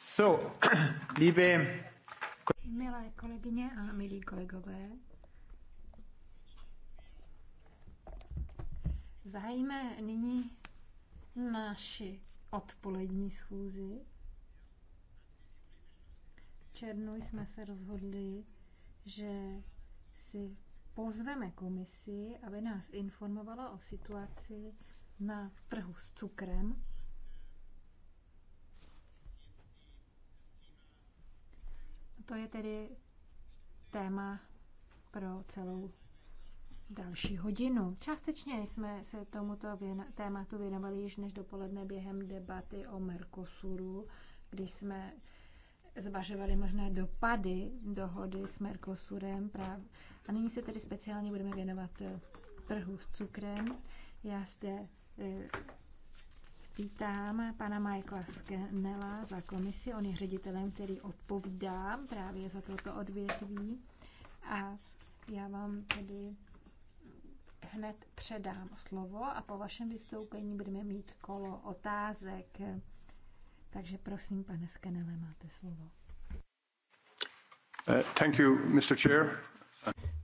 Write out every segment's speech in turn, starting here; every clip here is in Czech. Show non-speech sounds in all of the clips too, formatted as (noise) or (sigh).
So, (clears throat) liebe... Milé kolegyně a milí kolegové, zahajíme nyní naši odpolední schůzi. V černu jsme se rozhodli, že si pozveme komisi, aby nás informovala o situaci na trhu s cukrem To je tedy téma pro celou další hodinu. Částečně jsme se tomuto věna, tématu věnovali již než dopoledne během debaty o Mercosuru, když jsme zvažovali možné dopady dohody s Mercosurem. Práv... A nyní se tedy speciálně budeme věnovat trhu s cukrem. Já zde eh, Vítám pana Michaela Skenela za komisi. On je ředitelem, který odpovídá právě za toto odvětví. A já vám tedy hned předám slovo a po vašem vystoupení budeme mít kolo otázek. Takže prosím, pane Skenele, máte slovo. Uh, thank you, Mr. Chair.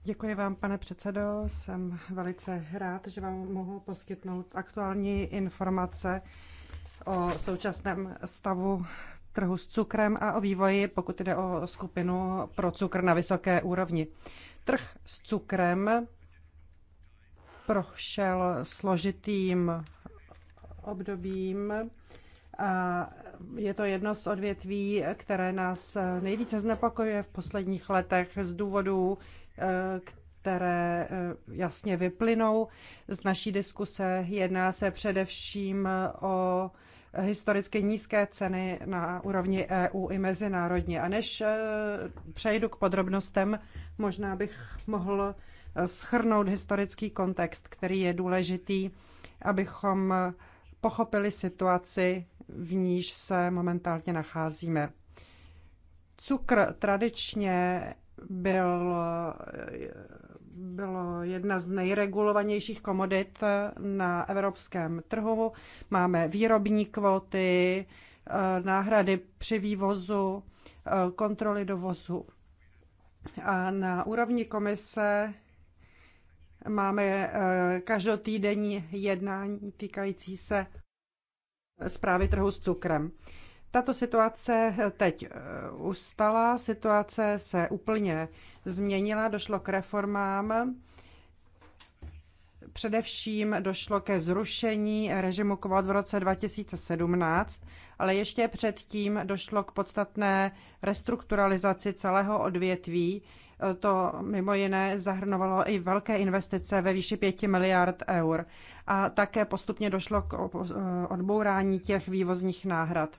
Děkuji vám, pane předsedo. Jsem velice rád, že vám mohu poskytnout aktuální informace o současném stavu trhu s cukrem a o vývoji, pokud jde o skupinu pro cukr na vysoké úrovni. Trh s cukrem prošel složitým obdobím a je to jedno z odvětví, které nás nejvíce znepokojuje v posledních letech z důvodu které eh, jasně vyplynou z naší diskuse. Jedná se především o historicky nízké ceny na úrovni EU i mezinárodně. A než eh, přejdu k podrobnostem, možná bych mohl eh, schrnout historický kontext, který je důležitý, abychom pochopili situaci, v níž se momentálně nacházíme. Cukr tradičně byl, bylo jedna z nejregulovanějších komodit na evropském trhu. Máme výrobní kvóty, náhrady při vývozu, kontroly dovozu. A na úrovni komise máme eh, každotýdenní jednání týkající se zprávy trhu s cukrem. Tato situace eh, teď eh, ustala, situace se úplně změnila, došlo k reformám. Především došlo ke zrušení režimu kvot v roce 2017, ale ještě předtím došlo k podstatné restrukturalizaci celého odvětví. Eh, to mimo jiné zahrnovalo i velké investice ve výši 5 miliard eur. A také postupně došlo k odbourání těch vývozních náhrad.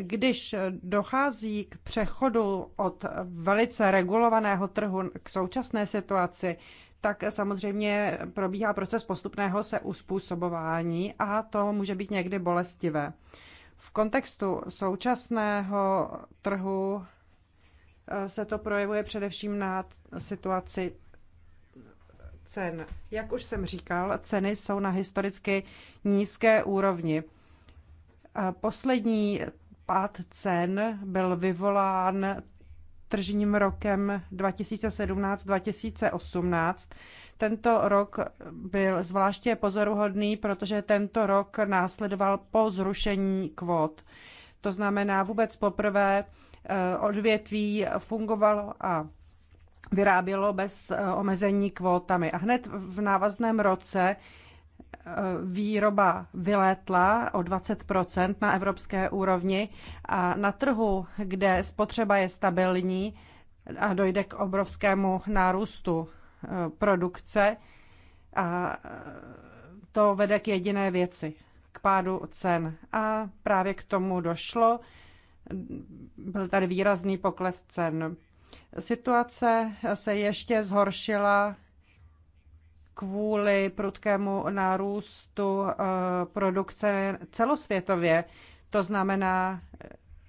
Když dochází k přechodu od velice regulovaného trhu k současné situaci, tak samozřejmě probíhá proces postupného se uspůsobování a to může být někdy bolestivé. V kontextu současného trhu eh, se to projevuje především na situaci cen. Jak už jsem říkal, ceny jsou na historicky nízké úrovni. Poslední pád cen byl vyvolán tržním rokem 2017-2018. Tento rok byl zvláště pozoruhodný, protože tento rok následoval po zrušení kvót. To znamená, vůbec poprvé eh, odvětví fungovalo a vyrábělo bez eh, omezení kvótami. A hned v návazném roce výroba vylétla o 20 na evropské úrovni a na trhu, kde spotřeba je stabilní a dojde k obrovskému nárůstu eh, produkce, a eh, to vede k jediné věci, k pádu cen. A právě k tomu došlo. Byl tady výrazný pokles cen. Situace se ještě zhoršila kvůli prudkému nárůstu eh, produkce celosvětově. To znamená,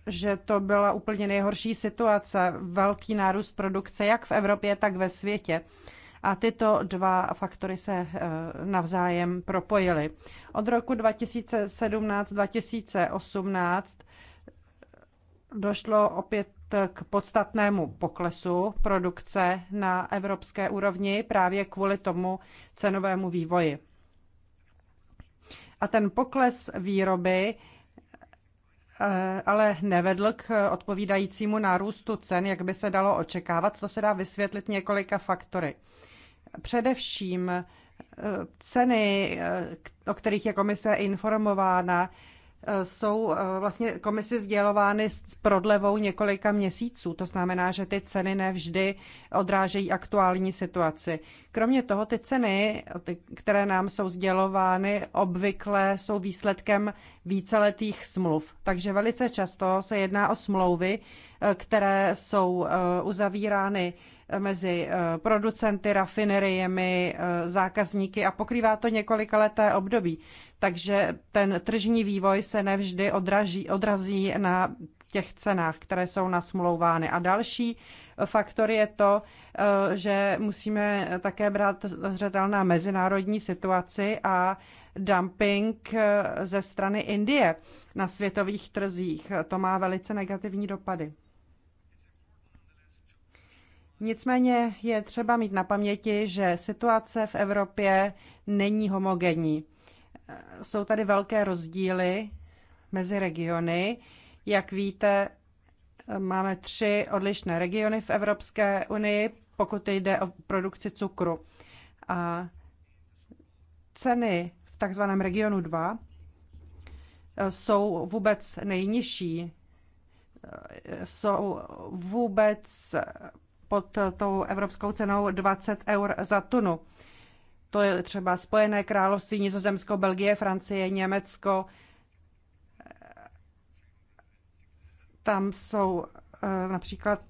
že to byla úplně nejhorší situace, velký nárůst produkce jak v Evropě, tak ve světě. A tyto dva faktory se eh, navzájem propojily. Od roku 2017-2018 došlo opět k podstatnému poklesu produkce na evropské úrovni právě kvůli tomu cenovému vývoji. A ten pokles výroby eh, ale nevedl k odpovídajícímu nárůstu cen, jak by se dalo očekávat. To se dá vysvětlit několika faktory. Především eh, ceny, eh, o kterých je komise informována, jsou eh, vlastně komisi sdělovány s prodlevou několika měsíců. To znamená, že ty ceny nevždy odrážejí aktuální situaci. Kromě toho ty ceny, které nám jsou sdělovány, obvykle jsou výsledkem víceletých smluv. Takže velice často se jedná o smlouvy, eh, které jsou eh, uzavírány mezi eh, producenty, rafineriemi, eh, zákazníky a pokrývá to několikaleté období. Takže ten tržní vývoj se nevždy odraží, odrazí na těch cenách, které jsou nasmlouvány. A další eh, faktor je to, že musíme také brát zřetel na mezinárodní situaci a dumping ze strany Indie na světových trzích. To má velice negativní dopady. Nicméně je třeba mít na paměti, že situace v Evropě není homogenní. Jsou tady velké rozdíly mezi regiony. Jak víte, máme tři odlišné regiony v Evropské unii, pokud jde o produkci cukru. A ceny v takzvaném regionu 2 jsou vůbec nejnižší, jsou vůbec pod tou evropskou cenou 20 eur za tunu. To je třeba Spojené království, Nizozemsko, Belgie, Francie, Německo. Tam jsou eh, například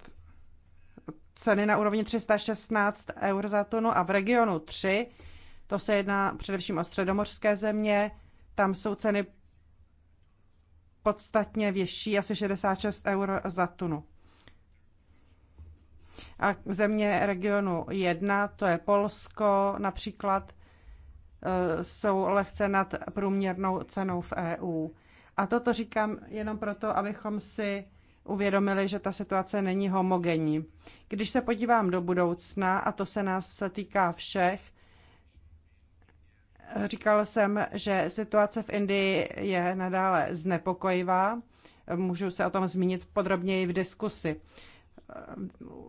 ceny na úrovni 316 eur za tunu a v regionu 3, to se jedná především o středomořské země, tam jsou ceny podstatně větší, asi 66 eur za tunu. A země regionu 1, to je Polsko například, eh, jsou lehce nad průměrnou cenou v EU. A toto říkám jenom proto, abychom si uvědomili, že ta situace není homogenní. Když se podívám do budoucna, a to se nás týká všech, říkal jsem, že situace v Indii je nadále znepokojivá. Můžu se o tom zmínit podrobněji v diskusi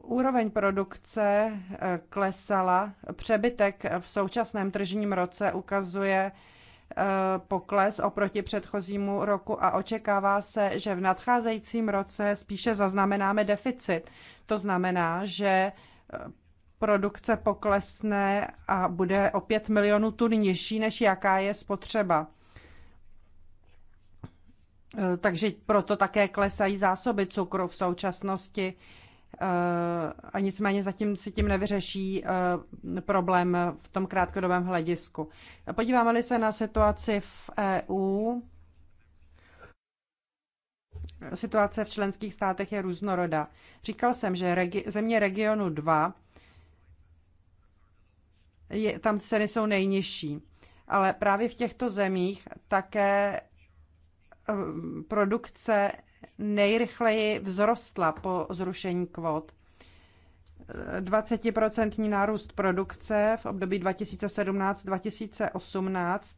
úroveň produkce eh, klesala. Přebytek v současném tržním roce ukazuje eh, pokles oproti předchozímu roku a očekává se, že v nadcházejícím roce spíše zaznamenáme deficit. To znamená, že eh, produkce poklesne a bude o 5 milionů tun nižší, než jaká je spotřeba. Takže proto také klesají zásoby cukru v současnosti Eh, a nicméně zatím si tím nevyřeší eh, problém v tom krátkodobém hledisku. Podíváme-li se na situaci v EU, situace v členských státech je různorodá. Říkal jsem, že regi- země regionu 2, je, tam ceny jsou nejnižší, ale právě v těchto zemích také eh, produkce nejrychleji vzrostla po zrušení kvot. 20% nárůst produkce v období 2017-2018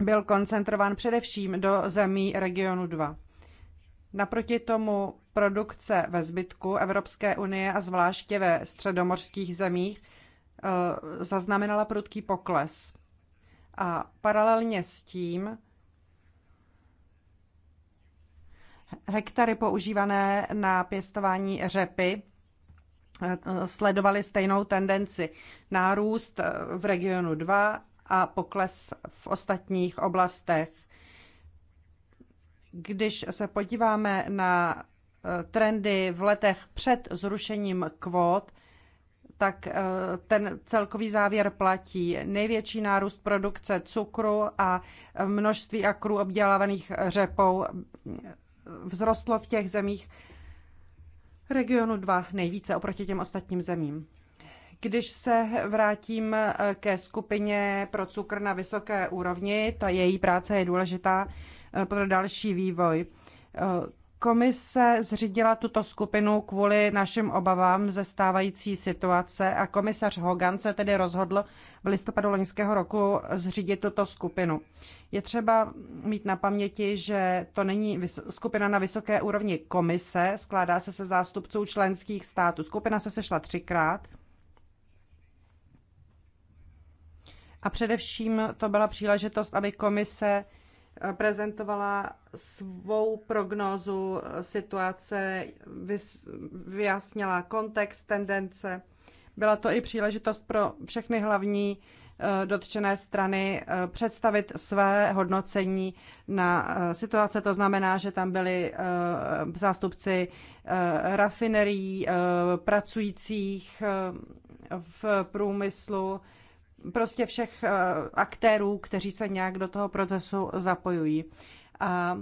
byl koncentrován především do zemí regionu 2. Naproti tomu produkce ve zbytku Evropské unie a zvláště ve středomorských zemích eh, zaznamenala prudký pokles. A paralelně s tím hektary používané na pěstování řepy eh, sledovaly stejnou tendenci. Nárůst eh, v regionu 2 a pokles v ostatních oblastech. Když se podíváme na eh, trendy v letech před zrušením kvót, tak ten celkový závěr platí. Největší nárůst produkce cukru a množství akrů obdělávaných řepou vzrostlo v těch zemích regionu 2 nejvíce oproti těm ostatním zemím. Když se vrátím eh, ke skupině pro cukr na vysoké úrovni, ta její práce je důležitá eh, pro další vývoj. Eh, Komise zřídila tuto skupinu kvůli našim obavám ze stávající situace a komisař Hogan se tedy rozhodl v listopadu loňského roku zřídit tuto skupinu. Je třeba mít na paměti, že to není skupina na vysoké úrovni komise, skládá se se zástupců členských států. Skupina se sešla třikrát. A především to byla příležitost, aby komise prezentovala svou prognózu eh, situace, vyjasnila kontext, tendence. Byla to i příležitost pro všechny hlavní eh, dotčené strany eh, představit své hodnocení na situace. To znamená, že tam byli zástupci rafinerií, pracujících v průmyslu, prostě všech eh, aktérů, kteří se nějak do toho procesu zapojují. A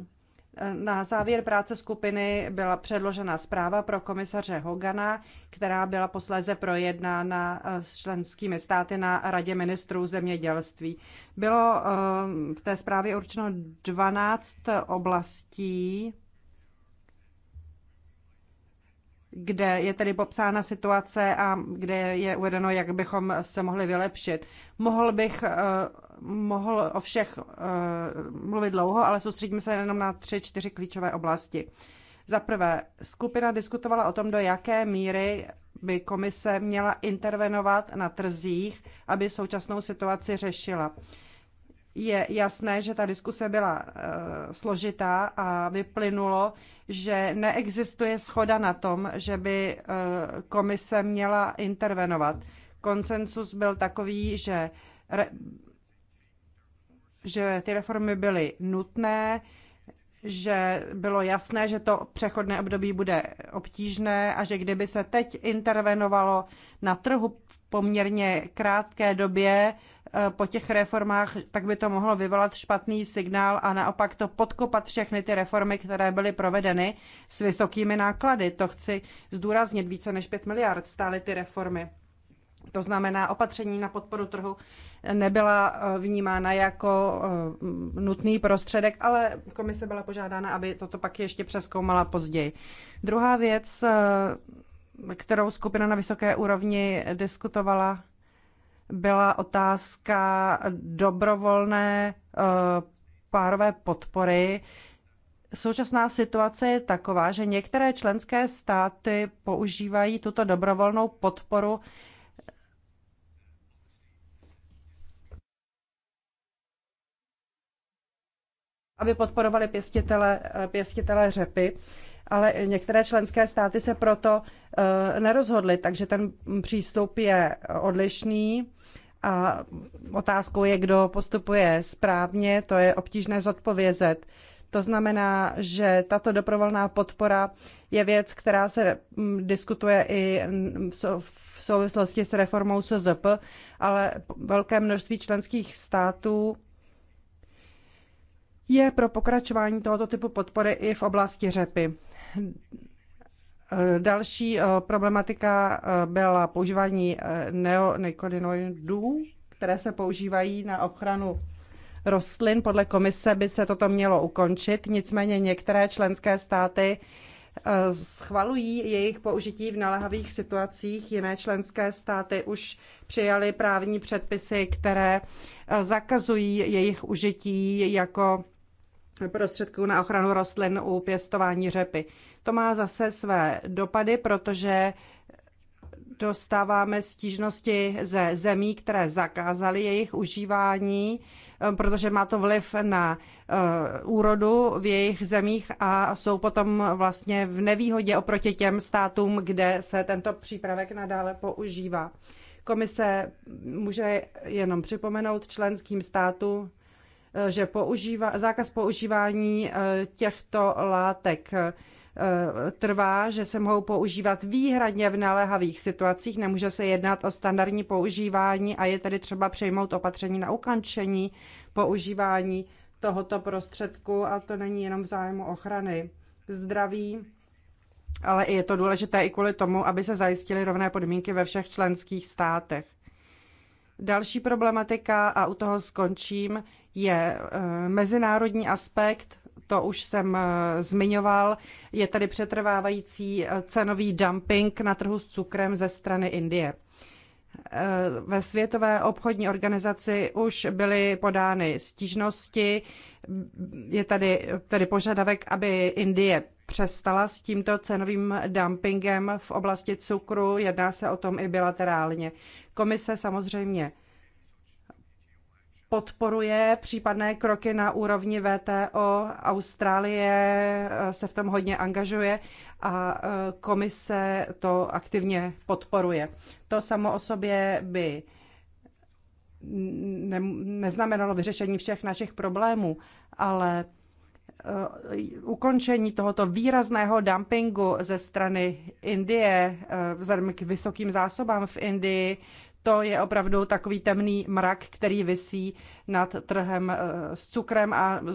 eh, na závěr práce skupiny byla předložena zpráva pro komisaře Hogana, která byla posléze projednána eh, s členskými státy na Radě ministrů zemědělství. Bylo v té zprávě určeno 12 oblastí, kde je tedy popsána situace a kde je uvedeno, jak bychom se mohli vylepšit. Mohl bych eh, mohl o všech eh, mluvit dlouho, ale soustředíme se jenom na tři, čtyři klíčové oblasti. Za prvé, skupina diskutovala o tom, do jaké míry by komise měla intervenovat na trzích, aby současnou situaci řešila je jasné, že ta diskuse byla eh, složitá a vyplynulo, že neexistuje schoda na tom, že by eh, komise měla intervenovat. Konsensus byl takový, že, re, že ty reformy byly nutné, že bylo jasné, že to přechodné období bude obtížné a že kdyby se teď intervenovalo na trhu v poměrně krátké době, Eh, po těch reformách, tak by to mohlo vyvolat špatný signál a naopak to podkopat všechny ty reformy, které byly provedeny s vysokými náklady. To chci zdůraznit více než 5 miliard stály ty reformy. To znamená, opatření na podporu trhu nebyla eh, vnímána jako eh, nutný prostředek, ale komise byla požádána, aby toto pak ještě přeskoumala později. Druhá věc, kterou skupina na vysoké úrovni diskutovala, byla otázka dobrovolné eh, párové podpory. Současná situace je taková, že některé členské státy používají tuto dobrovolnou podporu aby podporovali pěstitele, eh, pěstitele řepy ale některé členské státy se proto eh, nerozhodly, takže ten přístup je odlišný. A otázkou je, kdo postupuje správně, to je obtížné zodpovězet. To znamená, že tato dobrovolná podpora je věc, která se mm, diskutuje i v souvislosti s reformou SZP, ale velké množství členských států je pro pokračování tohoto typu podpory i v oblasti řepy. Další eh, problematika eh, byla používání eh, neonicotinoidů, které se používají na ochranu rostlin. Podle komise by se toto mělo ukončit, nicméně některé členské státy schvalují jejich použití v naléhavých situacích. Jiné členské státy už přijaly právní předpisy, které zakazují jejich užití jako prostředků na ochranu rostlin u pěstování řepy. To má zase své dopady, protože dostáváme stížnosti ze zemí, které zakázaly jejich užívání, eh, protože má to vliv na eh, úrodu v jejich zemích a jsou potom vlastně v nevýhodě oproti těm státům, kde se tento přípravek nadále používá. Komise může jenom připomenout členským státům, Eh, že používá, zákaz používání eh, těchto látek eh, trvá, že se mohou používat výhradně v naléhavých situacích, nemůže se jednat o standardní používání a je tedy třeba přejmout opatření na ukončení používání tohoto prostředku a to není jenom v zájmu ochrany zdraví, ale je to důležité i kvůli tomu, aby se zajistily rovné podmínky ve všech členských státech. Další problematika, a u toho skončím, je eh, mezinárodní aspekt, to už jsem eh, zmiňoval, je tady přetrvávající eh, cenový dumping na trhu s cukrem ze strany Indie. Ve Světové obchodní organizaci už byly podány stížnosti. Je tady, tady požadavek, aby Indie přestala s tímto cenovým dumpingem v oblasti cukru. Jedná se o tom i bilaterálně. Komise samozřejmě podporuje případné kroky na úrovni VTO. Austrálie eh, se v tom hodně angažuje a eh, komise to aktivně podporuje. To samo o sobě by ne, neznamenalo vyřešení všech našich problémů, ale eh, ukončení tohoto výrazného dumpingu ze strany Indie vzhledem k vysokým zásobám v Indii to je opravdu takový temný mrak, který visí nad trhem eh, s cukrem a eh,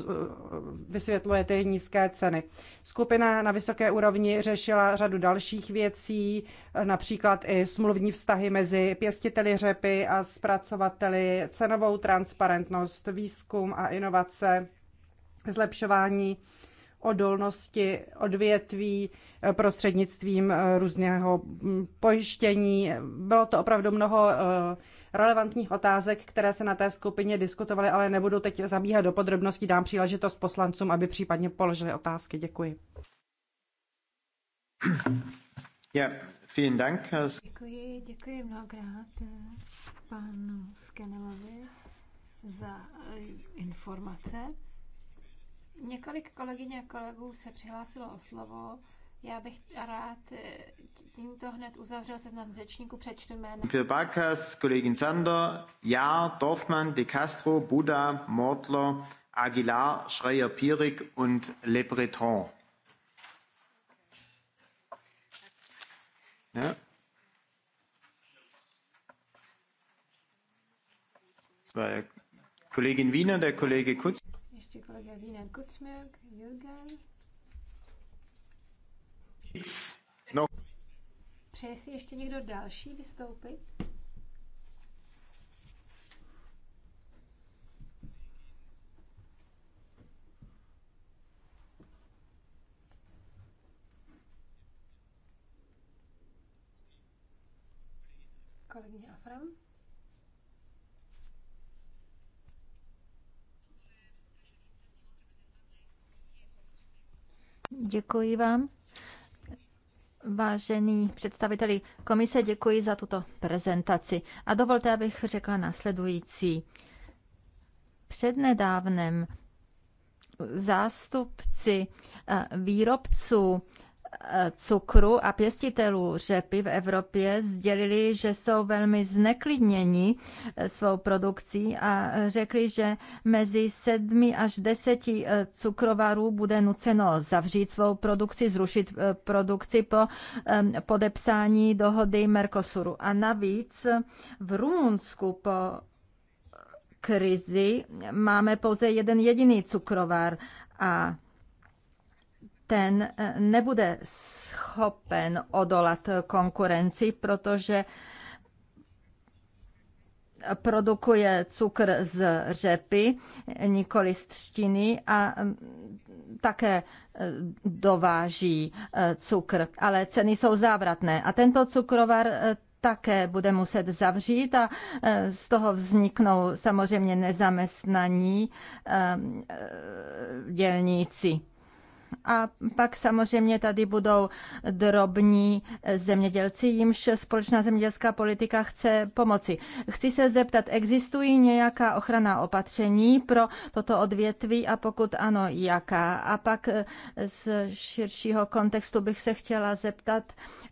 vysvětluje ty nízké ceny. Skupina na vysoké úrovni řešila řadu dalších věcí, eh, například i smluvní vztahy mezi pěstiteli řepy a zpracovateli, cenovou transparentnost, výzkum a inovace, zlepšování odolnosti odvětví eh, prostřednictvím eh, různého mm, pojištění. Bylo to opravdu mnoho eh, relevantních otázek, které se na té skupině diskutovaly, ale nebudu teď zabíhat do podrobností, dám příležitost poslancům, aby případně položili otázky. Děkuji. Yeah, vielen Dank. Děkuji, děkuji mnohokrát panu Skenelovi za informace. Několik kolegyň a kolegů se přihlásilo o slovo. Já bych rád eh, tímto hned uzavřel se seznam řečníku, přečtu jména. Bakas, kolegin Sander, Já, Dorfmann, De Castro, Buda, Mortler, Aguilar, schreier Pirik und Le Breton. Ja. Das war der Kollegin Wiener, der Kollege Kutz ještě kolega Wiener Kucmök, Jürgen. No. Přeje si ještě někdo další vystoupit? Kolegyně Afram. Děkuji vám. Vážený představiteli komise, děkuji za tuto prezentaci. A dovolte, abych řekla následující. Přednedávnem zástupci eh, výrobců cukru a pěstitelů řepy v Evropě sdělili, že jsou velmi zneklidněni eh, svou produkcí a eh, řekli, že mezi sedmi až deseti eh, cukrovarů bude nuceno zavřít svou produkci, zrušit produkci po ehm, podepsání dohody Mercosuru. A navíc v Rumunsku po krizi máme pouze jeden jediný cukrovar a ten eh, nebude schopen odolat konkurenci, protože produkuje cukr z řepy, nikoli z třtiny a mm, také eh, dováží eh, cukr, ale ceny jsou závratné. A tento cukrovar také bude muset zavřít a z toho vzniknou samozřejmě nezaměstnaní dělníci. A pak samozřejmě tady budou drobní zemědělci, jimž společná zemědělská politika chce pomoci. Chci se zeptat, existují nějaká ochrana opatření pro toto odvětví a pokud ano, jaká? A pak z širšího kontextu bych se chtěla zeptat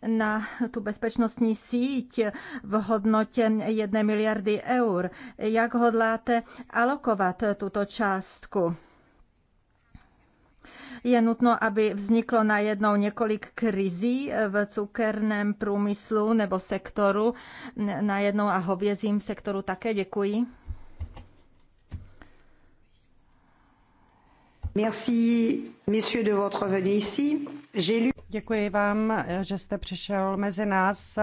na tu bezpečnostní síť v hodnotě 1 miliardy eur. Jak hodláte alokovat tuto částku? Je nutno, aby vzniklo najednou několik krizí eh, v cukerném průmyslu nebo sektoru, najednou a hovězím sektoru také. Děkuji. Merci, monsieur, de votre venue ici. Lu... Děkuji vám, eh, že jste přišel mezi nás.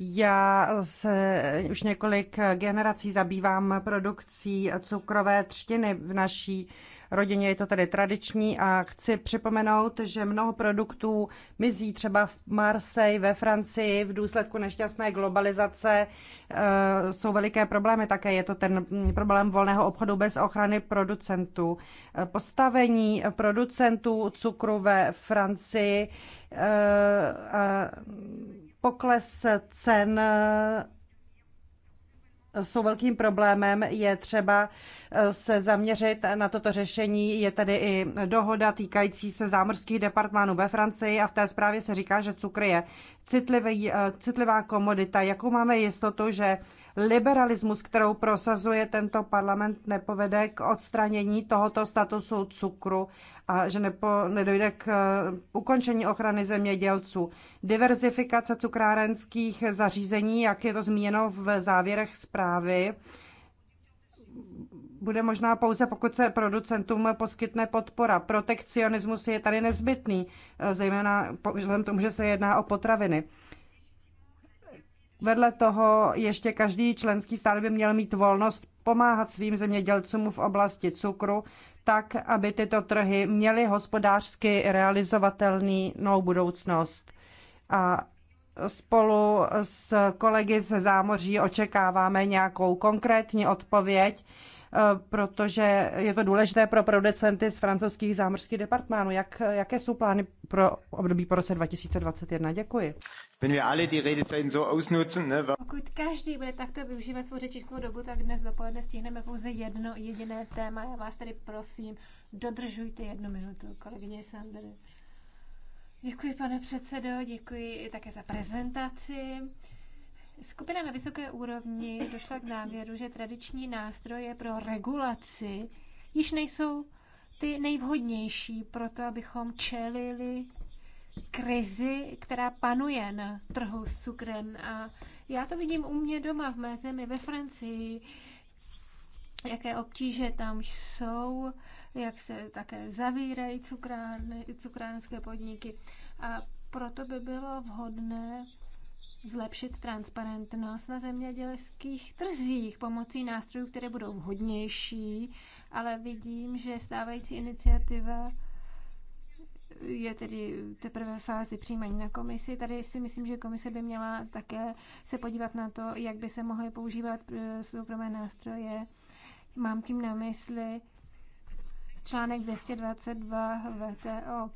Já se už několik generací zabývám produkcí cukrové třtiny v naší rodině. Je to tedy tradiční a chci připomenout, že mnoho produktů mizí třeba v Marseille ve Francii v důsledku nešťastné globalizace. Eh, jsou veliké problémy také. Je to ten problém volného obchodu bez ochrany producentů. Eh, postavení producentů cukru ve Francii eh, pokles cen jsou velkým problémem. Je třeba se zaměřit na toto řešení. Je tady i dohoda týkající se zámořských departmánů ve Francii a v té zprávě se říká, že cukr je citlivý, eh, citlivá komodita. Jakou máme jistotu, že liberalismus, kterou prosazuje tento parlament, nepovede k odstranění tohoto statusu cukru a že nepo, nedojde k eh, ukončení ochrany zemědělců. Diverzifikace cukrárenských zařízení, jak je to zmíněno v závěrech zprávy, bude možná pouze, pokud se producentům poskytne podpora. Protekcionismus je tady nezbytný, eh, zejména vzhledem tomu, že se jedná o potraviny. Vedle toho ještě každý členský stát by měl mít volnost pomáhat svým zemědělcům v oblasti cukru, tak, aby tyto trhy měly hospodářsky realizovatelnou budoucnost. A spolu s kolegy ze zámoří očekáváme nějakou konkrétní odpověď Eh, protože je to důležité pro producenty z francouzských zámořských departmánů. Jak, jaké jsou plány pro období po roce 2021? Děkuji. Pokud každý bude takto využívat svou řečnickou dobu, tak dnes dopoledne stihneme pouze jedno jediné téma. Já vás tedy prosím, dodržujte jednu minutu, kolegyně Sandry. Děkuji, pane předsedo, děkuji i také za prezentaci. Skupina na vysoké úrovni došla k závěru, že tradiční nástroje pro regulaci již nejsou ty nejvhodnější pro to, abychom čelili krizi, která panuje na trhu s cukrem. A já to vidím u mě doma v mé zemi ve Francii, jaké obtíže tam jsou, jak se také zavírají cukrárny, cukránské podniky. A proto by bylo vhodné zlepšit transparentnost na zemědělských trzích pomocí nástrojů, které budou vhodnější, ale vidím, že stávající iniciativa je tedy teprve fázi přijímání na komisi. Tady si myslím, že komise by měla také se podívat na to, jak by se mohly používat eh, soukromé nástroje. Mám tím na mysli článek 222 VTO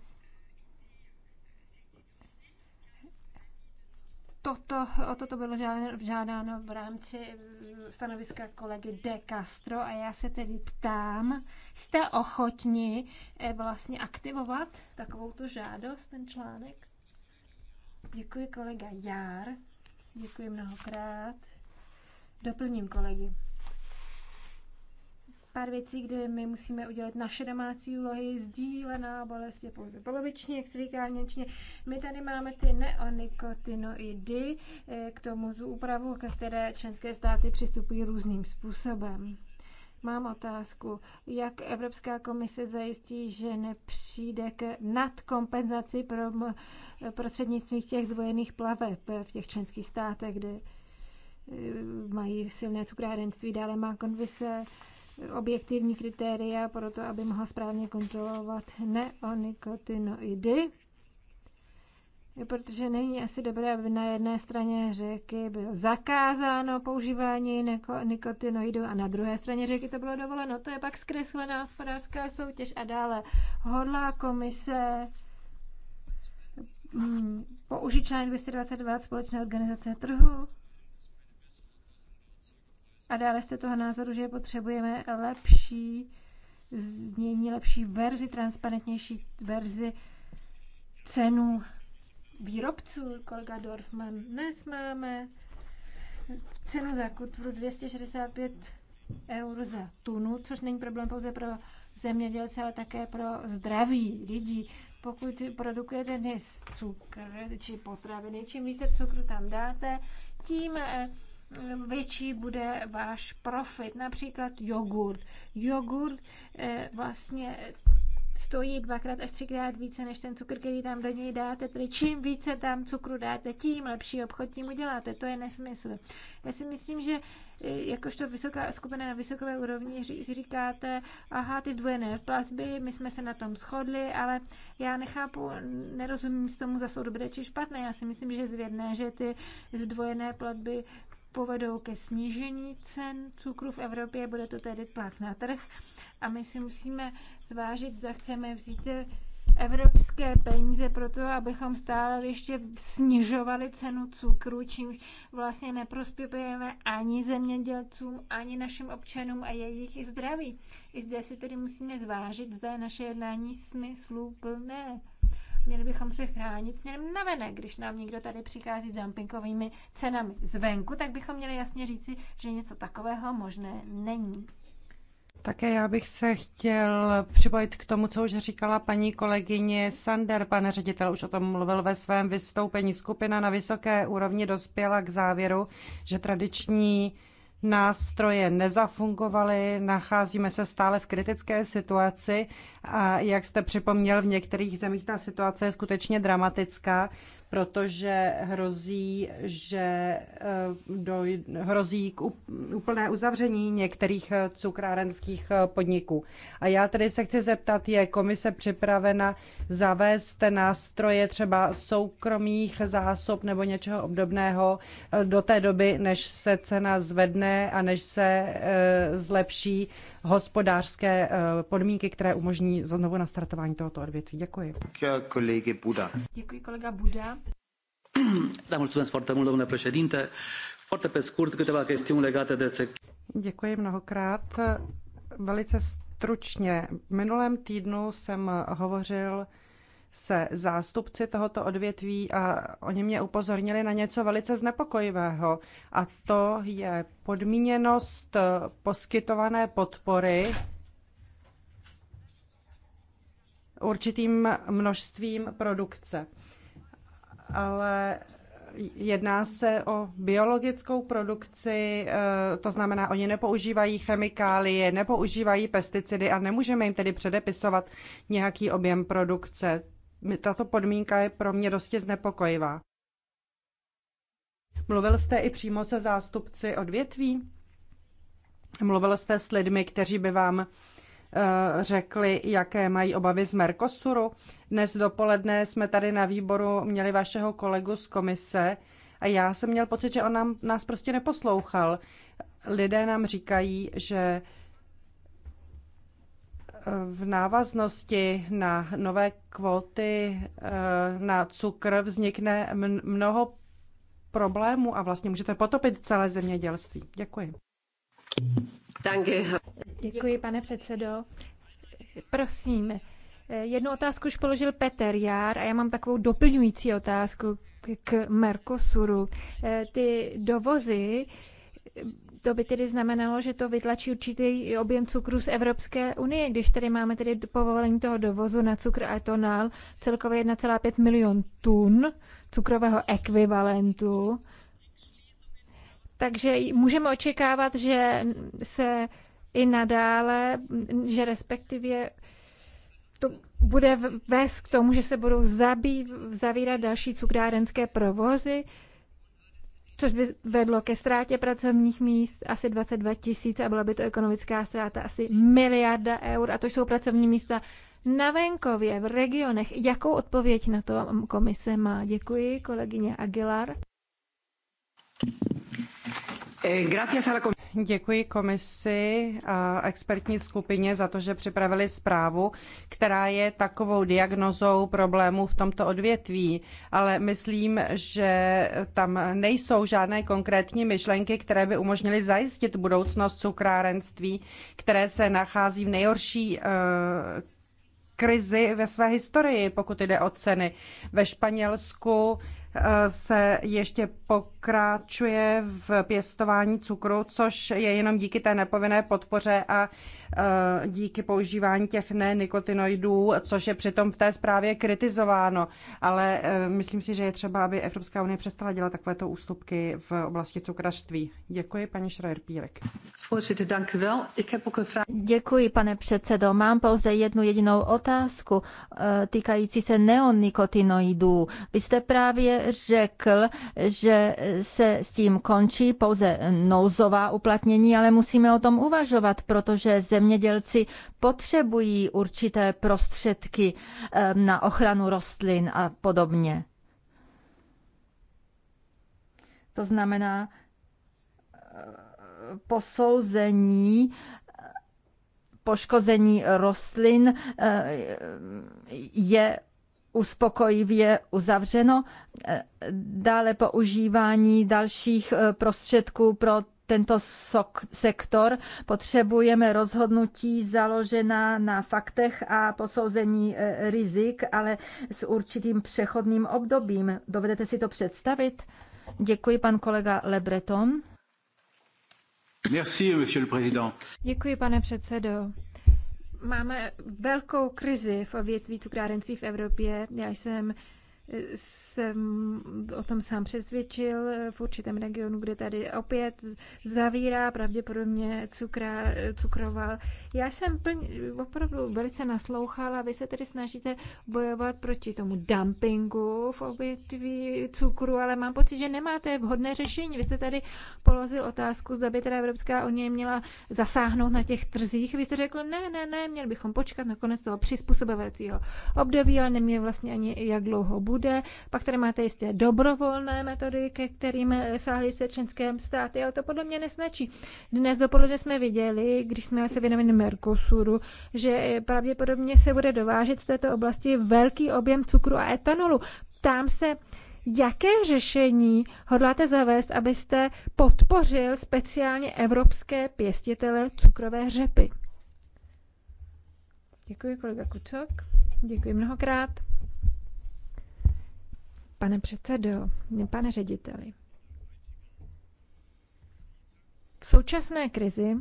toto, o toto bylo žádáno v rámci mm, stanoviska kolegy De Castro a já se tedy ptám, jste ochotni eh, vlastně aktivovat takovou tu žádost, ten článek? Děkuji kolega Jár, děkuji mnohokrát. Doplním kolegy pár věcí, kde my musíme udělat naše domácí úlohy, sdílená bolest je pouze polovičně, jak se říká v My tady máme ty neonikotinoidy, eh, k tomu tu úpravu, ke které členské státy přistupují různým způsobem. Mám otázku, jak Evropská komise zajistí, že nepřijde k nadkompenzaci pro prostřednictvím těch zvojených plaveb v těch členských státech, kde eh, mají silné cukrárenství, dále má konvise objektivní kritéria pro to, aby mohla správně kontrolovat neonikotinoidy. Protože není asi dobré, aby na jedné straně řeky bylo zakázáno používání nikotinoidů a na druhé straně řeky to bylo dovoleno. To je pak zkreslená hospodářská soutěž a dále hodlá komise hm, použít článek 222 společné organizace trhu a dále jste toho názoru, že potřebujeme lepší znění, lepší verzi, transparentnější verzi cenu výrobců. Kolega Dorfman dnes máme cenu za kutru 265 eur za tunu, což není problém pouze pro zemědělce, ale také pro zdraví lidí. Pokud produkujete dnes cukr či potraviny, čím více cukru tam dáte, tím eh, větší bude váš profit. Například jogurt. Jogurt eh, vlastně stojí dvakrát až třikrát více než ten cukr, který tam do něj dáte. Tedy čím více tam cukru dáte, tím lepší obchod tím uděláte. To je nesmysl. Já si myslím, že eh, jakožto vysoká skupina na vysokové úrovni si říkáte, aha, ty zdvojené plazby, my jsme se na tom shodli, ale já nechápu, nerozumím z tomu, zase dobré či špatné. Já si myslím, že je zvědné, že ty zdvojené platby povedou ke snížení cen cukru v Evropě, bude to tedy tlak na trh a my si musíme zvážit, zda chceme vzít evropské peníze pro to, abychom stále ještě snižovali cenu cukru, čímž vlastně neprospěpujeme ani zemědělcům, ani našim občanům a jejich zdraví. I zde si tedy musíme zvážit, zda je naše jednání smysluplné. plné. Měli bychom se chránit směrem venek, když nám někdo tady přichází s dumpingovými cenami zvenku, tak bychom měli jasně říci, že něco takového možné není. Také já bych se chtěl připojit k tomu, co už říkala paní kolegyně Sander. Pane ředitel už o tom mluvil ve svém vystoupení. Skupina na vysoké úrovni dospěla k závěru, že tradiční nástroje nezafungovaly, nacházíme se stále v kritické situaci a jak jste připomněl, v některých zemích ta situace je skutečně dramatická protože hrozí, že eh, doj, hrozí k úplné uzavření některých eh, cukrárenských eh, podniků. A já tedy se chci zeptat, je komise připravena zavést nástroje třeba soukromých zásob nebo něčeho obdobného do té doby, než se cena zvedne a než se zlepší hospodářské eh, podmínky, které umožní znovu nastartování tohoto odvětví. Děkuji. Kolegy Buda. Děkuji, kolega Buda. Děkuji mnohokrát. Velice stručně. V minulém týdnu jsem hovořil se zástupci tohoto odvětví a oni mě upozornili na něco velice znepokojivého a to je podmíněnost eh, poskytované podpory určitým množstvím produkce. Ale jedná se o biologickou produkci, eh, to znamená, oni nepoužívají chemikálie, nepoužívají pesticidy a nemůžeme jim tedy předepisovat nějaký objem produkce. Tato podmínka je pro mě dosti znepokojivá. Mluvil jste i přímo se zástupci odvětví? Mluvil jste s lidmi, kteří by vám eh, řekli, jaké mají obavy z Mercosuru. Dnes dopoledne jsme tady na výboru měli vašeho kolegu z komise a já jsem měl pocit, že on nám, nás prostě neposlouchal. Lidé nám říkají, že v návaznosti na nové kvóty eh, na cukr vznikne mnoho problémů a vlastně můžete potopit celé zemědělství. Děkuji. Děkuji, pane předsedo. Prosím, eh, jednu otázku už položil Peter Jár a já mám takovou doplňující otázku k Mercosuru. Eh, ty dovozy to by tedy znamenalo, že to vytlačí určitý objem cukru z Evropské unie, když tady máme tedy povolení toho dovozu na cukr a etonál celkově 1,5 milion tun cukrového ekvivalentu. Takže můžeme očekávat, že se i nadále, že respektive to bude vést k tomu, že se budou zabý, zavírat další cukrárenské provozy, což by vedlo ke ztrátě pracovních míst asi 22 tisíc a byla by to ekonomická ztráta asi miliarda eur. A to jsou pracovní místa na venkově, v regionech. Jakou odpověď na to komise má? Děkuji, kolegyně Aguilar. Eh, Děkuji komisi a expertní skupině za to, že připravili zprávu, která je takovou diagnozou problémů v tomto odvětví, ale myslím, že tam nejsou žádné konkrétní myšlenky, které by umožnily zajistit budoucnost cukrárenství, které se nachází v nejhorší eh, krizi ve své historii, pokud jde o ceny. Ve Španělsku se ještě pokračuje v pěstování cukru, což je jenom díky té nepovinné podpoře a Eh, díky používání těch nenikotinoidů, což je přitom v té zprávě kritizováno. Ale eh, myslím si, že je třeba, aby Evropská unie přestala dělat takovéto ústupky v oblasti cukrařství. Děkuji, paní Schreier-Pírek. Děkuji, pane předsedo. Mám pouze jednu jedinou otázku eh, týkající se neonikotinoidů. Vy jste právě řekl, že se s tím končí pouze nouzová uplatnění, ale musíme o tom uvažovat, protože ze zemědělci potřebují určité prostředky na ochranu rostlin a podobně. To znamená e, posouzení e, poškození rostlin e, je uspokojivě uzavřeno. Dále používání dalších prostředků pro tento sok, sektor, potřebujeme rozhodnutí založená na faktech a posouzení e, rizik, ale s určitým přechodným obdobím. Dovedete si to představit? Děkuji, pan kolega Lebreton. Merci, monsieur le président. Děkuji, pane předsedo. Máme velkou krizi v větví cukrárenství v Evropě. Já jsem jsem o tom sám přesvědčil v určitém regionu, kde tady opět zavírá pravděpodobně cukra, cukroval. Já jsem plně, opravdu velice naslouchala, vy se tedy snažíte bojovat proti tomu dumpingu v obětví cukru, ale mám pocit, že nemáte vhodné řešení. Vy jste tady položil otázku, zda by teda Evropská unie měla zasáhnout na těch trzích. Vy jste řekl, ne, ne, ne, měli bychom počkat na konec toho přizpůsobovacího období, ale neměl vlastně ani jak dlouho bude bude. Pak tady máte jistě dobrovolné metody, ke kterým sáhly se členské státy, ale to podle mě nesnačí. Dnes dopoledne jsme viděli, když jsme se věnovali Mercosuru, že pravděpodobně se bude dovážet z této oblasti velký objem cukru a etanolu. Tam se, Jaké řešení hodláte zavést, abyste podpořil speciálně evropské pěstitele cukrové řepy? Děkuji, kolega Kučok. Děkuji mnohokrát. Pane předsedo, pane řediteli, v současné krizi,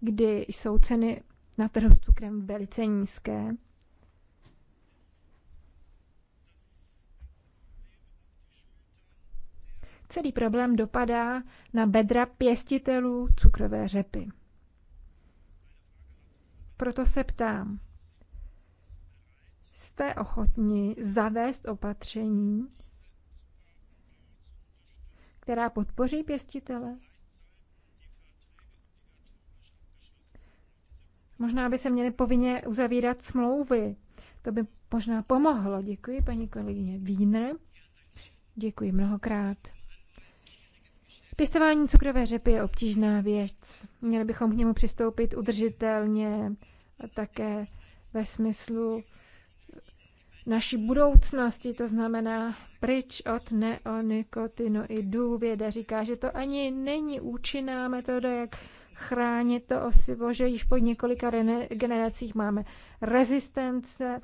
kdy jsou ceny na trhu s cukrem velice nízké, celý problém dopadá na bedra pěstitelů cukrové řepy. Proto se ptám, jste ochotni zavést opatření, která podpoří pěstitele? Možná by se měly povinně uzavírat smlouvy. To by možná pomohlo. Děkuji, paní kolegyně Wiener. Děkuji mnohokrát. Pěstování cukrové řepy je obtížná věc. Měli bychom k němu přistoupit udržitelně a také ve smyslu naší budoucnosti, to znamená pryč od neonikotinoidů. Věda říká, že to ani není účinná metoda, jak chránit to osivo, že již po několika generacích máme rezistence.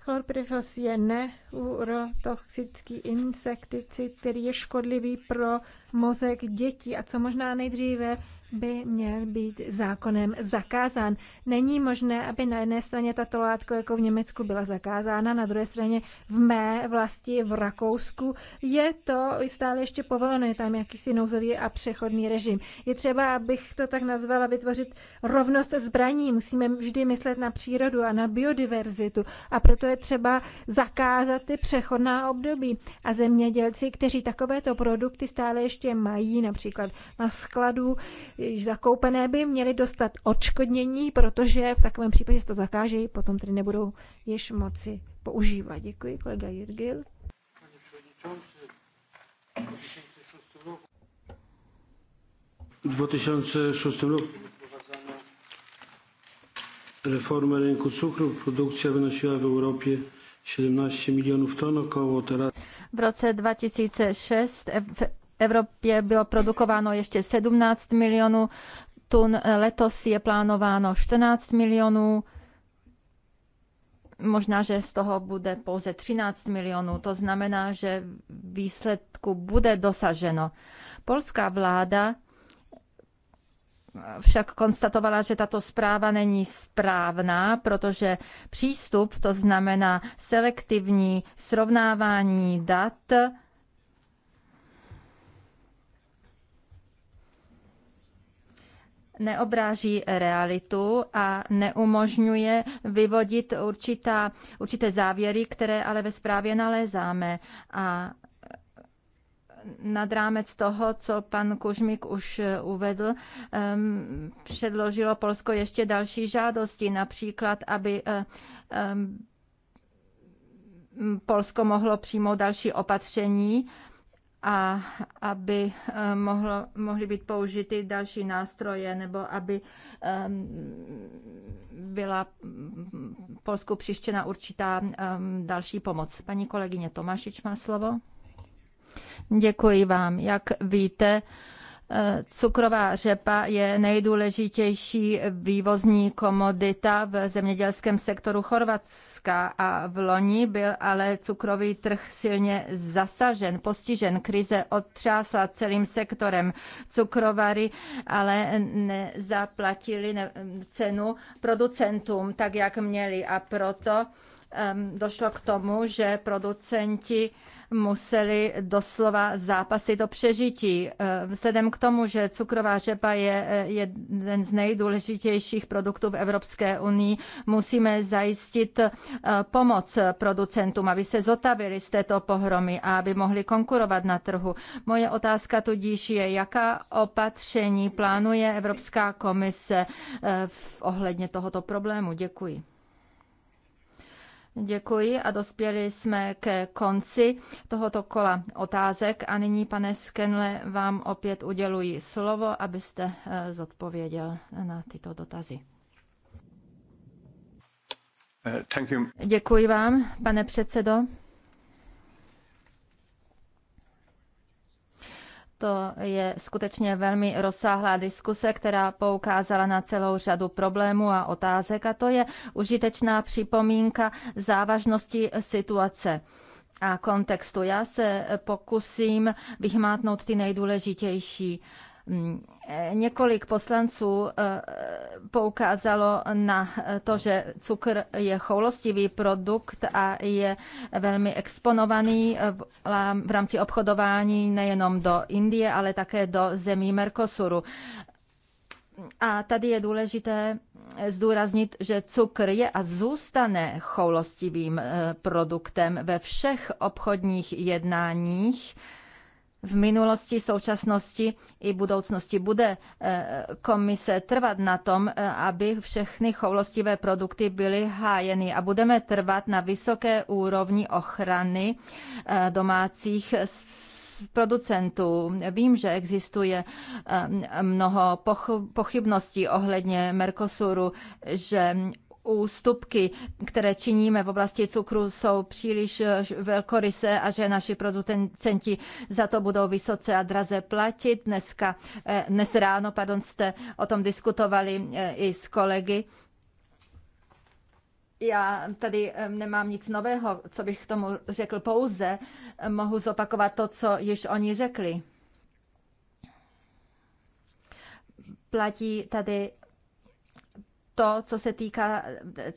Chlorpyrifos je neurotoxický insekticid, který je škodlivý pro mozek dětí a co možná nejdříve by měl být zákonem zakázán. Není možné, aby na jedné straně tato látka jako v Německu byla zakázána, na druhé straně v mé vlasti v Rakousku je to stále ještě povoleno, je tam jakýsi nouzový a přechodný režim. Je třeba, abych to tak nazvala, vytvořit rovnost zbraní. Musíme vždy myslet na přírodu a na biodiverzitu a proto je třeba zakázat ty přechodná období. A zemědělci, kteří takovéto produkty stále ještě mají, například na skladu, již zakoupené by měly dostat odškodnění, protože v takovém případě se to zakáže, potom tedy nebudou již moci používat. Děkuji, kolega Jirgil. 2006 roku reforma rynku cukru, produkcja wynosiła w Europie 17 milionów ton około, teraz... V roce 2006 Evropě bylo produkováno ještě 17 milionů tun, eh, letos je plánováno 14 milionů, možná, že z toho bude pouze 13 milionů. To znamená, že výsledku bude dosaženo. Polská vláda však konstatovala, že tato zpráva není správná, protože přístup, to znamená selektivní srovnávání dat, neobráží realitu a neumožňuje vyvodit určitá, určité závěry, které ale ve zprávě nalézáme. A nad rámec toho, co pan Kužmik už eh, uvedl, ehm, předložilo Polsko ještě další žádosti, například, aby eh, ehm, Polsko mohlo přijmout další opatření a aby eh, mohlo, mohly být použity další nástroje, nebo aby eh, byla Polsku přištěna určitá eh, další pomoc. Paní kolegyně Tomášič má slovo. Děkuji vám. Jak víte, Cukrová řepa je nejdůležitější vývozní komodita v zemědělském sektoru Chorvatska a v loni byl ale cukrový trh silně zasažen, postižen. Krize otřásla celým sektorem. Cukrovary ale nezaplatili cenu producentům tak, jak měli a proto došlo k tomu, že producenti museli doslova zápasit o přežití. Eh, vzhledem k tomu, že cukrová řepa je eh, jeden z nejdůležitějších produktů v Evropské unii, musíme zajistit eh, pomoc producentům, aby se zotavili z této pohromy a aby mohli konkurovat na trhu. Moje otázka tudíž je, jaká opatření plánuje Evropská komise v ohledně tohoto problému? Děkuji. Děkuji a dospěli jsme ke konci tohoto kola otázek a nyní, pane Skenle, vám opět uděluji slovo, abyste eh, zodpověděl na tyto dotazy. Eh, Děkuji vám, pane předsedo. To je skutečně velmi rozsáhlá diskuse, která poukázala na celou řadu problémů a otázek a to je užitečná připomínka závažnosti situace a kontextu. Já se pokusím vyhmátnout ty nejdůležitější Eh, několik poslanců eh, poukázalo na to, že cukr je choulostivý produkt a je velmi exponovaný v rámci obchodování nejenom do Indie, ale také do zemí Mercosuru. A tady je důležité zdůraznit, že cukr je a zůstane choulostivým eh, produktem ve všech obchodních jednáních v minulosti, současnosti i budoucnosti. Bude eh, komise trvat na tom, eh, aby všechny choulostivé produkty byly hájeny a budeme trvat na vysoké úrovni ochrany eh, domácích producentů. Vím, že existuje mnoho pochybností ohledně Mercosuru, že ústupky, které činíme v oblasti cukru, jsou příliš eh, velkoryse a že naši producenti za to budou vysoce a draze platit. Dneska, eh, dnes ráno pardon, jste o tom diskutovali eh, i s kolegy. Já tady nemám nic nového, co bych k tomu řekl pouze. Mohu zopakovat to, co již oni řekli. Platí tady to, co se týká eh,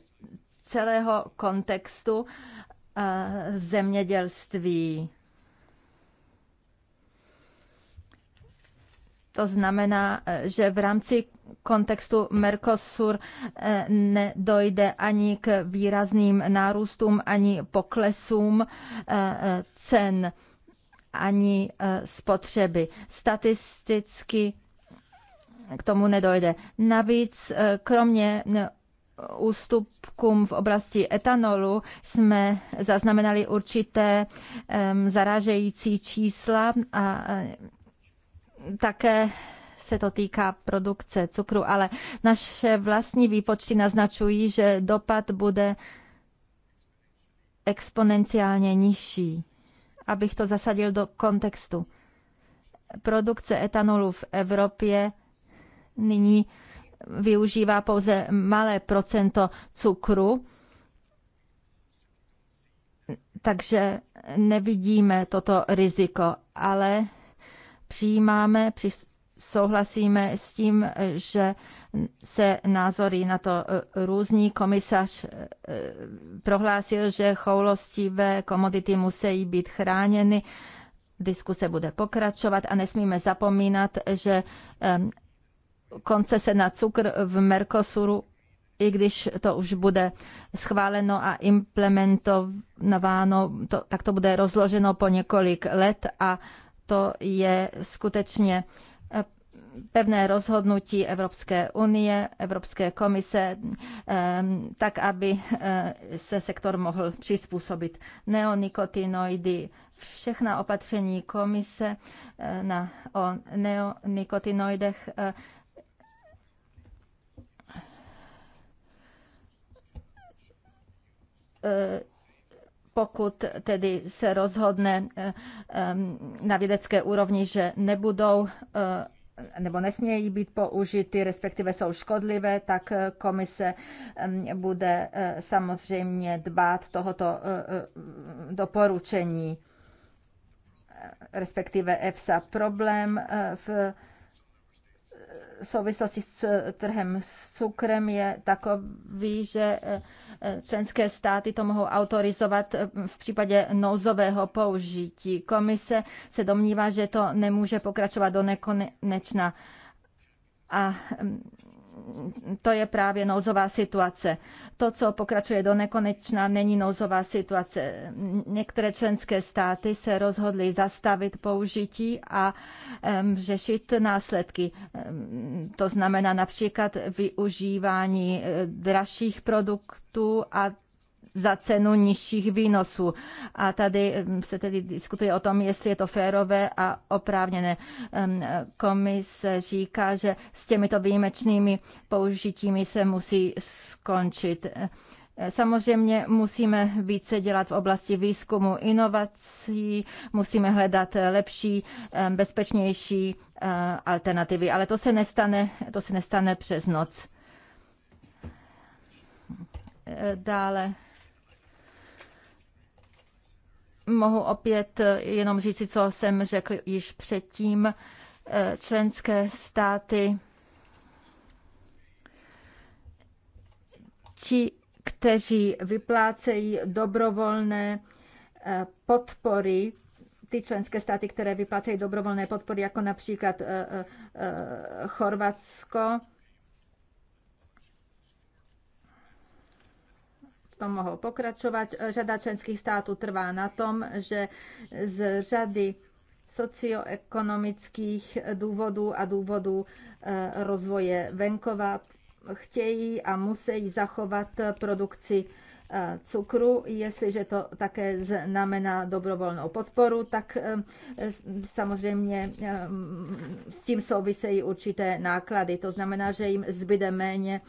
celého kontextu eh, zemědělství. To znamená, eh, že v rámci kontextu Mercosur nedojde ani k výrazným nárůstům, ani poklesům cen, ani spotřeby. Statisticky k tomu nedojde. Navíc eh, kromě eh, ústupkům v oblasti etanolu jsme zaznamenali určité zarážející čísla a eh, také se to týká produkce cukru, ale naše vlastní výpočty naznačují, že dopad bude exponenciálně nižší. Abych to zasadil do kontextu. Produkce etanolu v Evropě nyní využívá pouze malé procento cukru, takže nevidíme toto riziko, ale přijímáme, souhlasíme s tím, že se názory na to e, různí. Komisař e, prohlásil, že choulostivé komodity musí být chráněny. Diskuse bude pokračovat a nesmíme zapomínat, že e, koncese na cukr v Mercosuru, i když to už bude schváleno a implementováno, to, tak to bude rozloženo po několik let a to je skutečně eh, pevné rozhodnutí Evropské unie, Evropské komise, ehm, tak aby eh, se sektor mohl přizpůsobit. Neonikotinoidy, všechna opatření komise eh, na, o neonikotinoidech pokud tedy se rozhodne eh, eh, na vědecké úrovni, že nebudou eh, nebo nesmějí být použity, respektive jsou škodlivé, tak komise mm, bude samozřejmě dbát tohoto doporučení, respektive EFSA. Problém v souvislosti s eh, trhem s cukrem je takový, že eh, eh, členské státy to mohou autorizovat v případě nouzového použití. Komise se domnívá, že to nemůže pokračovat do nekonečna. A mm, to je právě nouzová situace. To, co pokračuje do nekonečna, není nouzová situace. Některé členské státy se rozhodly zastavit použití a um, řešit následky. To znamená například využívání eh, dražších produktů a za cenu nižších výnosů. A tady mm, se tedy diskutuje o tom, jestli je to férové a oprávněné. Komise říká, že s těmito výjimečnými použitími se musí skončit. Samozřejmě musíme více dělat v oblasti výzkumu inovací, musíme hledat lepší, bezpečnější eh, alternativy, ale to se nestane, to se nestane přes noc. Eh, dále mohu opět eh, jenom říci, co jsem řekl již předtím. Eh, členské státy, ti, kteří vyplácejí dobrovolné eh, podpory, ty členské státy, které vyplácejí dobrovolné podpory, jako například Chorvatsko, tom mohol pokračovat. Řada členských států trvá na tom, že z řady socioekonomických důvodů a důvodů eh, rozvoje venkova chtějí a musí zachovat produkci eh, cukru. Jestliže to také znamená dobrovolnou podporu, tak eh, samozřejmě s tím souvisejí určité náklady. To znamená, že jim zbyde méně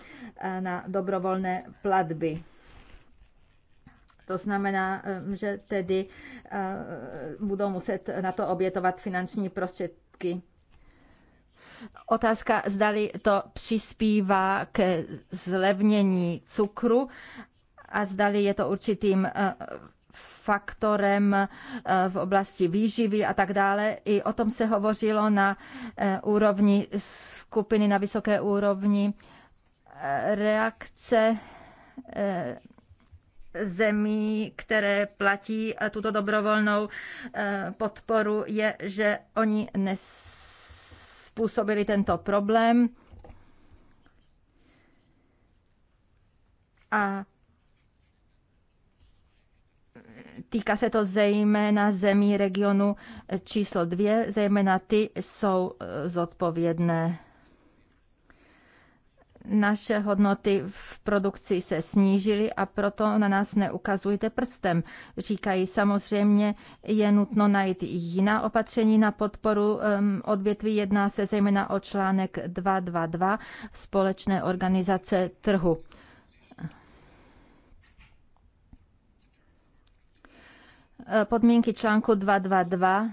na dobrovolné platby. To znamená, že tedy eh, budou muset na to obětovat finanční prostředky. Otázka, zdali to přispívá ke zlevnění cukru a zdali je to určitým eh, faktorem eh, v oblasti výživy a tak dále. I o tom se hovořilo na úrovni skupiny, na vysoké úrovni reakce zemí, které platí eh, tuto dobrovolnou eh, podporu, je, že oni nespůsobili tento problém. A Týká se to zejména zemí regionu číslo dvě, zejména ty jsou eh, zodpovědné naše hodnoty v produkci se snížily a proto na nás neukazujte prstem. Říkají samozřejmě, je nutno najít i jiná opatření na podporu odvětví. Jedná se zejména o článek 222 společné organizace trhu. Podmínky článku 222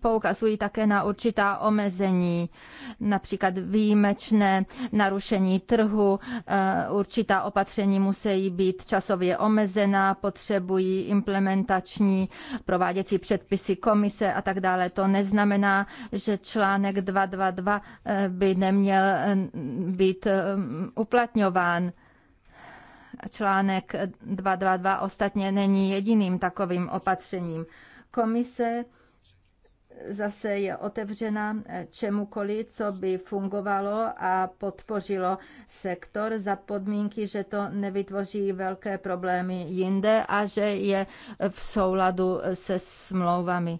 poukazují také na určitá omezení, například výjimečné narušení trhu, eh, určitá opatření musí být časově omezená, potřebují implementační prováděcí předpisy komise a tak dále. To neznamená, že článek 222 eh, by neměl eh, být uplatňován. Článek 222 ostatně není jediným takovým opatřením. Komise zase je otevřena eh, čemukoliv, co by fungovalo a podpořilo sektor za podmínky, že to nevytvoří velké problémy jinde a že je v souladu se smlouvami.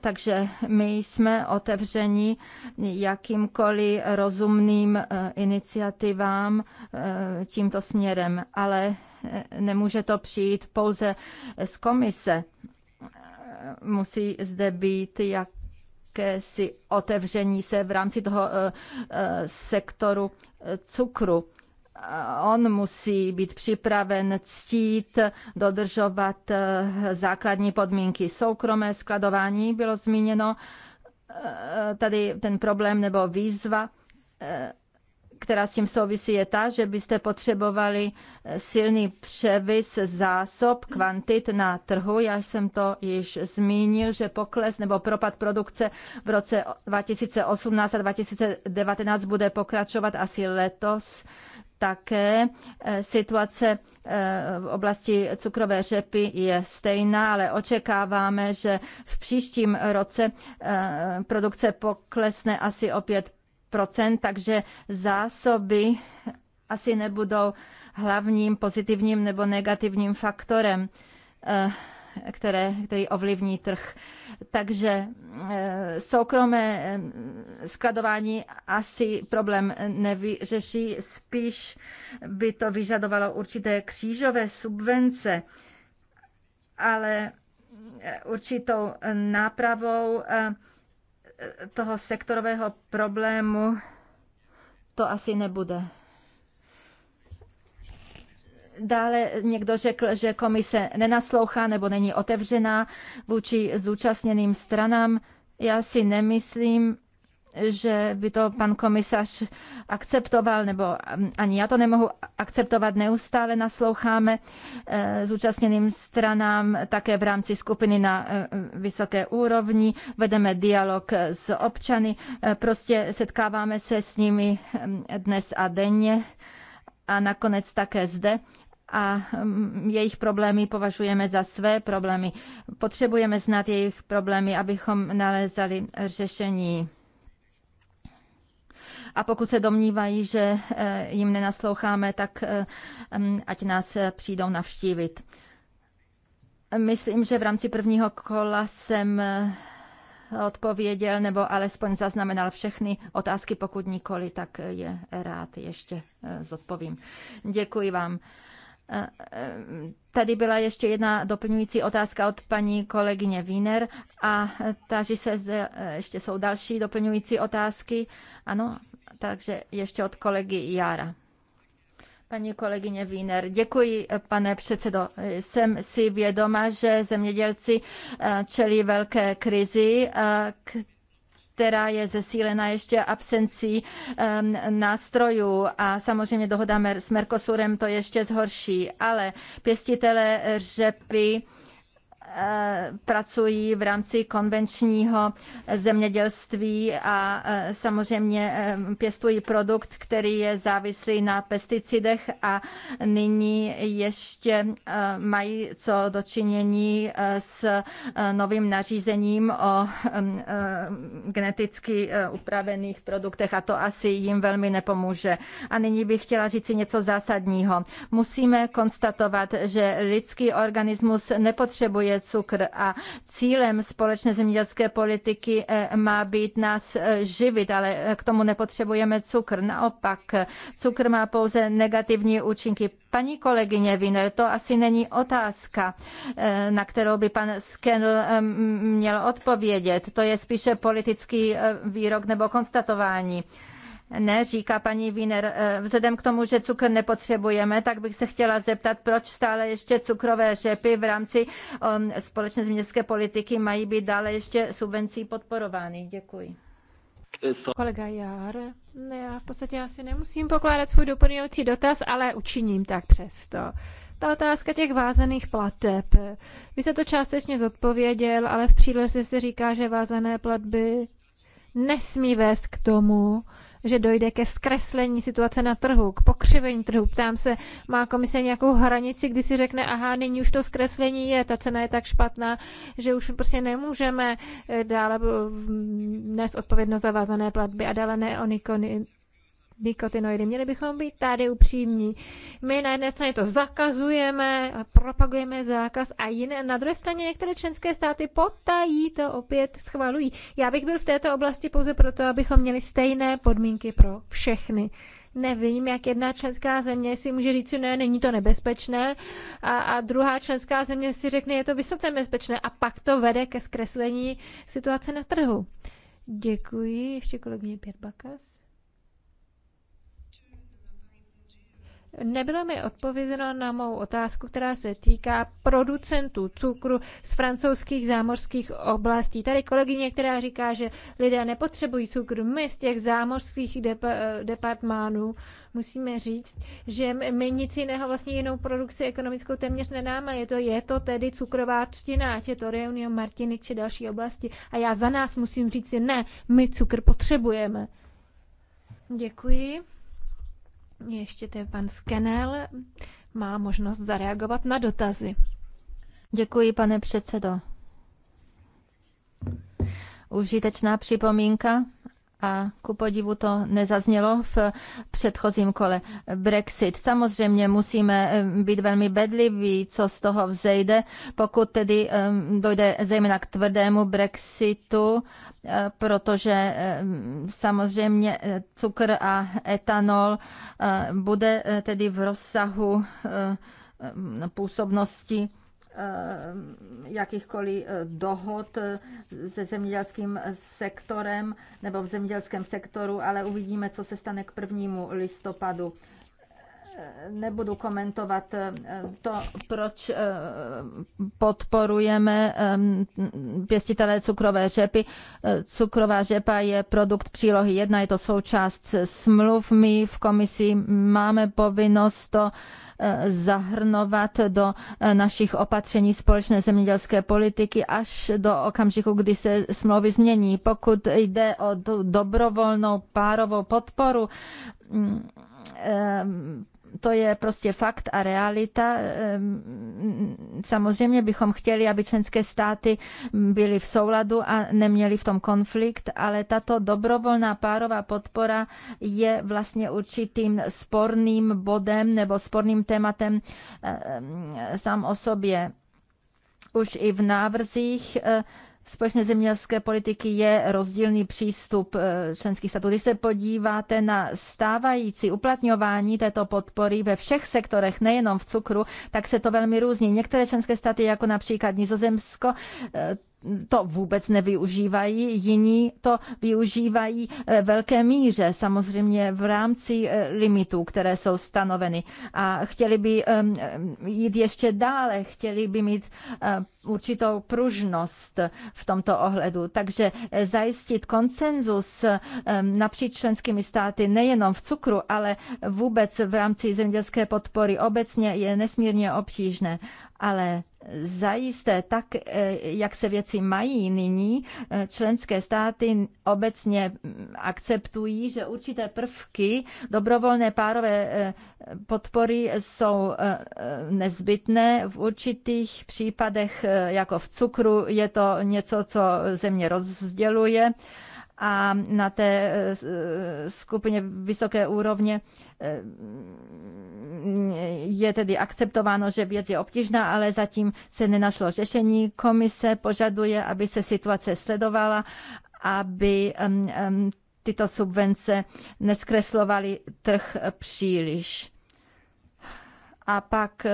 Takže my jsme otevřeni jakýmkoliv rozumným eh, iniciativám eh, tímto směrem, ale nemůže to přijít pouze z komise musí zde být jak jakési otevření se v rámci toho eh, eh, sektoru eh, cukru. On musí být připraven ctít, dodržovat základní podmínky. Soukromé skladování bylo zmíněno, tady ten problém nebo výzva která s tím souvisí, je ta, že byste potřebovali eh, silný převis zásob kvantit na trhu. Já jsem to již zmínil, že pokles nebo propad produkce v roce 2018 a 2019 bude pokračovat asi letos také eh, situace eh, v oblasti cukrové řepy je stejná, ale očekáváme, že v příštím roce produkce poklesne asi o 5 takže zásoby asi nebudou hlavním pozitivním nebo negativním faktorem, eh, které, který ovlivní trh. Takže eh, soukromé eh, skladování asi problém nevyřeší, spíš by to vyžadovalo určité křížové subvence, ale určitou nápravou toho sektorového problému to asi nebude. Dále někdo řekl, že komise nenaslouchá nebo není otevřená vůči zúčastněným stranám. Já si nemyslím, že by to pan komisař akceptoval, nebo mm, ani já to nemohu akceptovat. Neustále nasloucháme eh, zúčastněným stranám také v rámci skupiny na eh, vysoké úrovni, vedeme dialog s občany, eh, prostě setkáváme se s nimi mm, dnes a denně a nakonec také zde a mm, jejich problémy považujeme za své problémy. Potřebujeme znát jejich problémy, abychom nalézali řešení a pokud se domnívají, že eh, jim nenasloucháme, tak eh, mm, ať nás eh, přijdou navštívit. Myslím, že v rámci prvního kola jsem odpověděl nebo alespoň zaznamenal všechny otázky, pokud nikoli, tak je rád ještě zodpovím. Děkuji vám. Tady byla ještě jedna doplňující otázka od paní kolegyně Wiener a táží se, zde ještě jsou další doplňující otázky. Ano, takže ještě od kolegy Jara. Paní kolegyně Wiener, děkuji, pane předsedo. Jsem si vědoma, že zemědělci eh, čelí velké krizi, eh, která je zesílena ještě absencí um, nástrojů a samozřejmě dohoda s Mercosurem to ještě zhorší, ale pěstitele řepy Eh, pracují v rámci konvenčního zemědělství a eh, samozřejmě eh, pěstují produkt, který je závislý na pesticidech a nyní ještě mají co dočinění s novým nařízením o geneticky upravených produktech a to asi jim velmi nepomůže. A nyní bych chtěla říct si něco zásadního. Musíme konstatovat, že lidský organismus nepotřebuje cukr a cílem společné zemědělské politiky eh, má být nás eh, živit, ale eh, k tomu nepotřebujeme cukr. Naopak, cukr má pouze negativní účinky. Paní kolegyně Wiener, to asi není otázka, na kterou by pan Skenl měl odpovědět. To je spíše politický výrok nebo konstatování. Ne, říká paní Wiener, eh, vzhledem k tomu, že cukr nepotřebujeme, tak bych se chtěla zeptat, proč stále ještě cukrové řepy v rámci um, společné zemědělské politiky mají být dále ještě subvencí podporovány. Děkuji. Kolega Jár, já v podstatě asi nemusím pokládat svůj doplňující dotaz, ale učiním tak přesto. Ta otázka těch vázaných plateb. Vy se to částečně zodpověděl, ale v příloze se říká, že vázané platby nesmí vést k tomu, že dojde ke zkreslení situace na trhu, k pokřivení trhu. Ptám se, má komise nějakou hranici, kdy si řekne, aha, nyní už to zkreslení je, ta cena je tak špatná, že už prostě nemůžeme eh, dále dnes eh, odpovědnost za vázané platby a dále neonikony nikotinoidy. Měli bychom být tady upřímní. My na jedné straně to zakazujeme a propagujeme zákaz a jiné, na druhé straně některé členské státy potají to opět schvalují. Já bych byl v této oblasti pouze proto, abychom měli stejné podmínky pro všechny. Nevím, jak jedna členská země si může říct, ne, není to nebezpečné, a, a druhá členská země si řekne, je to vysoce nebezpečné, a pak to vede ke zkreslení situace na trhu. Děkuji. Ještě kolegyně Pět Bakas. Nebylo mi odpovězeno na mou otázku, která se týká producentů cukru z francouzských zámořských oblastí. Tady kolegyně, která říká, že lidé nepotřebují cukr, my z těch zámořských dep departmánů musíme říct, že my nic jiného vlastně jinou produkci ekonomickou téměř nenáme. Je to, je to tedy cukrová třtina, ať je to Reunion, Martinik či další oblasti. A já za nás musím říct, ne, my cukr potřebujeme. Děkuji. Ještě ten pan Skenel má možnost zareagovat na dotazy. Děkuji, pane předsedo. Užitečná připomínka a ku podivu to nezaznělo v předchozím kole. Brexit. Samozřejmě musíme eh, být velmi bedliví, co z toho vzejde, pokud tedy eh, dojde zejména k tvrdému Brexitu, eh, protože samozřejmě cukr a etanol bude tedy v rozsahu působnosti Eh, jakýchkoliv eh, dohod eh, se zemědělským sektorem nebo v zemědělském sektoru, ale uvidíme, co se stane k prvnímu listopadu nebudu komentovat eh, to, proč eh, podporujeme eh, pěstitele cukrové řepy. Cukrová řepa je produkt přílohy jedna, je to součást smluv. My v komisi máme povinnost to zahrnovat do našich opatření společné zemědělské politiky až do okamžiku, kdy se smlouvy změní. Pokud jde o dobrovolnou párovou podporu, mm, to je prostě fakt a realita. Ehm, samozřejmě bychom chtěli, aby členské státy byly v souladu a neměli v tom konflikt, ale tato dobrovolná párová podpora je vlastně určitým sporným bodem nebo sporným tématem ehm, sám o sobě. Už i v návrzích eh, společné zemědělské politiky je rozdílný přístup eh, členských států. Když se podíváte na stávající uplatňování této podpory ve všech sektorech, nejenom v cukru, tak se to velmi různí. Některé členské státy, jako například Nizozemsko, eh, to vůbec nevyužívají, jiní to využívají eh, velké míře, samozřejmě v rámci eh, limitů, které jsou stanoveny. A chtěli by jít ještě dále, chtěli by mít eh, určitou pružnost v tomto ohledu. Takže zajistit konsenzus napříč členskými státy nejenom v cukru, ale vůbec v rámci zemědělské podpory obecně je nesmírně obtížné. Ale Zajisté tak, eh, jak se věci mají nyní, eh, členské státy obecně mm, akceptují, že určité prvky dobrovolné párové eh, podpory jsou nezbytné. V určitých případech, jako v cukru, je to něco, co země rozděluje a na té eh, skupině vysoké úrovně eh, je tedy akceptováno, že věc je obtížná, ale zatím se nenašlo řešení. Komise požaduje, aby se situace sledovala, aby tyto subvence neskreslovaly trh příliš. A pak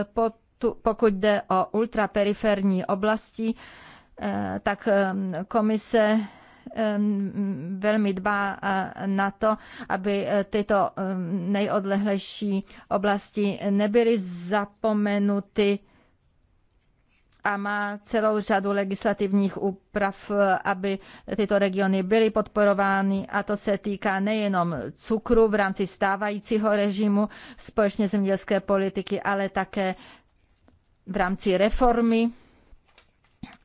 pokud jde o ultraperiferní oblasti, eh, tak komise velmi dbá eh, na to, aby eh, tyto nejodlehlejší oblasti nebyly zapomenuty a má celou řadu legislativních úprav, eh, aby tyto regiony byly podporovány a to se týká nejenom cukru v rámci stávajícího režimu společně zemědělské politiky, ale také v rámci reformy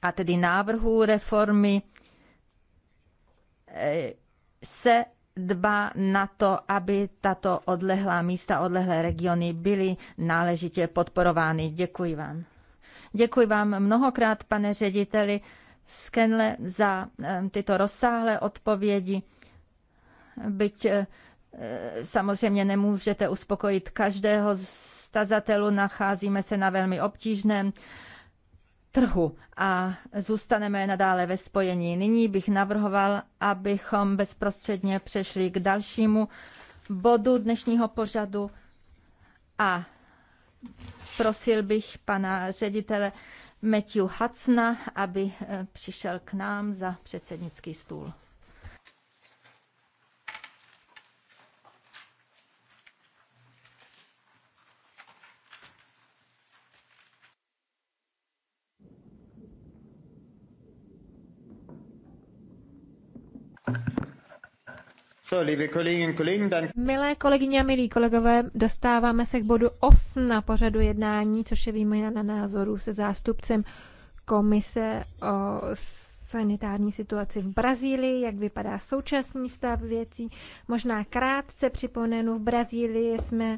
a tedy návrhu reformy se dba na to, aby tato odlehlá místa, odlehlé regiony byly náležitě podporovány. Děkuji vám. Děkuji vám mnohokrát, pane řediteli Skenle, za eh, tyto rozsáhlé odpovědi. Byť eh, samozřejmě nemůžete uspokojit každého z tazatelů, nacházíme se na velmi obtížném trhu a zůstaneme nadále ve spojení. Nyní bych navrhoval, abychom bezprostředně přešli k dalšímu bodu dnešního pořadu a prosil bych pana ředitele Matthew Hudsona, aby eh, přišel k nám za předsednický stůl. Milé kolegyně a milí kolegové, dostáváme se k bodu 8 na pořadu jednání, což je výměna na názoru se zástupcem komise o sanitární situaci v Brazílii, jak vypadá současný stav věcí. Možná krátce připomenu, v Brazílii jsme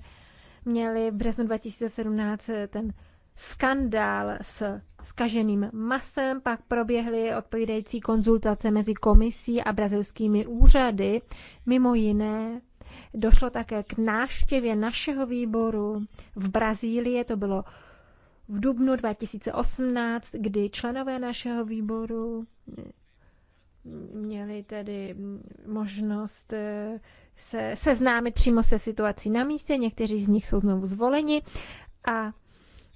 měli v březnu 2017 ten skandál s skaženým masem, pak proběhly odpovídající konzultace mezi komisí a brazilskými úřady. Mimo jiné došlo také k náštěvě našeho výboru v Brazílii, to bylo v dubnu 2018, kdy členové našeho výboru mm, měli tedy mm, možnost eh, se seznámit přímo se situací na místě, někteří z nich jsou znovu zvoleni a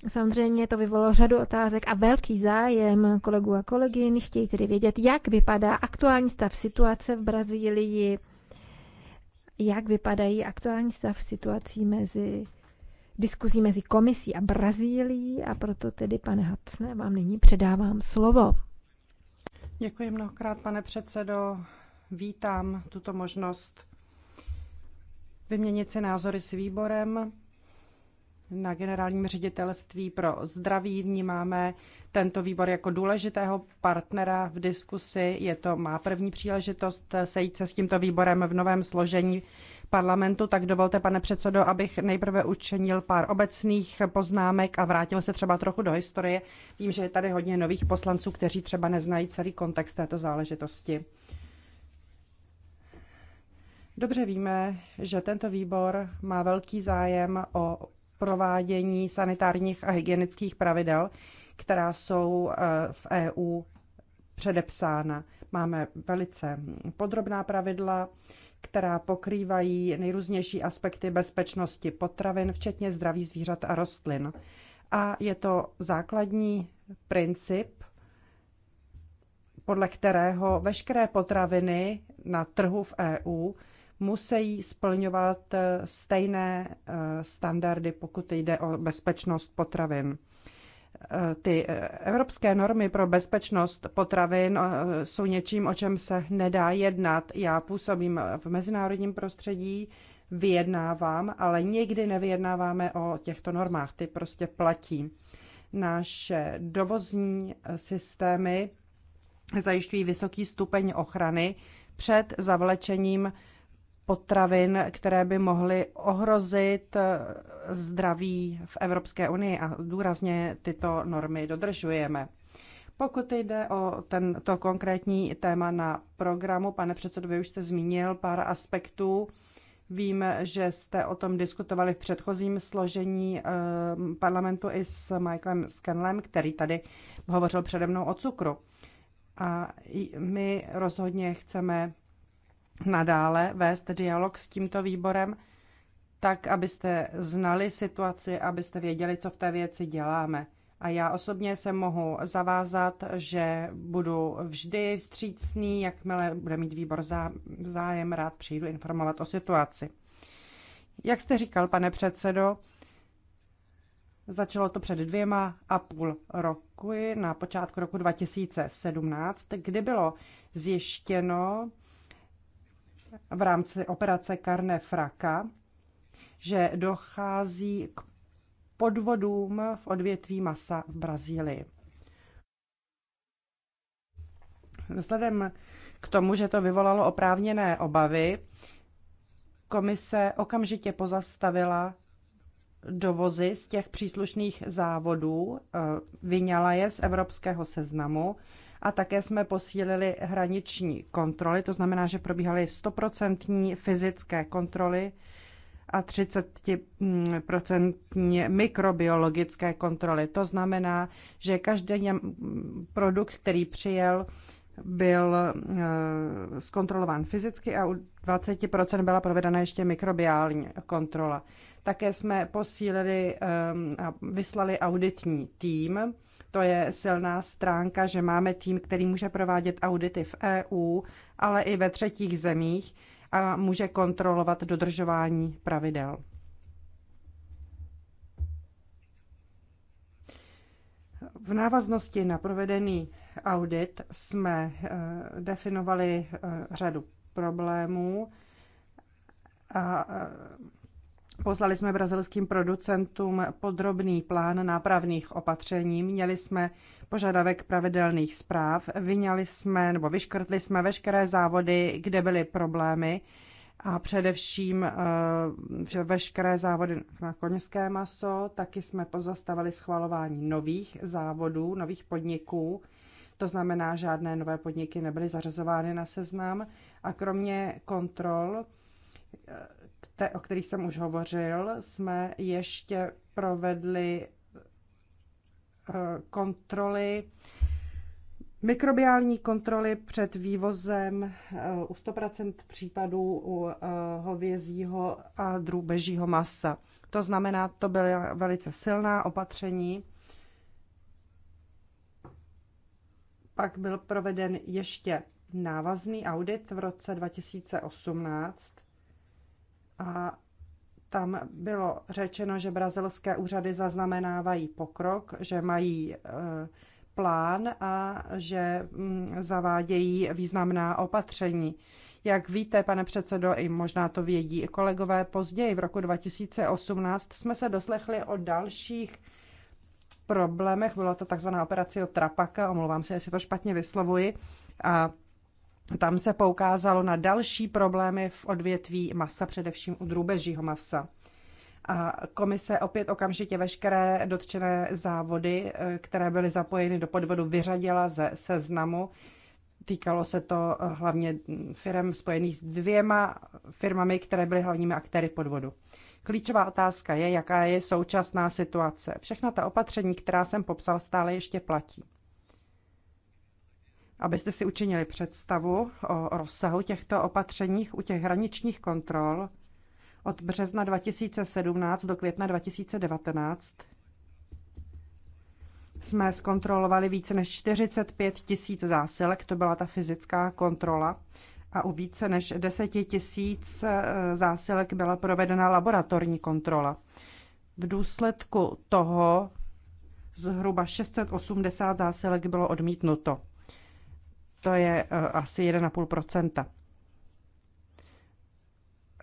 Samozřejmě to vyvolalo řadu otázek a velký zájem kolegů a kolegyn. Chtějí tedy vědět, jak vypadá aktuální stav situace v Brazílii, jak vypadají aktuální stav situací mezi diskuzí mezi komisí a Brazílií a proto tedy, pane Hacne, vám nyní předávám slovo. Děkuji mnohokrát, pane předsedo. Vítám tuto možnost vyměnit si názory s výborem na generálním ředitelství pro zdraví vnímáme tento výbor jako důležitého partnera v diskusi. Je to má první příležitost sejít se s tímto výborem v novém složení parlamentu, tak dovolte, pane předsedo, abych nejprve učinil pár obecných poznámek a vrátil se třeba trochu do historie. Vím, že je tady hodně nových poslanců, kteří třeba neznají celý kontext této záležitosti. Dobře víme, že tento výbor má velký zájem o provádění sanitárních a hygienických pravidel, která jsou eh, v EU předepsána. Máme velice podrobná pravidla, která pokrývají nejrůznější aspekty bezpečnosti potravin, včetně zdraví zvířat a rostlin. A je to základní princip, podle kterého veškeré potraviny na trhu v EU musí splňovat eh, stejné eh, standardy, pokud jde o bezpečnost potravin. Eh, ty evropské normy pro bezpečnost potravin jsou něčím, o čem se nedá jednat. Já působím v mezinárodním prostředí, vyjednávám, ale nikdy nevyjednáváme o těchto normách. Ty prostě platí. Naše dovozní systémy zajišťují vysoký stupeň ochrany před zavlečením potravin, které by mohly ohrozit eh, zdraví v Evropské unii a důrazně tyto normy dodržujeme. Pokud jde o tento konkrétní téma na programu, pane předsedo, vy už jste zmínil pár aspektů. Vím, že jste o tom diskutovali v předchozím složení eh, parlamentu i s Michaelem Scanlem, který tady hovořil přede mnou o cukru. A my rozhodně chceme nadále vést dialog s tímto výborem, tak abyste znali situaci, abyste věděli, co v té věci děláme. A já osobně se mohu zavázat, že budu vždy vstřícný, jakmile bude mít výbor zájem, rád přijdu informovat o situaci. Jak jste říkal, pane předsedo, Začalo to před dvěma a půl roku, na počátku roku 2017, kdy bylo zjištěno, v rámci operace Karne Fraka, že dochází k podvodům v odvětví masa v Brazílii. Vzhledem k tomu, že to vyvolalo oprávněné obavy, komise okamžitě pozastavila dovozy z těch příslušných závodů, eh, vyňala je z evropského seznamu a také jsme posílili hraniční kontroly, to znamená, že probíhaly 100% fyzické kontroly a 30% mikrobiologické kontroly. To znamená, že každý produkt, který přijel, byl eh, zkontrolován fyzicky a u 20% byla provedena ještě mikrobiální kontrola. Také jsme posílili eh, a vyslali auditní tým, to je silná stránka, že máme tým, který může provádět audity v EU, ale i ve třetích zemích a může kontrolovat dodržování pravidel. V návaznosti na provedený audit jsme eh, definovali eh, řadu problémů a eh, Poslali jsme brazilským producentům podrobný plán nápravných opatření. Měli jsme požadavek pravidelných zpráv, vyňali jsme nebo vyškrtli jsme veškeré závody, kde byly problémy a především eh, že veškeré závody na koněské maso. Taky jsme pozastavili schvalování nových závodů, nových podniků. To znamená, žádné nové podniky nebyly zařazovány na seznam. A kromě kontrol eh, te, o kterých jsem už hovořil, jsme ještě provedli eh, kontroly, mikrobiální kontroly před vývozem eh, u 100% případů u eh, hovězího a drůbežího masa. To znamená, to byla velice silná opatření. Pak byl proveden ještě návazný audit v roce 2018 a tam bylo řečeno, že brazilské úřady zaznamenávají pokrok, že mají e, plán a že mm, zavádějí významná opatření. Jak víte, pane předsedo, i možná to vědí i kolegové, později v roku 2018 jsme se doslechli o dalších problémech. Byla to takzvaná operace Trapaka, omlouvám se, jestli to špatně vyslovuji. A tam se poukázalo na další problémy v odvětví masa, především u drůbežího masa. A komise opět okamžitě veškeré dotčené závody, eh, které byly zapojeny do podvodu, vyřadila ze seznamu. Týkalo se to eh, hlavně firm spojených s dvěma firmami, které byly hlavními aktéry podvodu. Klíčová otázka je, jaká je současná situace. Všechna ta opatření, která jsem popsal, stále ještě platí abyste si učinili představu o rozsahu těchto opatřeních u těch hraničních kontrol od března 2017 do května 2019 jsme zkontrolovali více než 45 tisíc zásilek, to byla ta fyzická kontrola, a u více než 10 tisíc e, zásilek byla provedena laboratorní kontrola. V důsledku toho zhruba 680 zásilek bylo odmítnuto to je eh, asi 1,5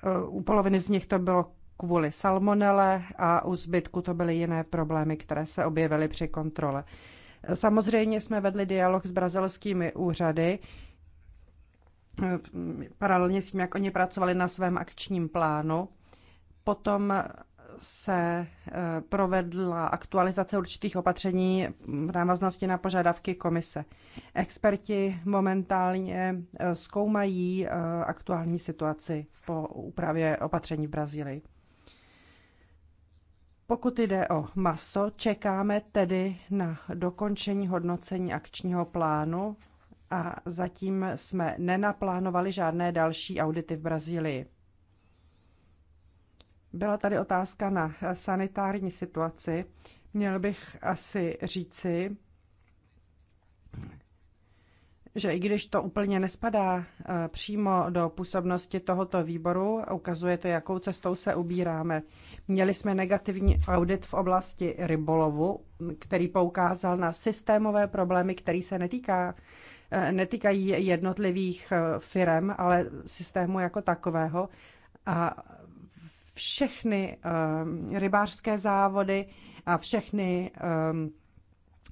eh, U poloviny z nich to bylo kvůli salmonele a u zbytku to byly jiné problémy, které se objevily při kontrole. Eh, samozřejmě jsme vedli dialog s brazilskými úřady, paralelně s tím, jak oni pracovali na svém akčním plánu. Potom se eh, provedla aktualizace určitých opatření v návaznosti na požadavky komise. Experti momentálně eh, zkoumají eh, aktuální situaci po úpravě opatření v Brazílii. Pokud jde o maso, čekáme tedy na dokončení hodnocení akčního plánu a zatím jsme nenaplánovali žádné další audity v Brazílii. Byla tady otázka na eh, sanitární situaci. Měl bych asi říci, že i když to úplně nespadá eh, přímo do působnosti tohoto výboru, ukazuje to, jakou cestou se ubíráme. Měli jsme negativní audit v oblasti rybolovu, který poukázal na systémové problémy, který se netýká, eh, netýkají jednotlivých firem, ale systému jako takového. A všechny ehm, rybářské závody a všechny ehm,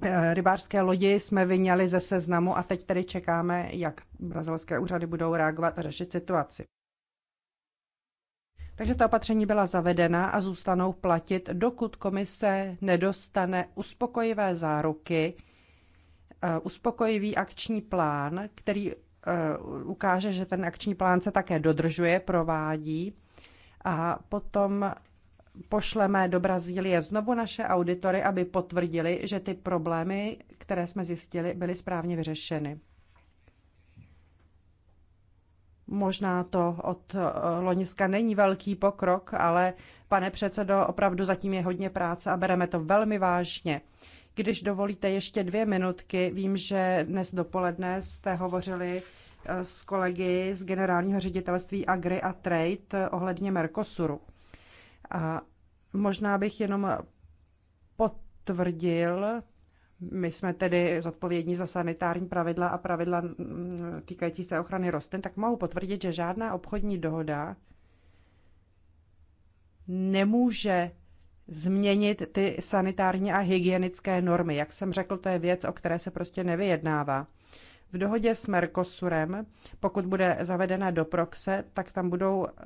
eh, rybářské lodi jsme vyněli ze seznamu a teď tedy čekáme, jak brazilské úřady budou reagovat a řešit situaci. Takže ta opatření byla zavedena a zůstanou platit, dokud komise nedostane uspokojivé záruky, eh, uspokojivý akční plán, který eh, ukáže, že ten akční plán se také dodržuje, provádí a potom pošleme do Brazílie znovu naše auditory, aby potvrdili, že ty problémy, které jsme zjistili, byly správně vyřešeny. Možná to od eh, loniska není velký pokrok, ale pane předsedo, opravdu zatím je hodně práce a bereme to velmi vážně. Když dovolíte ještě dvě minutky, vím, že dnes dopoledne jste hovořili Eh, s kolegy z generálního ředitelství Agri a Trade eh, ohledně Mercosuru. A možná bych jenom potvrdil, my jsme tedy zodpovědní za sanitární pravidla a pravidla mm, týkající se ochrany rostlin, tak mohu potvrdit, že žádná obchodní dohoda nemůže změnit ty sanitární a hygienické normy. Jak jsem řekl, to je věc, o které se prostě nevyjednává. V dohodě s Mercosurem, pokud bude zavedena do proxe, tak tam budou eh,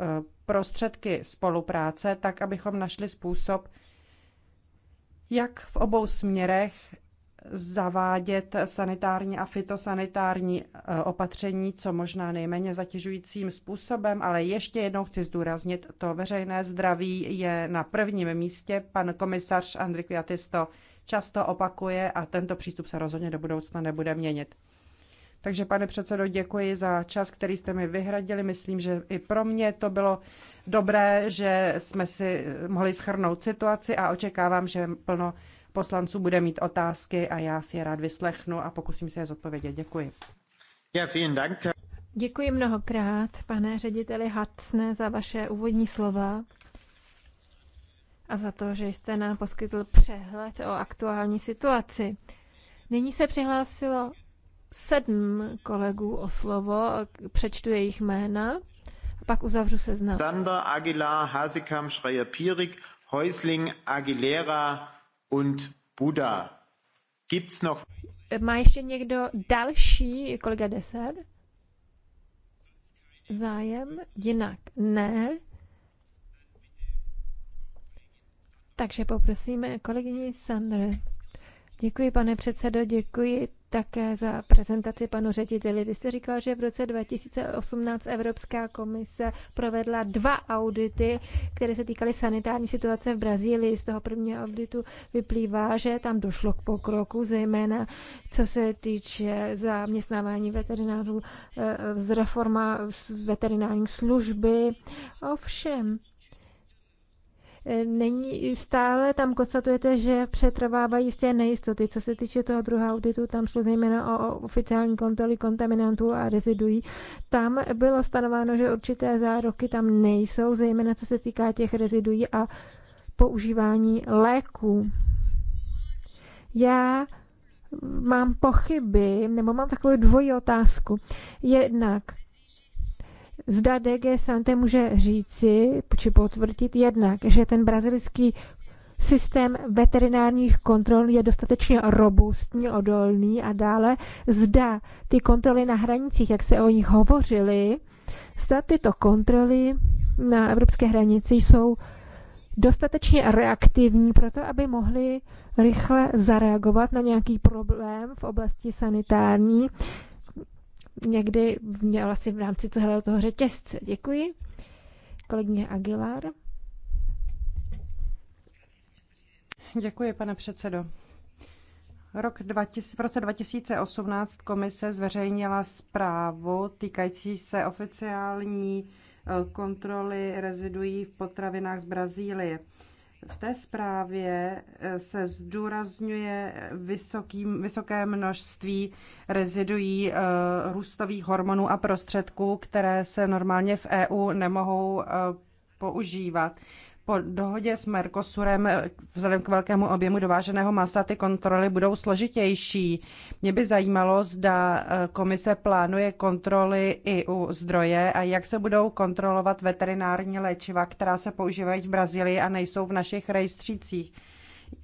prostředky spolupráce, tak abychom našli způsob, jak v obou směrech zavádět sanitární a fitosanitární eh, opatření, co možná nejméně zatěžujícím způsobem, ale ještě jednou chci zdůraznit, to veřejné zdraví je na prvním místě. Pan komisař Andrik Jatis to často opakuje a tento přístup se rozhodně do budoucna nebude měnit. Takže pane předsedo, děkuji za čas, který jste mi vyhradili. Myslím, že i pro mě to bylo dobré, že jsme si mohli schrnout situaci a očekávám, že plno poslanců bude mít otázky a já si je rád vyslechnu a pokusím se je zodpovědět. Děkuji. Ja, vielen Dank. Děkuji mnohokrát, pane řediteli Hacne, za vaše úvodní slova a za to, že jste nám poskytl přehled o aktuální situaci. Nyní se přihlásilo sedm kolegů o slovo, přečtu jejich jména a pak uzavřu seznam. Sander, Aguilar, Hasekam, Schreier, Pirik, Häusling, Aguilera und Buda. Gibt's noch... Má ještě někdo další kolega Deser? Zájem? Jinak ne. Takže poprosíme kolegyni Sandra. Děkuji, pane předsedo, děkuji také za prezentaci panu řediteli. Vy jste říkal, že v roce 2018 Evropská komise provedla dva audity, které se týkaly sanitární situace v Brazílii. Z toho prvního auditu vyplývá, že tam došlo k pokroku, zejména co se týče zaměstnávání veterinářů, eh, reforma veterinární služby. Ovšem, E, není, stále tam konstatujete, že přetrvávají jisté nejistoty. Co se týče toho druhého auditu, tam šlo zejména o oficiální kontroly kontaminantů a rezidují. Tam bylo stanováno, že určité zároky tam nejsou, zejména co se týká těch rezidují a používání léků. Já mám pochyby, nebo mám takovou dvojí otázku. Jednak, Zda DG Sante může říci, či potvrdit jednak, že ten brazilský systém veterinárních kontrol je dostatečně robustní, odolný a dále zda ty kontroly na hranicích, jak se o nich hovořili, zda tyto kontroly na evropské hranici jsou dostatečně reaktivní pro to, aby mohli rychle zareagovat na nějaký problém v oblasti sanitární, někdy v, vlastně v rámci tohle toho řetězce. Děkuji. Kolegyně Aguilar. Děkuji, pane předsedo. Rok 20, v roce 2018 komise zveřejnila zprávu týkající se oficiální eh, kontroly reziduí v potravinách z Brazílie. V té zprávě eh, se zdůrazňuje vysoký, vysoké množství uh, růstových hormonů a prostředků, které se normálně v EU nemohou eh, používat. Po dohodě s Mercosurem eh, vzhledem k velkému objemu dováženého masa ty kontroly budou složitější. Mě by zajímalo, zda eh, komise plánuje kontroly i u zdroje a jak se budou kontrolovat veterinární léčiva, která se používají v Brazílii a nejsou v našich rejstřících.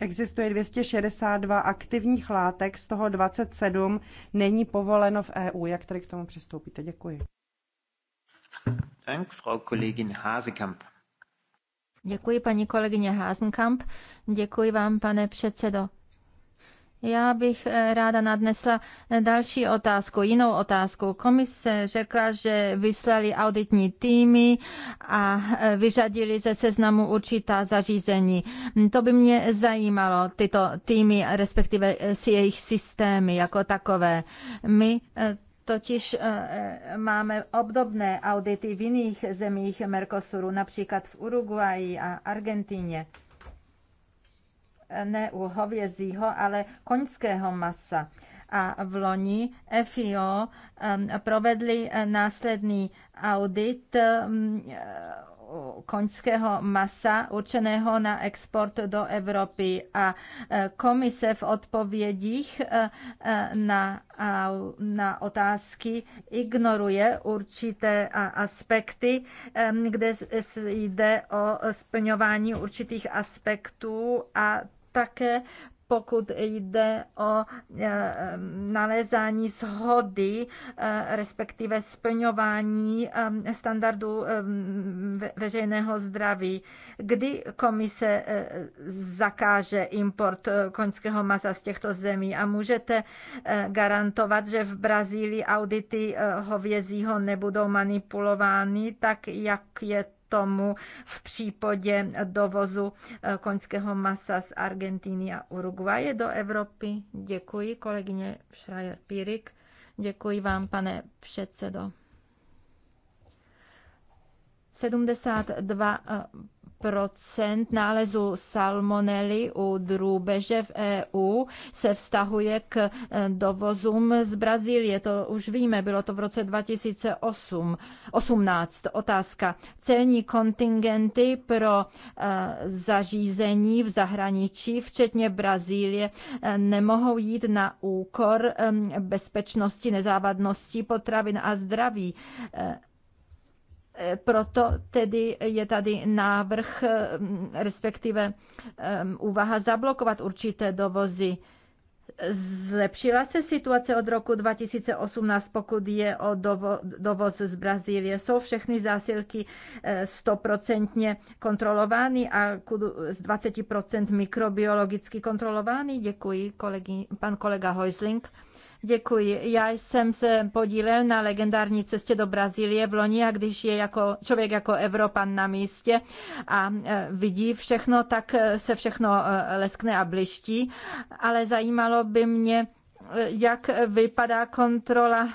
Existuje 262 aktivních látek, z toho 27 není povoleno v EU. Jak tedy k tomu přistoupíte? Děkuji. Děkuji, Frau Kollegin Hasekamp. Děkuji paní kolegyně Hasenkamp. děkuji vám, pane předsedo. Já bych eh, ráda nadnesla eh, další otázku, jinou otázku. Komise řekla, že vyslali auditní týmy a eh, vyřadili ze seznamu určitá zařízení. To by mě zajímalo, tyto týmy, respektive jejich systémy jako takové. My Totiž eh, eh, máme obdobné audity v jiných zemích Mercosuru, například v Uruguayi a Argentíně. Ne u hovězího, ale koňského masa. A v loni FIO eh, provedli následný audit mm, koňského masa určeného na export do Evropy a e, komise v odpovědích e, e, na, na otázky ignoruje určité aspekty, kde jde o splňování určitých aspektů a také pokud jde o e, nalezání shody, e, respektive splňování e, standardů veřejného zdraví. Kdy komise zakáže import koňského masa z těchto zemí a můžete garantovat, že v Brazílii audity hovězího nebudou manipulovány, tak jak je tomu v případě dovozu eh, koňského masa z Argentíny a Uruguaje do Evropy. Děkuji, kolegyně Schreier-Pirik. Děkuji vám, pane předsedo. 72 nálezu salmonely u drůbeže v EU se vztahuje k eh, dovozům z Brazílie. To už víme, bylo to v roce 2018. Otázka. Celní kontingenty pro eh, zařízení v zahraničí, včetně Brazílie, eh, nemohou jít na úkor ehm, bezpečnosti, nezávadnosti potravin a zdraví proto tedy je tady návrh, mm, respektive mm, úvaha zablokovat určité dovozy. Zlepšila se situace od roku 2018, pokud je o dovo, dovoz z Brazílie. Jsou všechny zásilky eh, stoprocentně kontrolovány a z 20% mikrobiologicky kontrolovány. Děkuji, kolegy, pan kolega Heusling. Děkuji. Já jsem se podílel na legendární cestě do Brazílie v loni a když je jako člověk jako Evropan na místě a e, vidí všechno, tak e, se všechno e, leskne a bliští. Ale zajímalo by mě, jak vypadá kontrola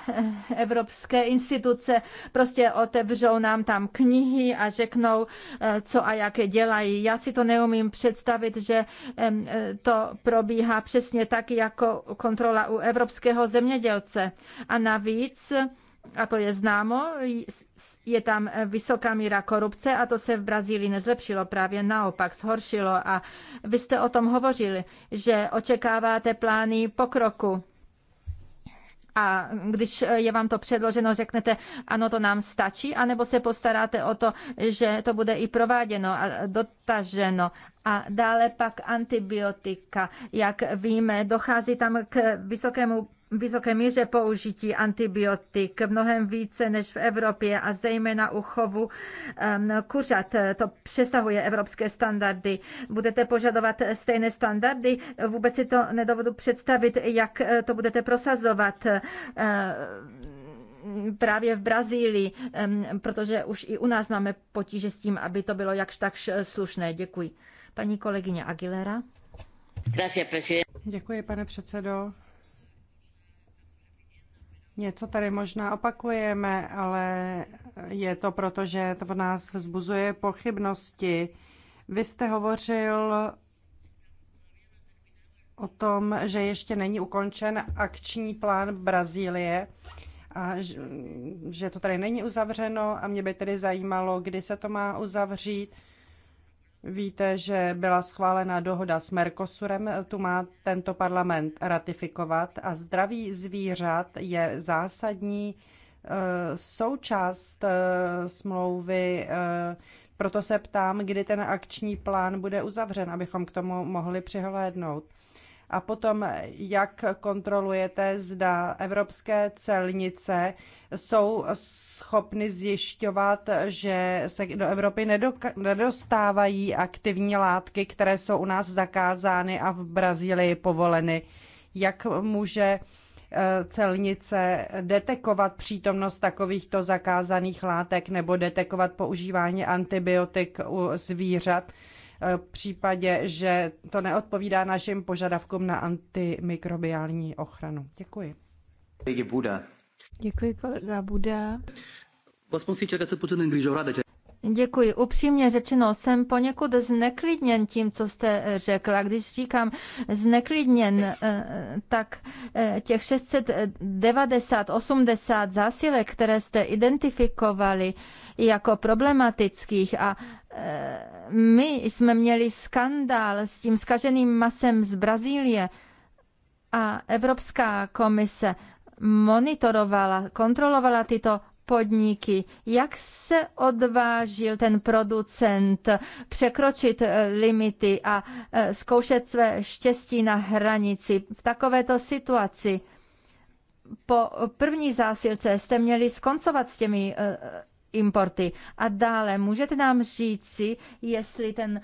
evropské instituce. Prostě otevřou nám tam knihy a řeknou, eh, co a jaké dělají. Já si to neumím představit, že eh, to probíhá přesně tak, jako kontrola u evropského zemědělce. A navíc a to je známo, je tam eh, vysoká míra korupce a to se v Brazílii nezlepšilo, právě naopak zhoršilo. A vy jste o tom hovořili, že očekáváte plány pokroku. A když eh, je vám to předloženo, řeknete, ano, to nám stačí, anebo se postaráte o to, že to bude i prováděno a dotaženo. A dále pak antibiotika. Jak víme, dochází tam k vysokému vysoké míře použití antibiotik, mnohem více než v Evropě a zejména u chovu kuřat. To přesahuje evropské standardy. Budete požadovat stejné standardy? Vůbec si to nedovodu představit, jak eh, to budete prosazovat eh, právě v Brazílii, protože už i u nás máme potíže s tím, aby to bylo jakž tak eh, slušné. Děkuji. Paní kolegyně Aguilera. Děkuji, pane předsedo. Něco tady možná opakujeme, ale je to proto, že to v nás vzbuzuje pochybnosti. Vy jste hovořil o tom, že ještě není ukončen akční plán Brazílie a že to tady není uzavřeno a mě by tedy zajímalo, kdy se to má uzavřít Víte, že byla schválena dohoda s Mercosurem, tu má tento parlament ratifikovat a zdraví zvířat je zásadní eh, součást eh, smlouvy, eh, proto se ptám, kdy ten akční plán bude uzavřen, abychom k tomu mohli přihlédnout. A potom, jak kontrolujete, zda evropské celnice jsou schopny zjišťovat, že se do Evropy nedostávají aktivní látky, které jsou u nás zakázány a v Brazílii povoleny. Jak může eh, celnice detekovat přítomnost takovýchto zakázaných látek nebo detekovat používání antibiotik u zvířat? v případě, že to neodpovídá našim požadavkům na antimikrobiální ochranu. Děkuji. Buda. Děkuji, kolega Buda. Vás spun sincer că sunt puțin Děkuji. Upřímně řečeno, jsem poněkud zneklidněn tím, co jste eh, řekla. Když říkám zneklidněn, eh, tak eh, těch 690, 80 zásilek, které jste identifikovali jako problematických a my jsme měli skandál s tím skaženým masem z Brazílie a Evropská komise monitorovala, kontrolovala tyto podniky. Jak se odvážil ten producent překročit eh, limity a eh, zkoušet své štěstí na hranici v takovéto situaci? Po první zásilce jste měli skoncovat s těmi eh, importy. A dále, můžete nám říci, jestli ten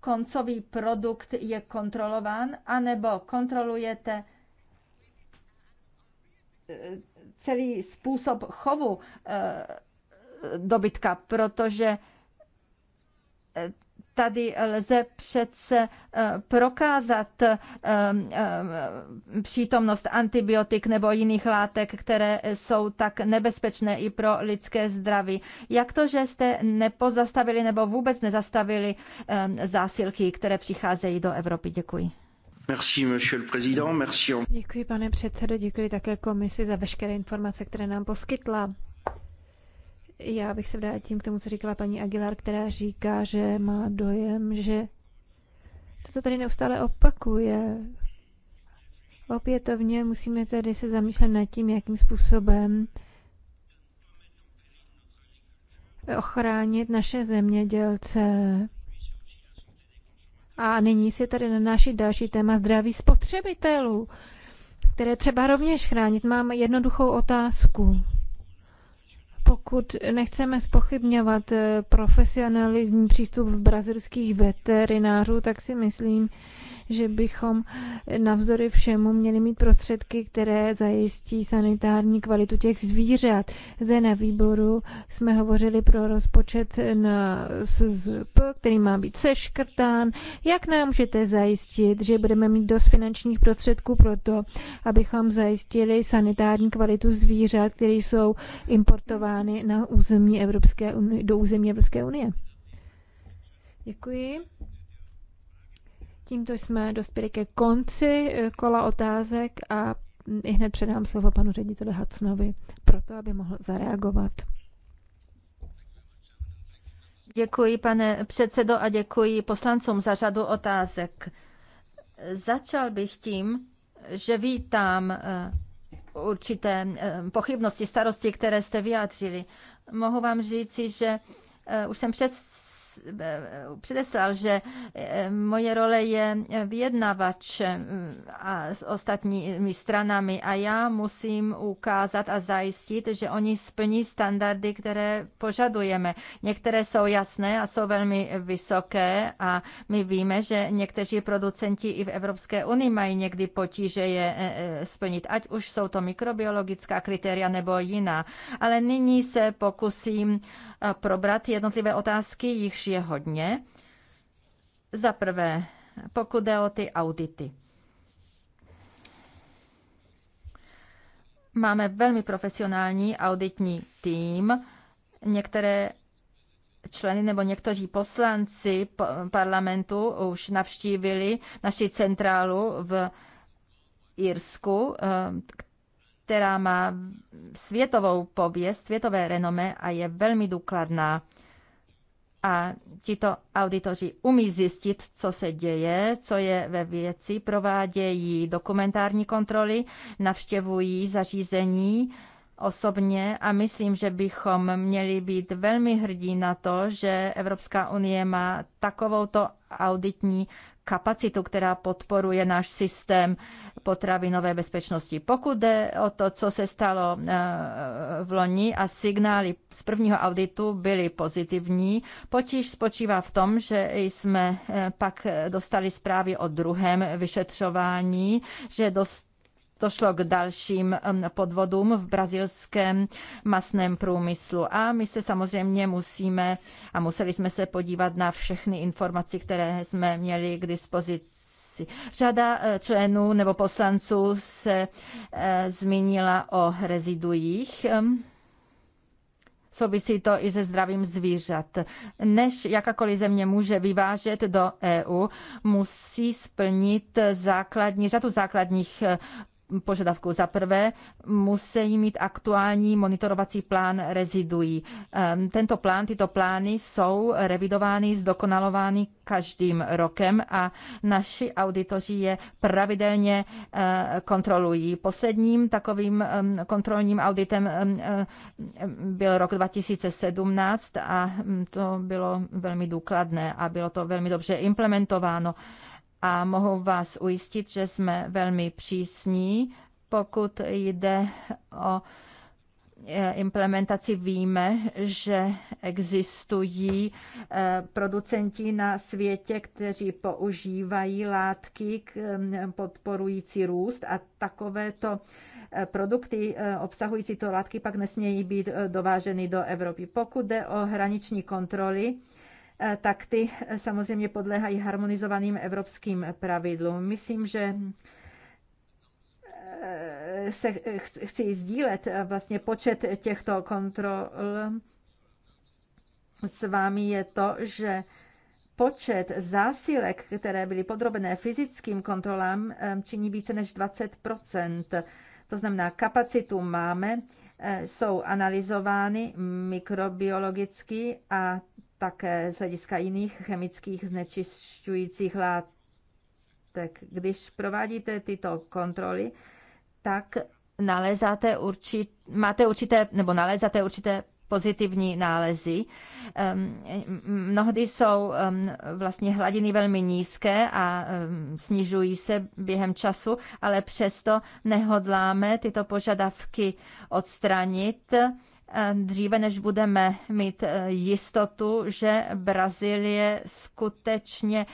koncový produkt je kontrolován, anebo kontrolujete celý způsob chovu eh, dobytka, protože eh, tady lze přece eh, prokázat přítomnost antibiotik nebo jiných látek, které jsou tak nebezpečné i pro lidské zdraví. Jak to, že jste nepozastavili nebo vůbec nezastavili zásilky, které přicházejí do Evropy? Děkuji. Děkuji, pane předsedo, děkuji také komisi za veškeré informace, které nám poskytla. Já bych se vrátila k tomu, co říkala paní Aguilar, která říká, že má dojem, že se to tady neustále opakuje. Opětovně musíme tedy se zamýšlet nad tím, jakým způsobem ochránit naše zemědělce a nyní si tady na naši další téma zdraví spotřebitelů, které třeba rovněž chránit. Mám jednoduchou otázku. Pokud nechceme spochybňovat eh, profesionální přístup v brazilských veterinářů, tak si myslím, že bychom navzdory všemu měli mít prostředky, které zajistí sanitární kvalitu těch zvířat. Zde na výboru jsme hovořili pro rozpočet na SZP, který má být seškrtán. Jak nám můžete zajistit, že budeme mít dost finančních prostředků pro to, abychom zajistili sanitární kvalitu zvířat, které jsou importovány na území Evropské unie, do území Evropské unie? Děkuji. Tímto jsme dospěli ke konci eh, kola otázek a i hned předám slovo panu řediteli Hacnovi, proto aby mohl zareagovat. Děkuji, pane předsedo, a děkuji poslancům za řadu otázek. Začal bych tím, že vítám eh, určité eh, pochybnosti, starosti, které jste vyjádřili. Mohu vám říci, že už jsem přes předeslal, že eh, moje role je vyjednavač eh, a s ostatními stranami a já musím ukázat a zajistit, že oni splní standardy, které požadujeme. Některé jsou jasné a jsou velmi vysoké a my víme, že někteří producenti i v Evropské unii mají někdy potíže je eh, splnit, ať už jsou to mikrobiologická kritéria nebo jiná. Ale nyní se pokusím probrat jednotlivé otázky, jichž je hodně. Za prvé, pokud jde o ty audity. Máme velmi profesionální auditní tým. Některé členy nebo někteří poslanci parlamentu už navštívili naši centrálu v Irsku, eh, která má světovou pověst, světové renome a je velmi důkladná a tito auditoři umí zjistit, co se děje, co je ve věci, provádějí dokumentární kontroly, navštěvují zařízení, osobně a myslím, že bychom měli být velmi hrdí na to, že Evropská unie má takovouto auditní kapacitu, která podporuje náš systém potravinové bezpečnosti. Pokud jde o to, co se stalo eh, v loni a signály z prvního auditu byly pozitivní, potíž spočívá v tom, že jsme eh, pak eh, dostali zprávy o druhém vyšetřování, že dost došlo k dalším podvodům v brazilském masném průmyslu. A my se samozřejmě musíme a museli jsme se podívat na všechny informace, které jsme měli k dispozici Řada e, členů nebo poslanců se e, zmínila o reziduích. Souvisí to i se zdravím zvířat. Než jakákoliv země může vyvážet do EU, musí splnit základní, řadu základních požadavků. Za prvé musí mít aktuální monitorovací plán reziduí. Ehm, tento plán, tyto plány jsou revidovány, zdokonalovány každým rokem a naši auditoři je pravidelně eh, kontrolují. Posledním takovým ehm, kontrolním auditem ehm, byl rok 2017 a hm, to bylo velmi důkladné a bylo to velmi dobře implementováno a mohu vás ujistit, že jsme velmi přísní, pokud jde o e, implementaci víme, že existují e, producenti na světě, kteří používají látky e, podporující růst a takovéto produkty obsahující to látky pak nesmějí být dováženy do Evropy. Pokud jde o hraniční kontroly, Eh, tak ty eh, samozřejmě podléhají harmonizovaným evropským pravidlům. Myslím, že eh, se chci sdílet vlastně počet těchto kontrol s vámi je to, že počet zásilek, které byly podrobené fyzickým kontrolám, činí více než 20 To znamená, kapacitu máme, jsou analyzovány mikrobiologicky a také z hlediska jiných chemických znečišťujících látek. Když provádíte tyto kontroly, tak nalezáte určit, máte určité, nebo nalezáte určité pozitivní nálezy. Ehm, mnohdy jsou ehm, vlastně hladiny velmi nízké a ehm, snižují se během času, ale přesto nehodláme tyto požadavky odstranit Ehm, dříve než budeme mít eh, jistotu, že Brazílie skutečně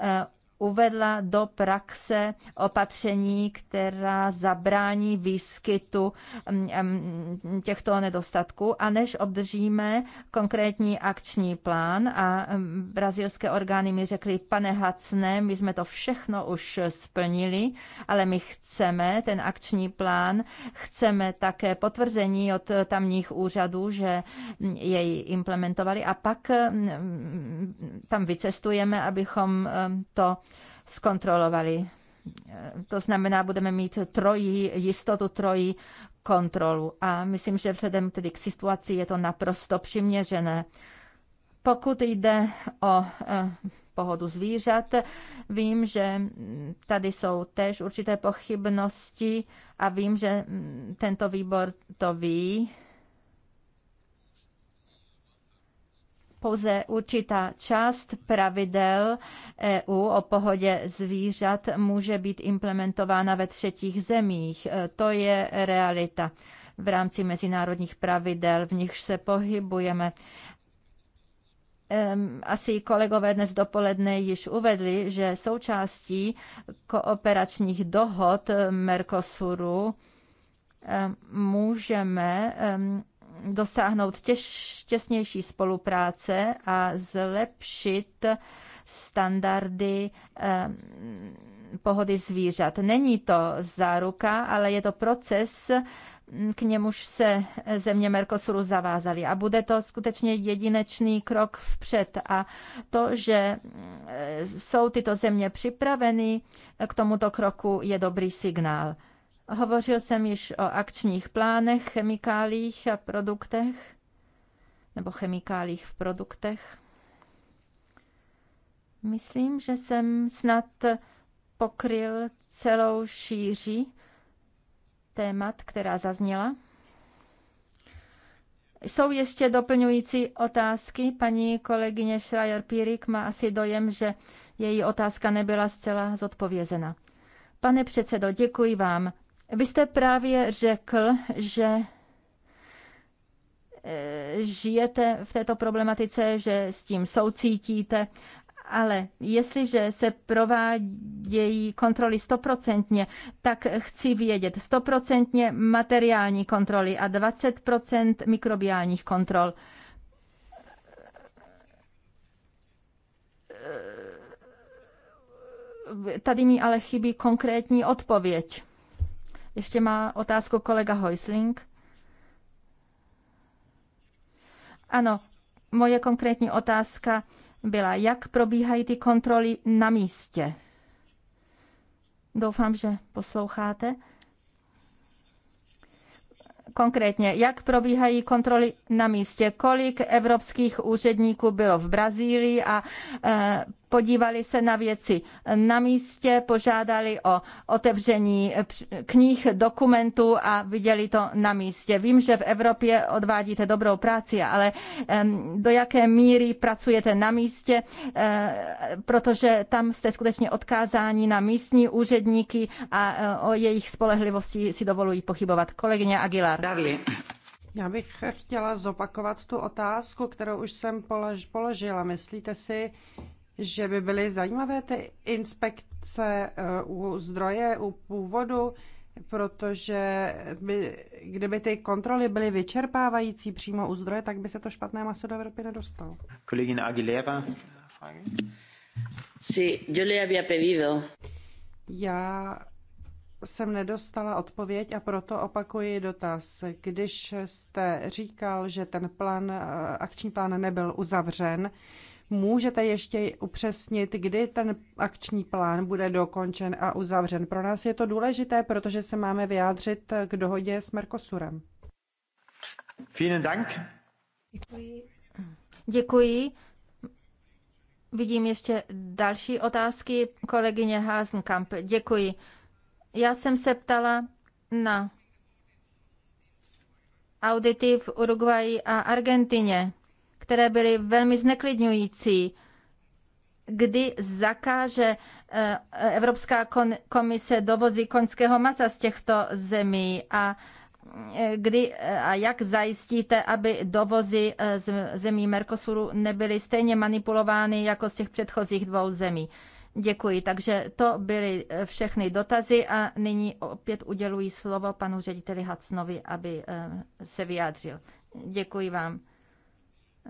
eh, uvedla do praxe opatření, která zabrání výskytu mm, mm, těchto nedostatků. A než obdržíme konkrétní akční plán a mm, brazilské orgány mi řekly, pane Hacne, my jsme to všechno už splnili, ale my chceme ten akční plán, chceme také potvrzení od tamních úřadů, že jej implementovali a pak tam vycestujeme, abychom to zkontrolovali. To znamená, budeme mít trojí jistotu, trojí kontrolu. A myslím, že vzhledem tedy k situaci je to naprosto přiměřené. Pokud jde o e, pohodu zvířat, vím, že tady jsou též určité pochybnosti a vím, že tento výbor to ví. Pouze určitá část pravidel EU o pohodě zvířat může být implementována ve třetích zemích. E, to je realita v rámci mezinárodních pravidel, v nichž se pohybujeme. Asi kolegové dnes dopoledne již uvedli, že součástí kooperačních dohod Mercosuru můžeme dosáhnout těž, těsnější spolupráce a zlepšit standardy eh, pohody zvířat. Není to záruka, ale je to proces, hm, k němuž se země Mercosuru zavázaly. A bude to skutečně jedinečný krok vpřed. A to, že hm, jsou tyto země připraveny k tomuto kroku, je dobrý signál. Hovořil jsem již o akčních plánech, chemikálích a produktech, nebo chemikálích v produktech. Myslím, že jsem snad pokryl celou šíři témat, která zazněla. Jsou ještě doplňující otázky. Paní kolegyně Schreier-Pírik má asi dojem, že její otázka nebyla zcela zodpovězena. Pane předsedo, děkuji vám. Vy jste právě řekl, že eh, žijete v této problematice, že s tím soucítíte, ale jestliže se provádějí kontroly stoprocentně, tak chci vědět stoprocentně materiální kontroly a 20% mikrobiálních kontrol. Eh, tady mi ale chybí konkrétní odpověď. Ještě má otázku kolega Heusling. Ano, moje konkrétní otázka byla, jak probíhají ty kontroly na místě. Doufám, že posloucháte. Konkrétně, jak probíhají kontroly na místě? Kolik evropských úředníků bylo v Brazílii a eh, podívali se na věci na místě, požádali o otevření knih, dokumentů a viděli to na místě. Vím, že v Evropě odvádíte dobrou práci, ale do jaké míry pracujete na místě, eh, protože tam jste skutečně odkázáni na místní úředníky a eh, o jejich spolehlivosti si dovolují pochybovat. Kolegyně Aguilar. Darli. Já bych chtěla zopakovat tu otázku, kterou už jsem položila. Myslíte si, že by byly zajímavé ty inspekce eh, u zdroje, u původu, protože by, kdyby ty kontroly byly vyčerpávající přímo u zdroje, tak by se to špatné maso do Evropy nedostalo. Kolegyně Aguilera. Si, yo le había pedido. Já jsem nedostala odpověď a proto opakuji dotaz. Když jste říkal, že ten plán, eh, akční plán nebyl uzavřen, Můžete ještě upřesnit, kdy ten akční plán bude dokončen a uzavřen? Pro nás je to důležité, protože se máme vyjádřit k dohodě s Mercosurem. Vielen Dank. Děkuji. Děkuji. Vidím ještě další otázky. Kolegyně Hasenkamp. děkuji. Já jsem se ptala na audity v Uruguayi a Argentině které byly velmi zneklidňující kdy zakáže eh, Evropská komise dovozy koňského masa z těchto zemí a eh, kdy eh, a jak zajistíte, aby dovozy z zemí Mercosuru nebyly stejně manipulovány jako z těch předchozích dvou zemí. Děkuji. Takže to byly všechny dotazy a nyní opět uděluji slovo panu řediteli Hacnovi, aby se vyjádřil. Děkuji vám.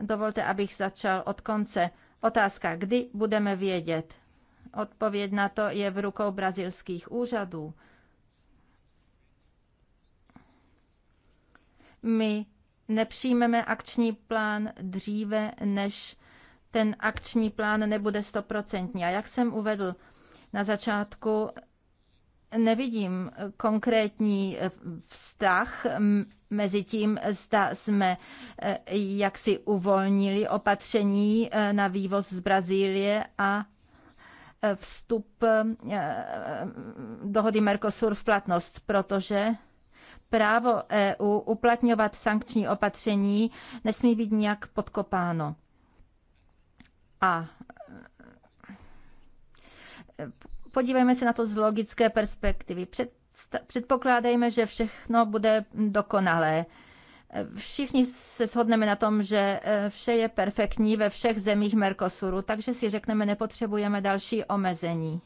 Dovolte, abych začal od konce. Otázka, kdy budeme vědět? Odpověď na to je v rukou brazilských úřadů. My nepřijmeme akční plán dříve, než ten akční plán nebude stoprocentní. A jak jsem uvedl na začátku, nevidím konkrétní eh, vztah mezi tím, zda jsme eh, jaksi uvolnili opatření eh, na vývoz z Brazílie a vstup dohody Mercosur v platnost, protože právo EU uplatňovat sankční opatření nesmí být nijak podkopáno. A podívejme se na to z logické perspektivy. Před, předpokládejme, že všechno bude dokonalé. Všichni se shodneme na tom, že eh, vše je perfektní ve všech zemích Mercosuru, takže si řekneme, nepotřebujeme další omezení.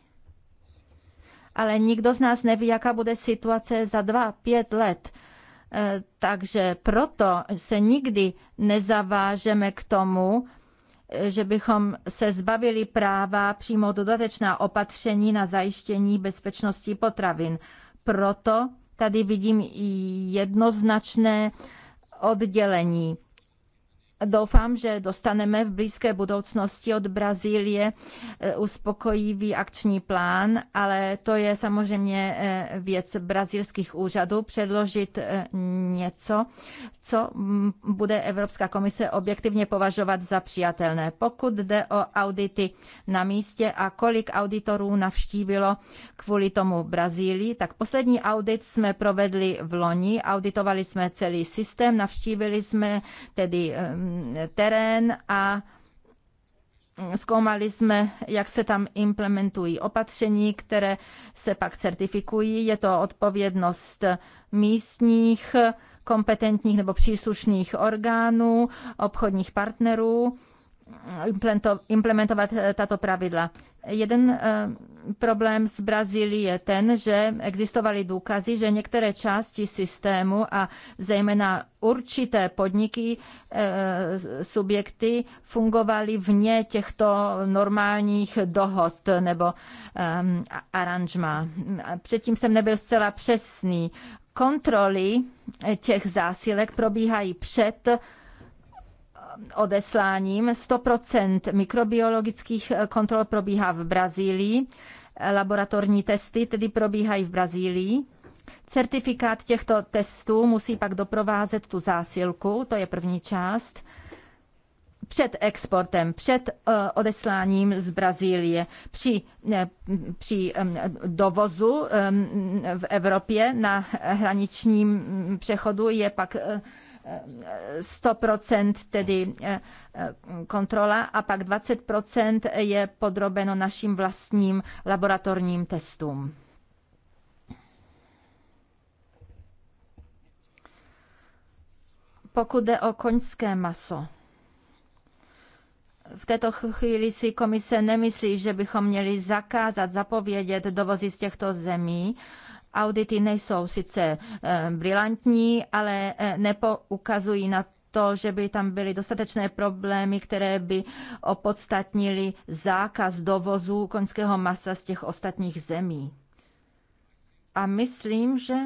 Ale nikdo z nás neví, jaká bude situace za dva, pět let. Eh, takže proto se nikdy nezavážeme k tomu, že bychom se zbavili práva přijmout dodatečná opatření na zajištění bezpečnosti potravin. Proto tady vidím i jednoznačné oddělení Doufám, že dostaneme v blízké budoucnosti od Brazílie eh, uspokojivý akční plán, ale to je samozřejmě eh, věc brazilských úřadů předložit eh, něco, co mm, bude Evropská komise objektivně považovat za přijatelné. Pokud jde o audity na místě a kolik auditorů navštívilo kvůli tomu Brazílii, tak poslední audit jsme provedli v loni, auditovali jsme celý systém, navštívili jsme tedy terén a Zkoumali jsme, jak se tam implementují opatření, které se pak certifikují. Je to odpovědnost místních, kompetentních nebo příslušných orgánů, obchodních partnerů implementovat eh, tato pravidla. Jeden eh, problém s Brazílie je ten, že existovaly důkazy, že některé části systému a zejména určité podniky, eh, subjekty fungovaly vně těchto normálních dohod nebo ehm, aranžma. Předtím jsem nebyl zcela přesný. Kontroly těch zásilek probíhají před odesláním. 100% mikrobiologických kontrol probíhá v Brazílii. Laboratorní testy tedy probíhají v Brazílii. Certifikát těchto testů musí pak doprovázet tu zásilku, to je první část před exportem, před eh, odesláním z Brazílie. Při, eh, při eh, dovozu v Evropě na hraničním mm, přechodu je pak 100% tedy eh, eh, kontrola a pak 20% je podrobeno našim vlastním laboratorním testům. Pokud jde o koňské maso, v této chvíli si komise nemyslí, že bychom měli zakázat, zapovědět dovozy z těchto zemí, Audity nejsou sice eh, brilantní, ale eh, nepoukazují na to, že by tam byly dostatečné problémy, které by opodstatnili zákaz dovozu koňského masa z těch ostatních zemí. A myslím, že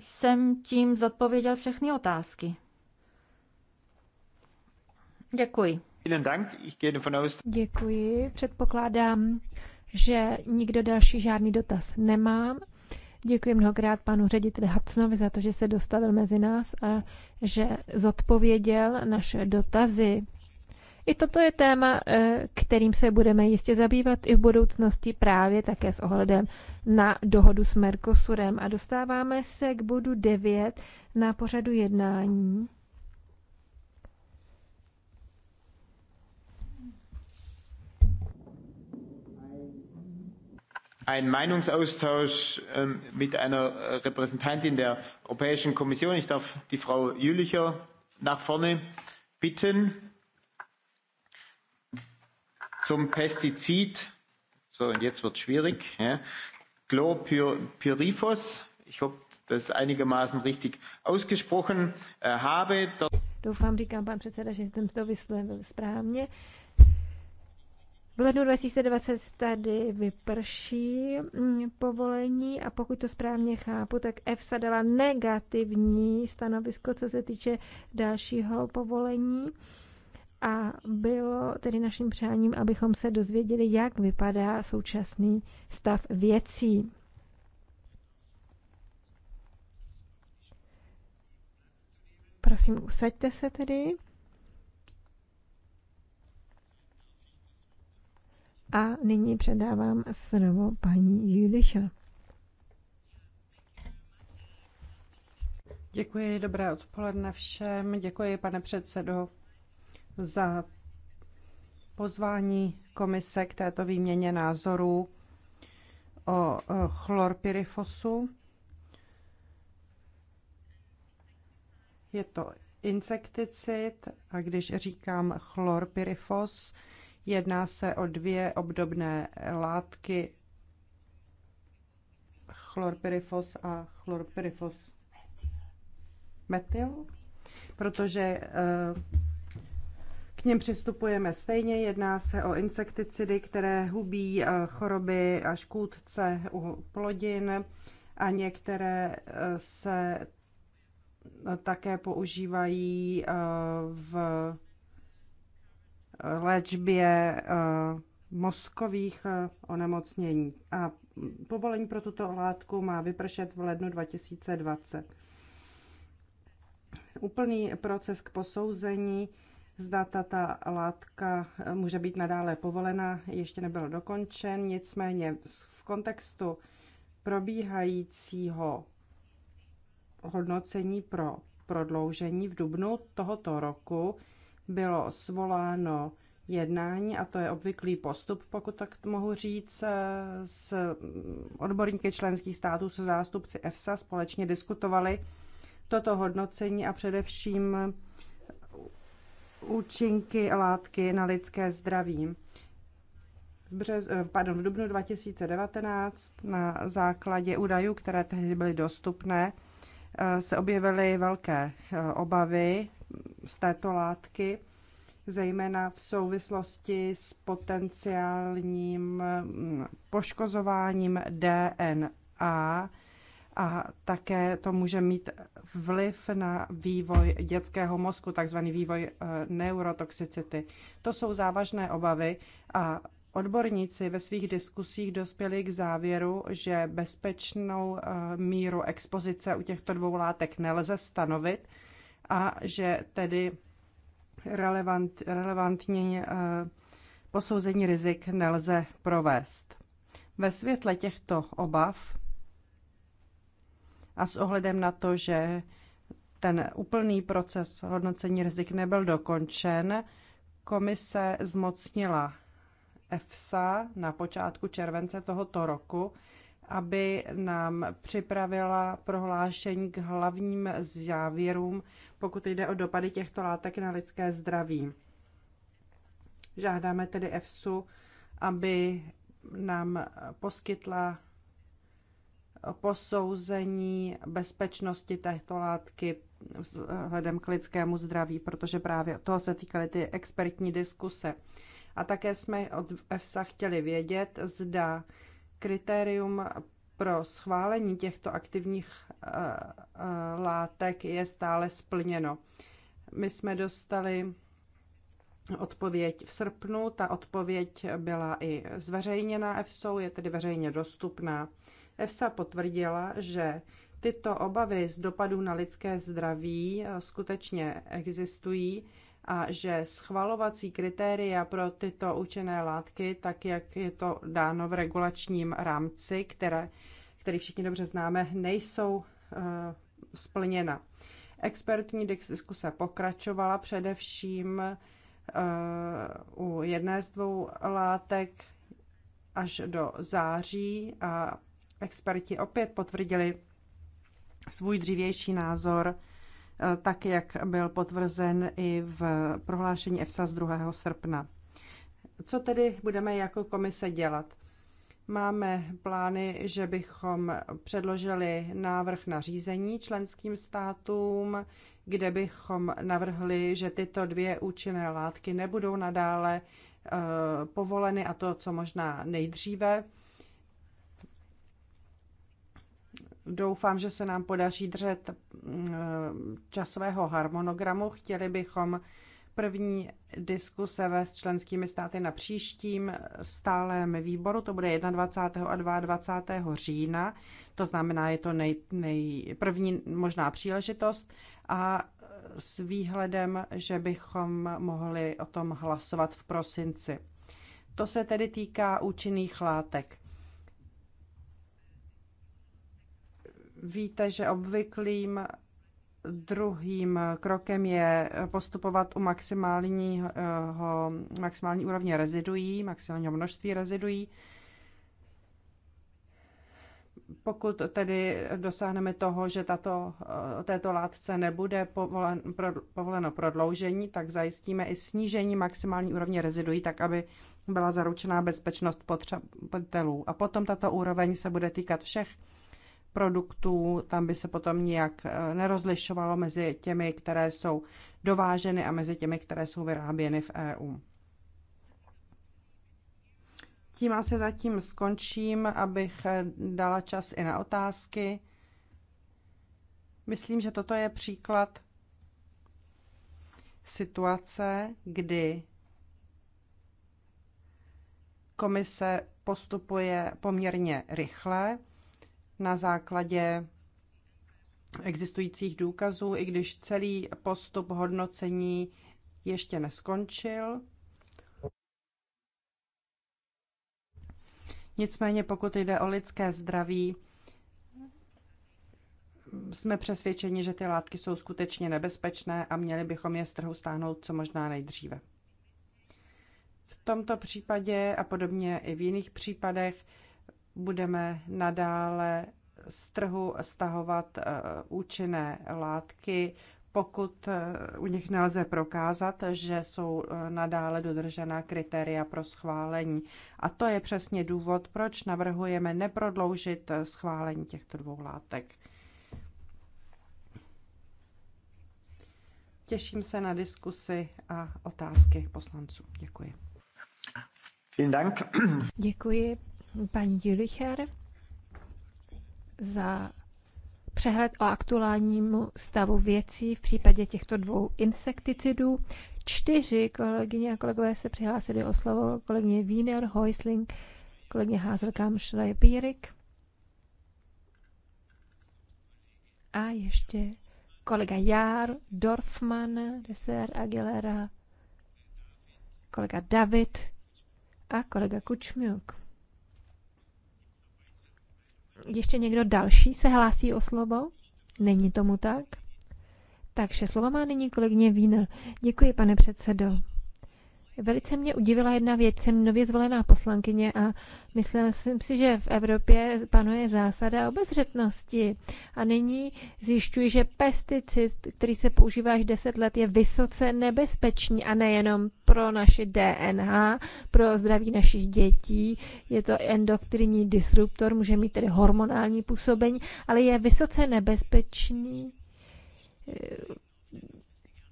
jsem tím zodpověděl všechny otázky. Děkuji. Děkuji. Předpokládám, že nikdo další žádný dotaz nemám Děkuji mnohokrát panu řediteli Hacnovi za to, že se dostavil mezi nás a že zodpověděl naše dotazy. I toto je téma, eh, kterým se budeme jistě zabývat i v budoucnosti právě také s ohledem na dohodu s Mercosurem. A dostáváme se k bodu 9 na pořadu jednání. einen Meinungsaustausch ähm, mit einer äh, Repräsentantin der Europäischen Kommission. Ich darf die Frau Jülicher nach vorne bitten zum Pestizid. So, und jetzt wird es schwierig. Ja. Chlorpyrifos. Ich hoffe, das einigermaßen richtig ausgesprochen äh, habe. Doufám, říkám pan předseda, že jsem to vyslovil správně. V lednu 2020 tady vyprší mm, povolení a pokud to správně chápu, tak EFSA dala negativní stanovisko, co se týče dalšího povolení. A bylo tedy naším přáním, abychom se dozvěděli, jak vypadá současný stav věcí. Prosím, usaďte se tedy. A nyní předávám slovo paní Jülicher. Děkuji, dobré odpoledne všem. Děkuji, pane předsedo, za pozvání komise k této výměně názorů o e, chlorpyrifosu. Je to insekticid a když říkám chlorpyrifos, Jedná se o dvě obdobné látky chlorpyrifos a chlorpyrifos metyl, protože eh, k něm přistupujeme stejně. Jedná se o insekticidy, které hubí eh, choroby a škůdce u plodin a některé eh, se také používají v léčbě eh, mozkových eh, onemocnění. A povolení pro tuto látku má vypršet v lednu 2020. Úplný proces k posouzení, zda ta látka eh, může být nadále povolena, ještě nebyl dokončen, nicméně v kontextu probíhajícího hodnocení pro prodloužení v dubnu tohoto roku bylo svoláno jednání, a to je obvyklý postup, pokud tak mohu říct, eh, s mm, odborníky členských států, se zástupci EFSA společně diskutovali toto hodnocení a především účinky látky na lidské zdraví. V, břez, eh, pardon, v dubnu 2019 na základě údajů, které tehdy byly dostupné, eh, se objevily velké obavy z této látky, zejména v souvislosti s potenciálním mm, poškozováním DNA a také to může mít vliv na vývoj dětského mozku, takzvaný vývoj eh, neurotoxicity. To jsou závažné obavy a odborníci ve svých diskusích dospěli k závěru, že bezpečnou eh, míru expozice u těchto dvou látek nelze stanovit, a že tedy relevant, relevantní eh, posouzení rizik nelze provést. Ve světle těchto obav a s ohledem na to, že ten úplný proces hodnocení rizik nebyl dokončen, komise zmocnila EFSA na počátku července tohoto roku, aby nám připravila prohlášení k hlavním závěrům, pokud jde o dopady těchto látek na lidské zdraví. Žádáme tedy EFSU, aby nám poskytla posouzení bezpečnosti této látky vzhledem k lidskému zdraví, protože právě toho se týkaly ty expertní diskuse. A také jsme od EFSA chtěli vědět, zda kritérium pro schválení těchto aktivních eh, eh, látek je stále splněno. My jsme dostali odpověď v srpnu, ta odpověď byla i zveřejněna EFSA, je tedy veřejně dostupná. EFSA potvrdila, že tyto obavy z dopadů na lidské zdraví eh, skutečně existují a že schvalovací kritéria pro tyto účinné látky, tak jak je to dáno v regulačním rámci, které, který všichni dobře známe, nejsou uh, splněna. Expertní diskuse pokračovala především uh, u jedné z dvou látek až do září a experti opět potvrdili svůj dřívější názor, tak jak byl potvrzen i v prohlášení EFSA z 2. srpna. Co tedy budeme jako komise dělat? Máme plány, že bychom předložili návrh na řízení členským státům, kde bychom navrhli, že tyto dvě účinné látky nebudou nadále eh, povoleny a to co možná nejdříve. Doufám, že se nám podaří držet eh, časového harmonogramu. Chtěli bychom první diskuse ve s členskými státy na příštím stálém výboru. To bude 21. a 22. října. To znamená, je to nej, nej, první možná příležitost a eh, s výhledem, že bychom mohli o tom hlasovat v prosinci. To se tedy týká účinných látek. Víte, že obvyklým druhým krokem je postupovat u maximálního, maximální úrovně rezidují, maximálního množství rezidují. Pokud tedy dosáhneme toho, že tato, této látce nebude povolen, pro, povoleno prodloužení, tak zajistíme i snížení maximální úrovně rezidují, tak aby byla zaručená bezpečnost potřebitelů. A potom tato úroveň se bude týkat všech produktů, tam by se potom nijak eh, nerozlišovalo mezi těmi, které jsou dováženy a mezi těmi, které jsou vyráběny v EU. Tím asi zatím skončím, abych eh, dala čas i na otázky. Myslím, že toto je příklad situace, kdy komise postupuje poměrně rychle na základě existujících důkazů, i když celý postup hodnocení ještě neskončil. Nicméně pokud jde o lidské zdraví, jsme přesvědčeni, že ty látky jsou skutečně nebezpečné a měli bychom je z trhu stáhnout co možná nejdříve. V tomto případě a podobně i v jiných případech budeme nadále z trhu stahovat eh, účinné látky, pokud eh, u nich nelze prokázat, že jsou eh, nadále dodržena kritéria pro schválení. A to je přesně důvod, proč navrhujeme neprodloužit schválení těchto dvou látek. Těším se na diskusy a otázky poslanců. Děkuji. Děkuji paní Jülicher za přehled o aktuálnímu stavu věcí v případě těchto dvou insekticidů. Čtyři kolegyně a kolegové se přihlásili o slovo. Kolegyně Wiener, Heusling, kolegyně Házelkám, schreier a ještě kolega Jár, Dorfman, Deser, Aguilera, kolega David a kolega Kučmiuk. Ještě někdo další se hlásí o slovo? Není tomu tak? Takže slovo má nyní kolegyně Wiener. Děkuji, pane předsedo. Velice mě udivila jedna věc, jsem nově zvolená poslankyně a myslela jsem si, že v Evropě panuje zásada obezřetnosti. A nyní zjišťuji, že pesticid, který se používá až 10 let, je vysoce nebezpečný a nejenom pro naše DNH, pro zdraví našich dětí. Je to endokrinní disruptor, může mít tedy hormonální působení, ale je vysoce nebezpečný eh,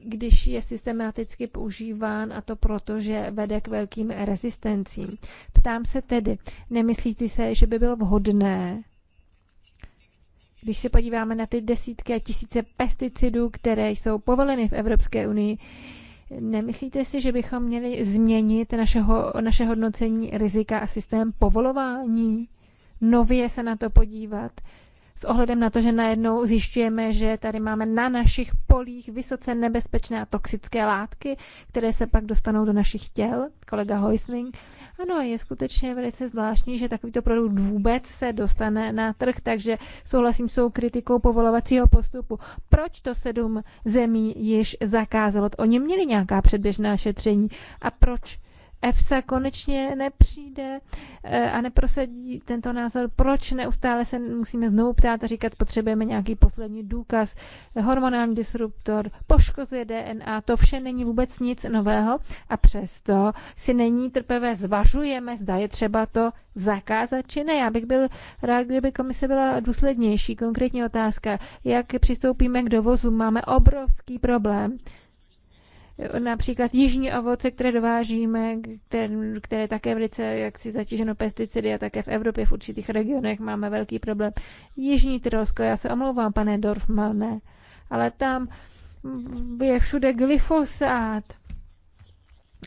když je systematicky používán a to proto, že vede k velkým rezistencím. Ptám se tedy, nemyslíte se, že by bylo vhodné, když se podíváme na ty desítky a tisíce pesticidů, které jsou povoleny v Evropské unii, Nemyslíte si, že bychom měli změnit našeho, naše hodnocení rizika a systém povolování? Nově se na to podívat, s ohledem na to, že najednou zjišťujeme, že tady máme na našich polích vysoce nebezpečné a toxické látky, které se pak dostanou do našich těl, kolega Hoisling. Ano, je skutečně velice zvláštní, že takovýto produkt vůbec se dostane na trh, takže souhlasím s tou kritikou povolovacího postupu. Proč to sedm zemí již zakázalo? Oni měli nějaká předběžná šetření a proč EFSA konečně nepřijde eh, a neprosadí tento názor, proč neustále se musíme znovu ptát a říkat, potřebujeme nějaký poslední důkaz, hormonální disruptor, poškozuje DNA, to vše není vůbec nic nového a přesto si není trpevé, zvažujeme, zda je třeba to zakázat či ne. Já bych byl rád, kdyby komise byla důslednější. Konkrétní otázka, jak přistoupíme k dovozu, máme obrovský problém například jižní ovoce, které dovážíme, které, které také velice jaksi zatíženo pesticidy a také v Evropě v určitých regionech máme velký problém. Jižní Tyrolsko, já se omlouvám, pane Dorfmane, ale tam je všude glyfosát.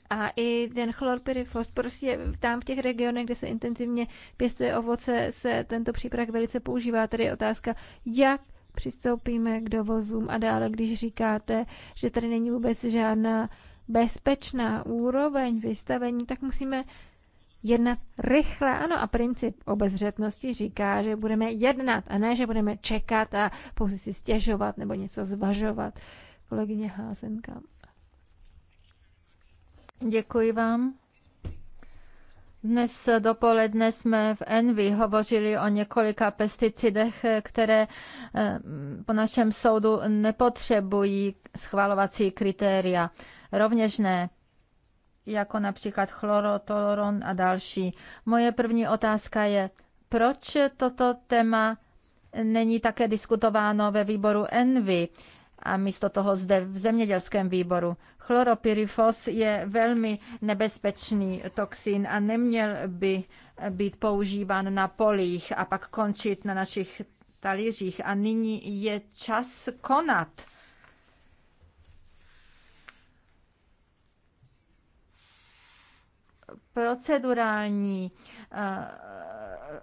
A i ten chlorpyrifos, prostě tam v těch regionech, kde se intenzivně pěstuje ovoce, se tento přípravek velice používá. Tady je otázka, jak přistoupíme k dovozům a dále, když říkáte, že tady není vůbec žádná bezpečná úroveň vystavení, tak musíme jednat rychle. Ano, a princip obezřetnosti říká, že budeme jednat a ne, že budeme čekat a pouze si stěžovat nebo něco zvažovat. Kolegyně Házenka. Děkuji vám. Dnes dopoledne jsme v Envy hovořili o několika pesticidech, které eh, po našem soudu nepotřebují schvalovací kritéria. Rovněž ne jako například chlorotoloron a další. Moje první otázka je, proč toto téma není také diskutováno ve výboru Envy? a místo toho zde v zemědělském výboru. Chloropyrifos je velmi nebezpečný toxin a neměl by být používán na polích a pak končit na našich talířích. A nyní je čas konat procedurální eh,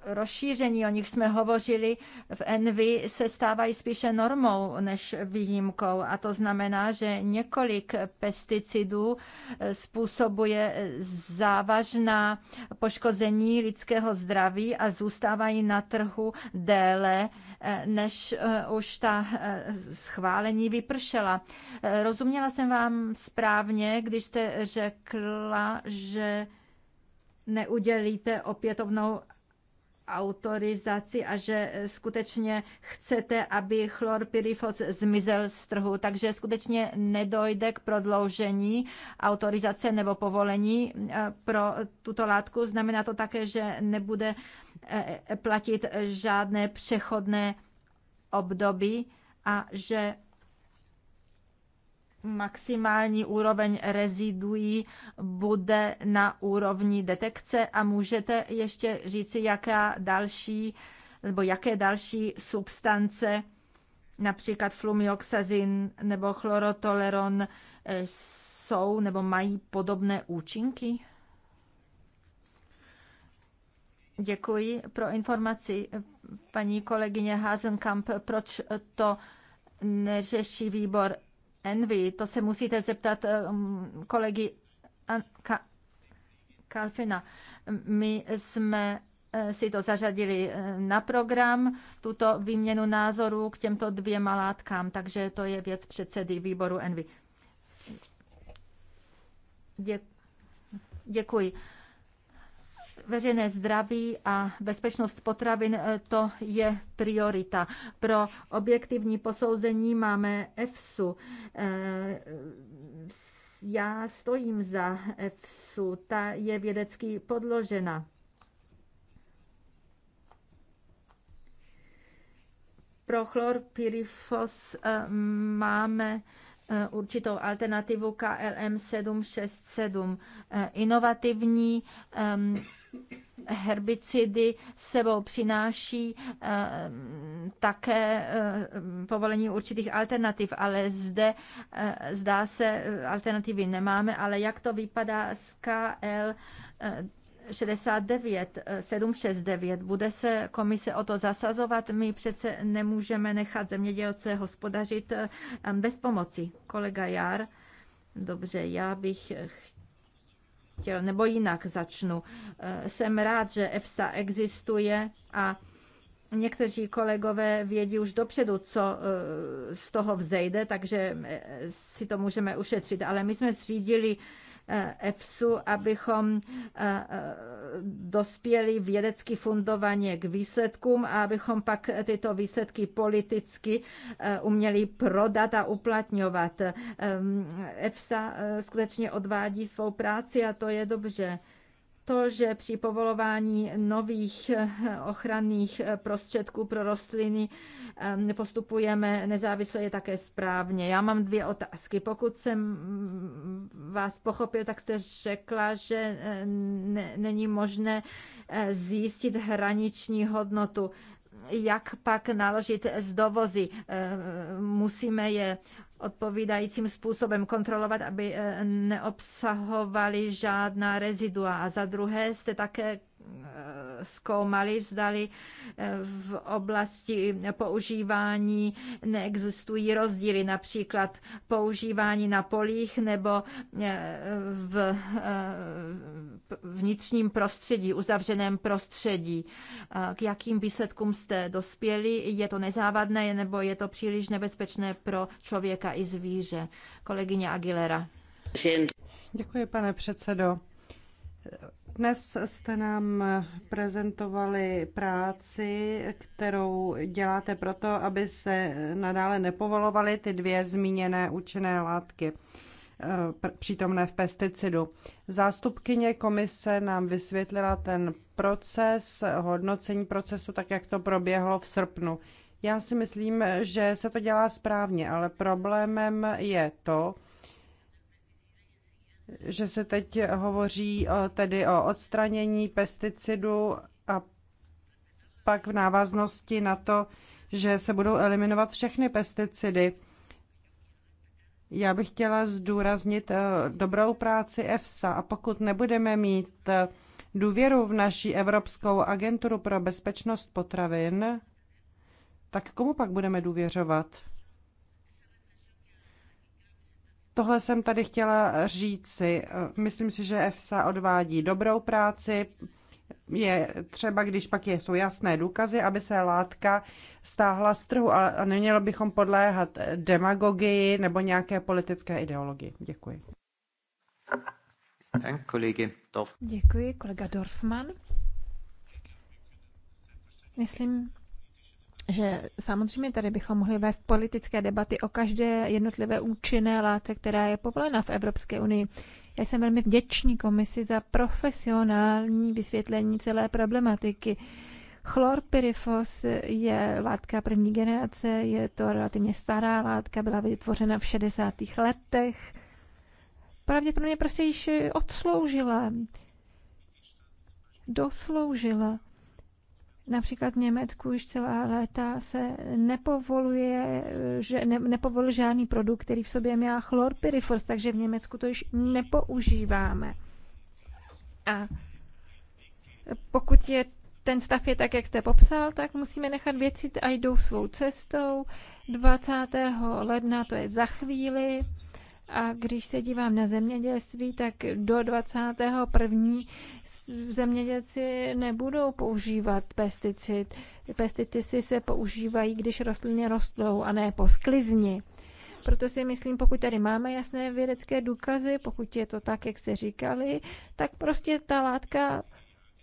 rozšíření, o nich jsme hovořili v Envy, se stávají spíše normou než výjimkou. A to znamená, že několik pesticidů eh, způsobuje závažná poškození lidského zdraví a zůstávají na trhu déle, eh, než už ta schválení vypršela. Rozuměla jsem vám správně, když jste řekla, že neudělíte opětovnou autorizaci a že skutečně chcete, aby chlorpyrifos zmizel z trhu, takže skutečně nedojde k prodloužení autorizace nebo povolení eh, pro tuto látku. Znamená to také, že nebude eh, platit žádné přechodné období a že maximální úroveň reziduí bude na úrovni detekce a můžete ještě říci, jaká další nebo jaké další substance, například flumioxazin nebo chlorotoleron, eh, jsou nebo mají podobné účinky? Děkuji pro informaci paní kolegyně Hazenkamp, proč to neřeší výbor Envy, to se musíte zeptat eh, um, kolegy Kalfina. My jsme eh, si to zařadili eh, na program, tuto výměnu názorů k těmto dvěma látkám, takže to je věc předsedy výboru Envy. Děkuji veřejné zdraví a bezpečnost potravin eh, to je priorita. Pro objektivní posouzení máme EFSU. Eh, já stojím za EFSU, ta je vědecky podložena. Pro chlorpyrifos eh, máme určitou alternativu KLM 767, inovativní herbicidy sebou přináší eh, také eh, povolení určitých alternativ, ale zde eh, zdá se, alternativy nemáme, ale jak to vypadá s KL 69, 769, bude se komise o to zasazovat? My přece nemůžeme nechat zemědělce hospodařit bez pomoci. Kolega Jar, dobře, já bych chtěl chtěl, nebo jinak začnu. Eh, jsem rád, že EFSA existuje a Někteří kolegové vědí už dopředu, co eh, z toho vzejde, takže eh, si to můžeme ušetřit. Ale my jsme zřídili Eh, EFSU, abychom eh, dospěli vědecky fundovaně k výsledkům a abychom pak tyto výsledky politicky eh, uměli prodat a uplatňovat. Ehm, EFSA skutečně odvádí svou práci a to je dobře to, že při povolování nových eh, ochranných eh, prostředků pro rostliny eh, postupujeme nezávisle je také správně. Já mám dvě otázky. Pokud jsem mm, vás pochopil, tak jste řekla, že není možné zjistit hraniční hodnotu jak pak naložit s dovozy. Eh, musíme je odpovídajícím způsobem kontrolovat, aby eh, neobsahovali žádná rezidua. A za druhé jste také Eh, zkoumali, zdali eh, v oblasti používání neexistují rozdíly, například používání na polích nebo eh, v vnitřním prostředí, uzavřeném prostředí. K jakým výsledkům jste dospěli? Je to nezávadné nebo je to příliš nebezpečné pro člověka i zvíře? Kolegyně Aguilera. Děkuji, pane předsedo. Dnes jste nám prezentovali práci, kterou děláte proto, aby se nadále nepovolovaly ty dvě zmíněné účinné látky eh, přítomné v pesticidu. Zástupkyně komise nám vysvětlila ten proces, hodnocení procesu, tak jak to proběhlo v srpnu. Já si myslím, že se to dělá správně, ale problémem je to, že se teď hovoří o, tedy o odstranění pesticidu a pak v návaznosti na to, že se budou eliminovat všechny pesticidy. Já bych chtěla zdůraznit e, dobrou práci EFSA a pokud nebudeme mít e, důvěru v naší Evropskou agenturu pro bezpečnost potravin, tak komu pak budeme důvěřovat? Tohle jsem tady chtěla říci. Myslím si, že EFSA odvádí dobrou práci. Je třeba, když pak jsou jasné důkazy, aby se látka stáhla z trhu a nemělo bychom podléhat demagogii nebo nějaké politické ideologii. Děkuji. Děkuji, kolega Dorfman. Myslím, že samozřejmě tady bychom mohli vést politické debaty o každé jednotlivé účinné látce, která je povolena v Evropské unii. Já jsem velmi vděčný komisi za profesionální vysvětlení celé problematiky. Chlorpyrifos je látka první generace, je to relativně stará látka, byla vytvořena v 60. letech. Pravděpodobně prostě již odsloužila, dosloužila Například v Německu už celá léta se nepovoluje, že ne, nepovolil žádný produkt, který v sobě měl chlorpyrifos, takže v Německu to již nepoužíváme. A pokud je ten stav je tak, jak jste popsal, tak musíme nechat věci a jdou svou cestou. 20. ledna, to je za chvíli, a když se dívám na zemědělství, tak do 21. zemědělci nebudou používat pesticid. Pesticidy se používají, když rostliny rostou a ne po sklizni. Proto si myslím, pokud tady máme jasné vědecké důkazy, pokud je to tak, jak jste říkali, tak prostě ta látka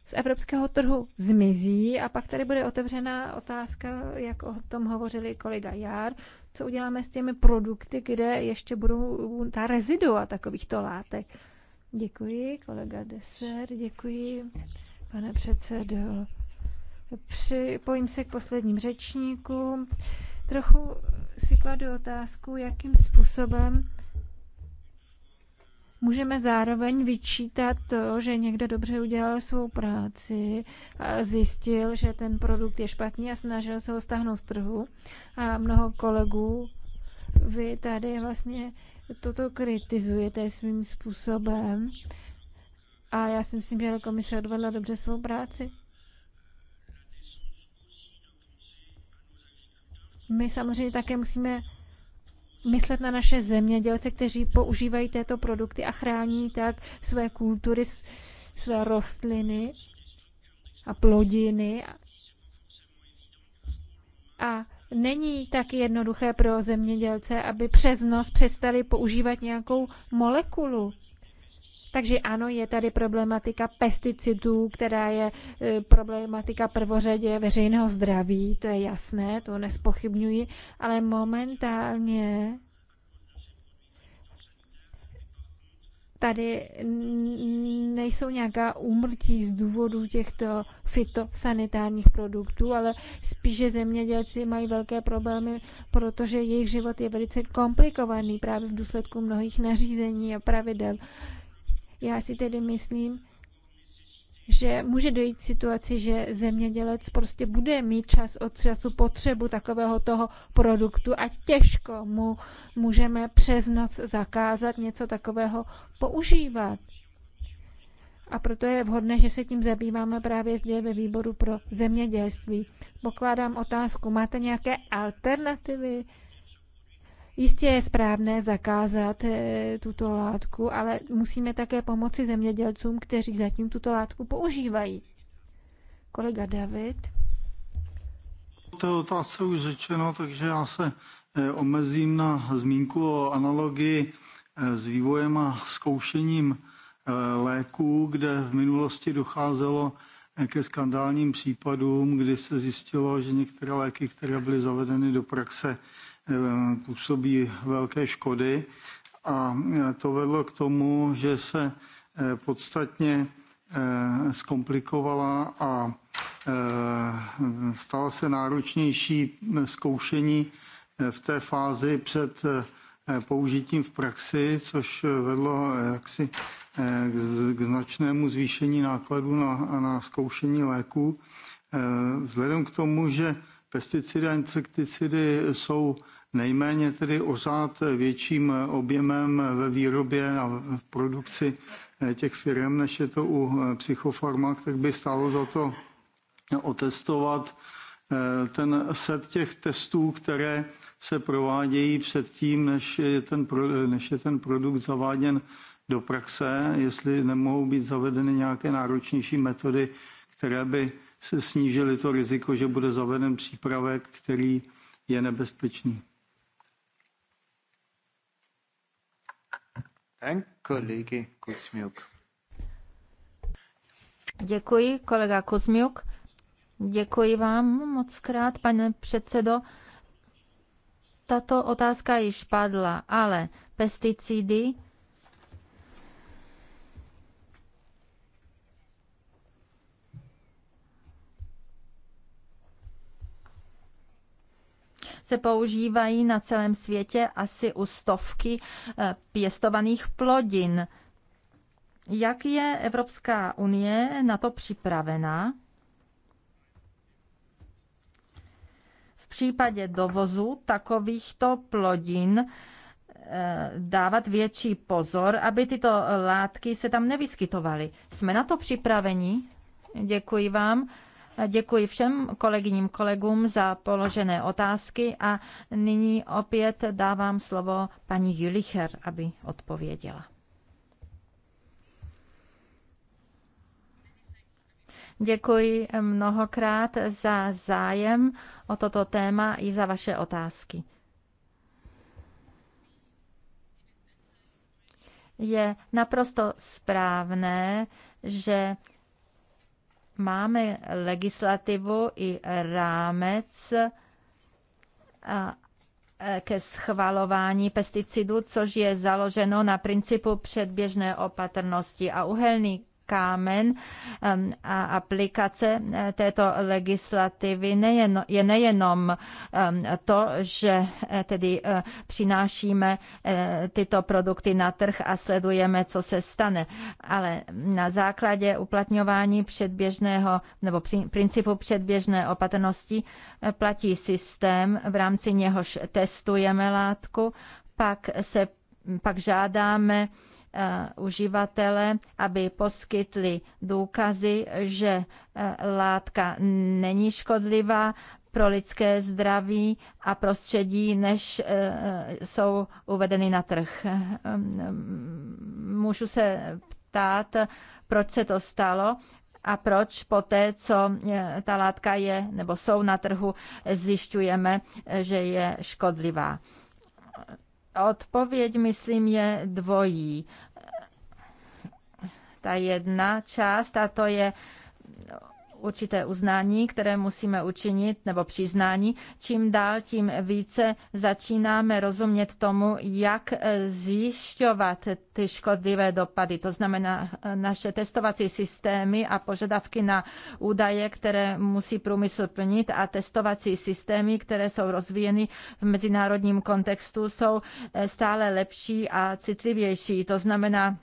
z evropského trhu zmizí a pak tady bude otevřená otázka, jak o tom hovořili kolega Jár, co uděláme s těmi produkty, kde ještě budou ta rezidua takovýchto látek. Děkuji, kolega Deser, děkuji, pane předsedo. Připojím se k posledním řečníkům. Trochu si kladu otázku, jakým způsobem můžeme zároveň vyčítat to, že někdo dobře udělal svou práci, a zjistil, že ten produkt je špatný a snažil se ho stáhnout z trhu. A mnoho kolegů, vy tady vlastně toto kritizujete svým způsobem. A já si myslím, že komise odvedla dobře svou práci. My samozřejmě také musíme myslet na naše zemědělce, kteří používají této produkty a chrání tak své kultury, své rostliny a plodiny. A není tak jednoduché pro zemědělce, aby přes noc přestali používat nějakou molekulu. Takže ano, je tady problematika pesticidů, která je e, problematika prvořadě veřejného zdraví, to je jasné, to nespochybňuji, ale momentálně tady nejsou nějaká úmrtí z důvodu těchto fitosanitárních produktů, ale spíše zemědělci mají velké problémy, protože jejich život je velice komplikovaný právě v důsledku mnohých nařízení a pravidel. Uh, já si tedy myslím, že může dojít k situaci, že zemědělec prostě bude mít čas od času potřebu takového toho produktu a těžko mu můžeme přes noc zakázat něco takového používat. A proto je vhodné, že se tím zabýváme právě zde ve výboru pro zemědělství. Pokládám otázku, máte nějaké alternativy Jistě je správné zakázat eh, tuto látku, ale musíme také pomoci zemědělcům, kteří zatím tuto látku používají. Kolega David. Té otázce už řečeno, takže já se eh, omezím na zmínku o analogii eh, s vývojem a zkoušením léků, kde v minulosti docházelo ke skandálním případům, kdy se zjistilo, že některé léky, které byly zavedeny do praxe, Eh, působí velké škody a eh, to vedlo k tomu, že se eh, podstatně zkomplikovala a stala se náročnější zkoušení v té fázi před použitím v praxi, což vedlo jaksi k značnému zvýšení nákladů na, na zkoušení léků. Vzhledem k tomu, že pesticidy a insekticidy jsou nejméně tedy osát větším objemem ve výrobě a v produkci těch firm, než je to u psychofarmak, tak by stálo za to otestovat eh, ten set těch testů, které se provádějí předtím, než je ten, než je ten produkt zaváděn do praxe, jestli nemohou být zavedeny nějaké náročnější metody, které by se snížily to riziko, že bude zaveden přípravek, který je nebezpečný. kolegy Kuzmiuk. Děkuji, kolega Kuzmiuk. Děkuji vám moc krát, pane předsedo. Tato otázka již padla, ale pesticidy se používají na celém světě asi u stovky eh, pěstovaných plodin. Jak je Evropská unie na to připravena? V případě dovozu takovýchto plodin eh, dávat větší pozor, aby tyto látky se tam nevyskytovaly. Jsme na to připraveni? Děkuji vám. Děkuji všem kolegyním kolegům za položené otázky a nyní opět dávám slovo paní Julicher, aby odpověděla. Děkuji mnohokrát za zájem o toto téma i za vaše otázky. Je naprosto správné, že máme legislativu i rámec ke schvalování pesticidů, což je založeno na principu předběžné opatrnosti a uhelný kámen um, a aplikace eh, této legislativy je nejenom um, to, že eh, tedy eh, přinášíme tyto produkty na trh a sledujeme, co se stane, ale na základě uplatňování předběžného nebo principu předběžné opatrnosti platí systém, v rámci něhož testujeme látku, pak se pak žádáme eh, uživatele, aby poskytli důkazy, že eh, látka není škodlivá pro lidské zdraví a prostředí, než eh, jsou uvedeny na trh. Můžu se ptát, proč se to stalo a proč po té, co ta látka je nebo jsou na trhu, zjišťujeme, že je škodlivá. Odpověď, myslím, je dvojí. Ta jedna část, a to je určité uznání, které musíme učinit, nebo přiznání, čím dál, tím více začínáme rozumět tomu, jak eh, zjišťovat ty škodlivé dopady. To znamená, eh, naše testovací systémy a požadavky na údaje, které musí průmysl plnit a testovací systémy, které jsou rozvíjeny v mezinárodním kontextu, jsou eh, stále lepší a citlivější. To znamená,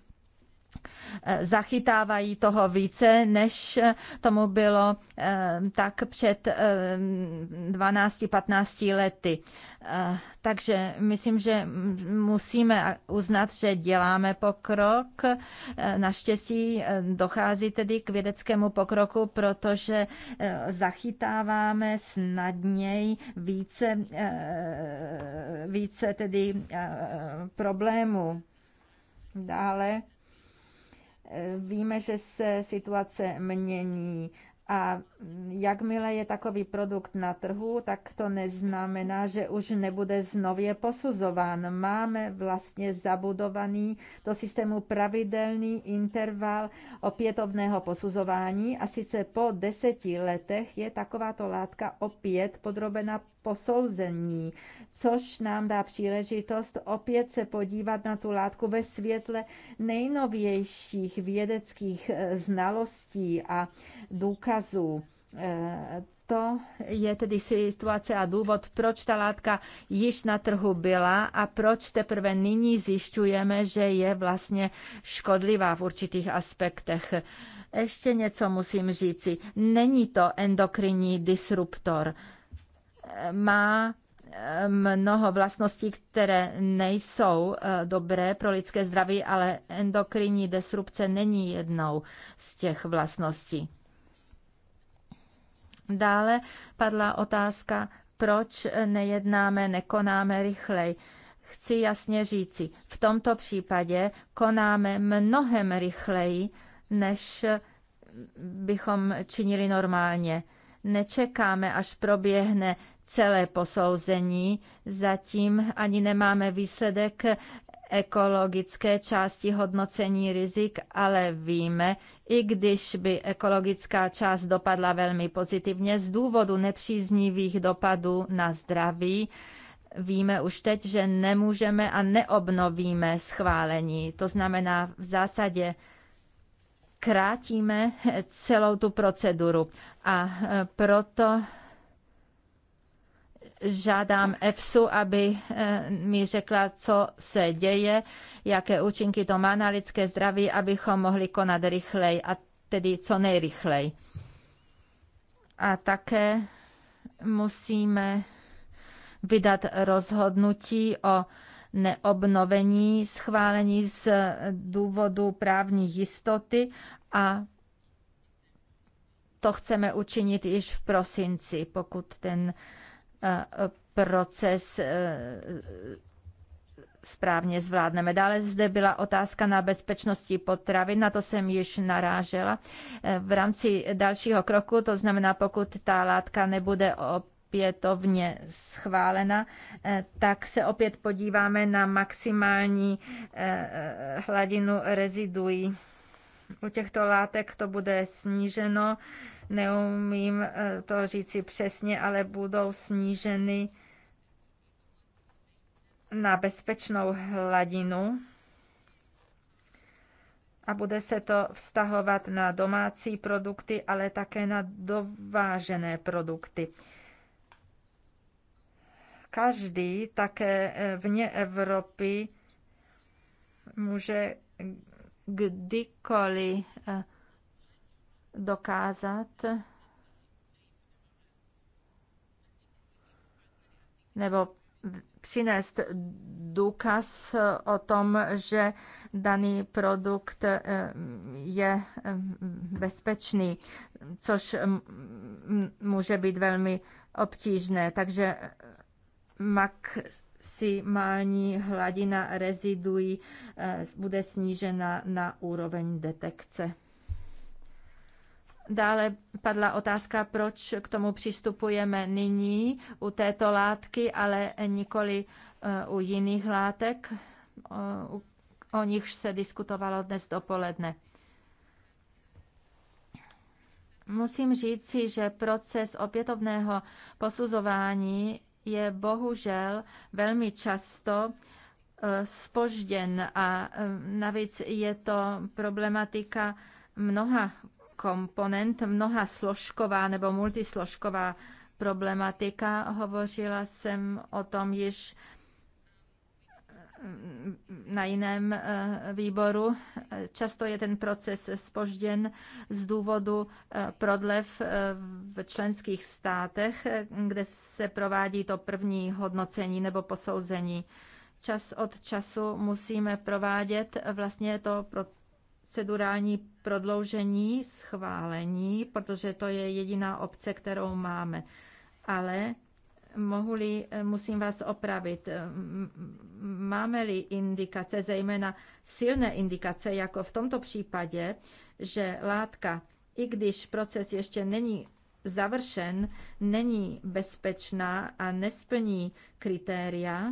zachytávají toho více, než tomu bylo eh, tak před 12-15 eh, lety. Eh, takže myslím, že musíme uznat, že děláme pokrok. Naštěstí dochází tedy k vědeckému pokroku, protože zachytáváme snadněji více, více tedy problémů. Dále Víme, že se situace mění a jakmile je takový produkt na trhu, tak to neznamená, že už nebude znově posuzován. Máme vlastně zabudovaný do systému pravidelný interval opětovného posuzování a sice po deseti letech je takováto látka opět podrobena posouzení, což nám dá příležitost opět se podívat na tu látku ve světle nejnovějších vědeckých eh, znalostí a důkazů eh, to je tedy situace a důvod, proč ta látka již na trhu byla a proč teprve nyní zjišťujeme, že je vlastně škodlivá v určitých aspektech. Ještě něco musím říci. Není to endokrinní disruptor má eh, mnoho vlastností, které nejsou eh, dobré pro lidské zdraví, ale endokrinní disrupce není jednou z těch vlastností. Dále padla otázka, proč nejednáme, nekonáme rychleji. Chci jasně říci, v tomto případě konáme mnohem rychleji, než bychom činili normálně. Nečekáme, až proběhne celé posouzení. Zatím ani nemáme výsledek ekologické části hodnocení rizik, ale víme, i když by ekologická část dopadla velmi pozitivně z důvodu nepříznivých dopadů na zdraví, víme už teď, že nemůžeme a neobnovíme schválení. To znamená v zásadě krátíme celou tu proceduru. A proto žádám EFSU, aby eh, mi řekla, co se děje, jaké účinky to má na lidské zdraví, abychom mohli konat rychleji a tedy co nejrychleji. A také musíme vydat rozhodnutí o neobnovení schválení z důvodu právní jistoty a to chceme učinit již v prosinci, pokud ten Eh, proces eh, správně zvládneme. Dále zde byla otázka na bezpečnosti potravin, na to jsem již narážela. Eh, v rámci dalšího kroku, to znamená, pokud ta látka nebude opětovně schválena, tak se opět podíváme na maximální hladinu reziduí. U těchto látek to bude sníženo neumím eh, to říci přesně, ale budou sníženy na bezpečnou hladinu a bude se to vztahovat na domácí produkty, ale také na dovážené produkty. Každý také eh, vně Evropy může kdykoliv eh, dokázat nebo přinést důkaz o tom, že daný produkt eh, je eh, bezpečný, což může být velmi obtížné. Takže maximální hladina reziduí eh, bude snížena na úroveň detekce. Dále padla otázka, proč k tomu přistupujeme nyní u této látky, ale nikoli eh, u jiných látek, eh, o nichž se diskutovalo dnes dopoledne. Musím říci, že proces opětovného posuzování je bohužel velmi často spožděn eh, a navíc je to problematika mnoha komponent, mnoha složková nebo multisložková problematika. Hovořila jsem o tom již mm, na jiném eh, výboru. Často je ten proces spožděn z důvodu eh, prodlev eh, v členských státech, kde se provádí to první hodnocení nebo posouzení. Čas od času musíme provádět vlastně to procedurální prodloužení schválení, protože to je jediná obce, kterou máme. Ale mohli, musím vás opravit, máme-li indikace, zejména silné indikace, jako v tomto případě, že látka, i když proces ještě není završen, není bezpečná a nesplní kritéria,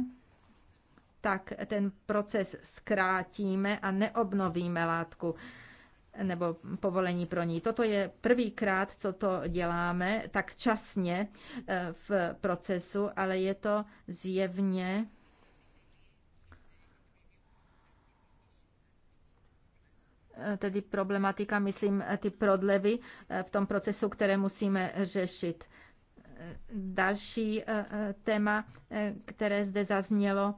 tak ten proces zkrátíme a neobnovíme látku nebo povolení pro ní. Toto je první krát, co to děláme tak časně eh, v procesu, ale je to zjevně eh, tedy problematika, myslím, eh, ty prodlevy v tom procesu, které musíme řešit. Další téma, které zde zaznělo,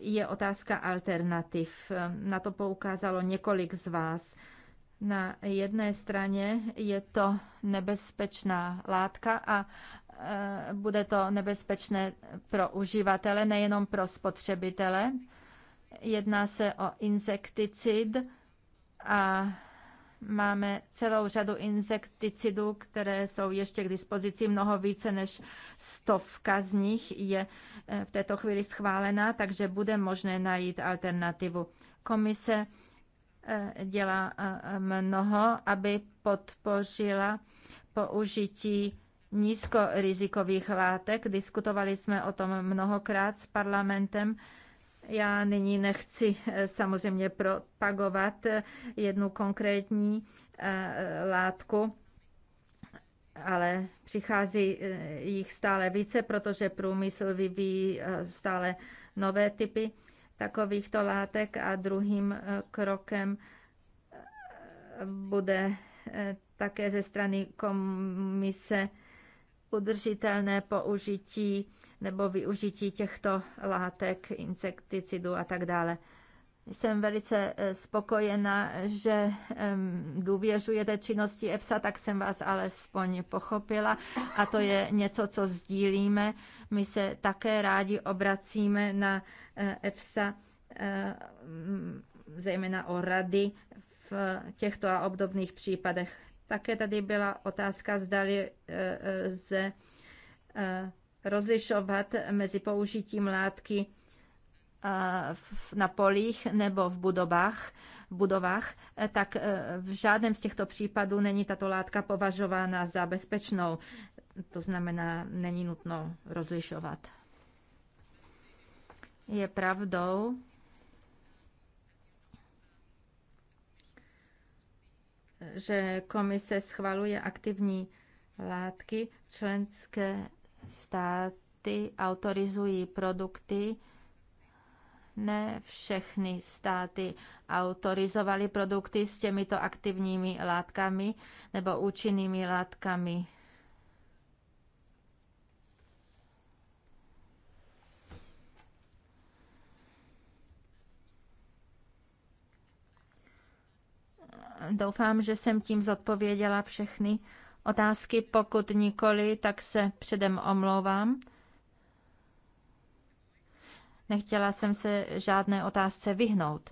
je otázka alternativ. Na to poukázalo několik z vás. Na jedné straně je to nebezpečná látka a e, bude to nebezpečné pro uživatele, nejenom pro spotřebitele. Jedná se o insekticid a Máme celou řadu insekticidů, které jsou ještě k dispozici, mnoho více než stovka z nich je eh, v této chvíli schválená, takže bude možné najít alternativu. Komise eh, dělá eh, mnoho, aby podpořila použití nízkorizikových látek. Diskutovali jsme o tom mnohokrát s parlamentem já nyní nechci eh, samozřejmě propagovat eh, jednu konkrétní eh, látku, ale přichází jich stále více, protože průmysl vyvíjí stále nové typy takovýchto látek a druhým krokem bude také ze strany komise udržitelné použití nebo využití těchto látek, insekticidů a tak dále. Jsem velice eh, spokojena, že důvěřujete činnosti EFSA, tak jsem vás alespoň pochopila a to je něco, co sdílíme. My se také rádi obracíme na eh, EFSA, eh, zejména o rady v těchto a obdobných případech. Také tady byla otázka, zdali lze rozlišovat mezi použitím látky eh, na polích nebo v budovách, budovách, eh, tak eh, v žádném z těchto případů není tato látka považována za bezpečnou. To znamená, není nutno rozlišovat. Je pravdou, že komise schvaluje aktivní látky členské státy autorizují produkty, ne všechny státy autorizovaly produkty s těmito aktivními látkami nebo účinnými látkami. Doufám, že jsem tím zodpověděla všechny otázky? Pokud nikoli, tak se předem omlouvám. Nechtěla jsem se žádné otázce vyhnout.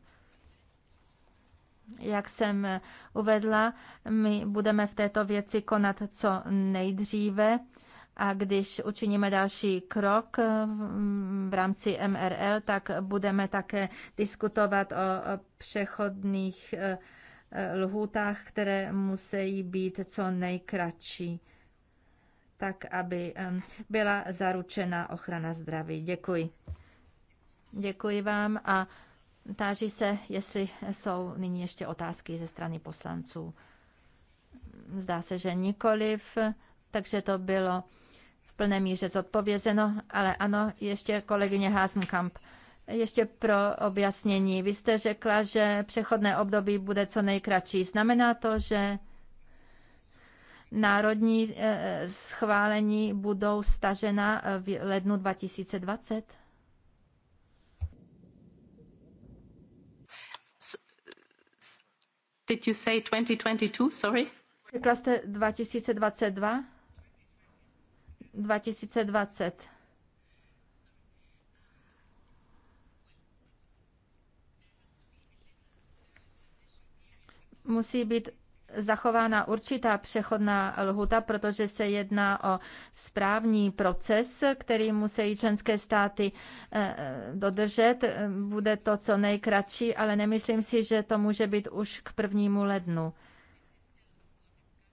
Jak jsem uvedla, my budeme v této věci konat co nejdříve a když učiníme další krok v rámci MRL, tak budeme také diskutovat o přechodných lhůtách, které musí být co nejkratší, tak aby byla zaručena ochrana zdraví. Děkuji. Děkuji vám a táží se, jestli jsou nyní ještě otázky ze strany poslanců. Zdá se, že nikoliv, takže to bylo v plné míře zodpovězeno, ale ano, ještě kolegyně Hásenkamp. Ještě pro objasnění. Vy jste řekla, že přechodné období bude co nejkratší. Znamená to, že národní eh, schválení budou stažena eh, v lednu 2020? Did you say 2022? Sorry. Řekla jste 2022? 2020. musí být zachována určitá přechodná lhuta, protože se jedná o správní proces, který musí členské státy eh, dodržet. Bude to co nejkratší, ale nemyslím si, že to může být už k prvnímu lednu.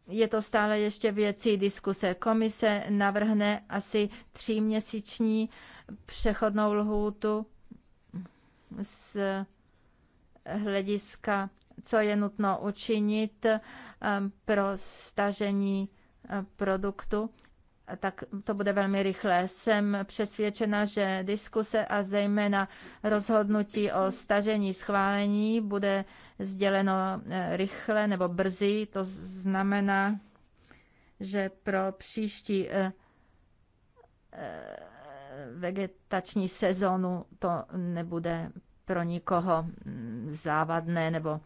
Je to stále ještě věcí diskuse. Komise navrhne asi tříměsíční přechodnou lhůtu z hlediska co je nutno učinit eh, pro stažení eh, produktu, tak to bude velmi rychlé. Jsem přesvědčena, že diskuse a zejména rozhodnutí o stažení schválení bude sděleno eh, rychle nebo brzy. To znamená, že pro příští vegetační sezónu to nebude pro nikoho mm, závadné nebo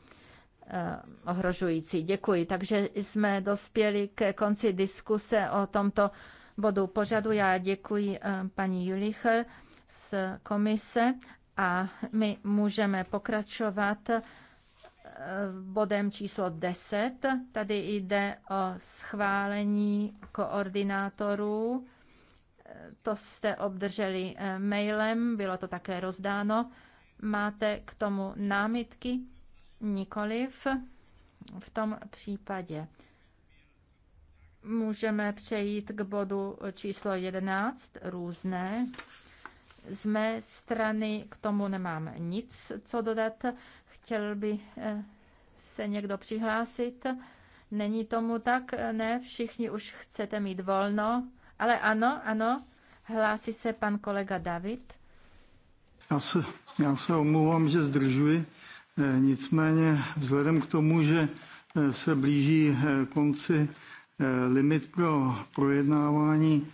Eh, ohrožující. Děkuji. Takže jsme dospěli ke konci diskuse o tomto bodu pořadu. Já děkuji eh, paní Julicher z komise a my můžeme pokračovat eh, bodem číslo 10. Tady jde o schválení koordinátorů. To jste obdrželi mailem, bylo to také rozdáno. Máte k tomu námitky? Nikoliv v tom případě. Můžeme přejít k bodu číslo 11, různé. Z mé strany k tomu nemám nic, co dodat. Chtěl by eh, se někdo přihlásit. Není tomu tak, ne, všichni už chcete mít volno, ale ano, ano, hlásí se pan kolega David. Já se, já se omlouvám, že zdržuji. Eh, nicméně vzhledem k tomu, že eh, se blíží eh, konci limit pro projednávání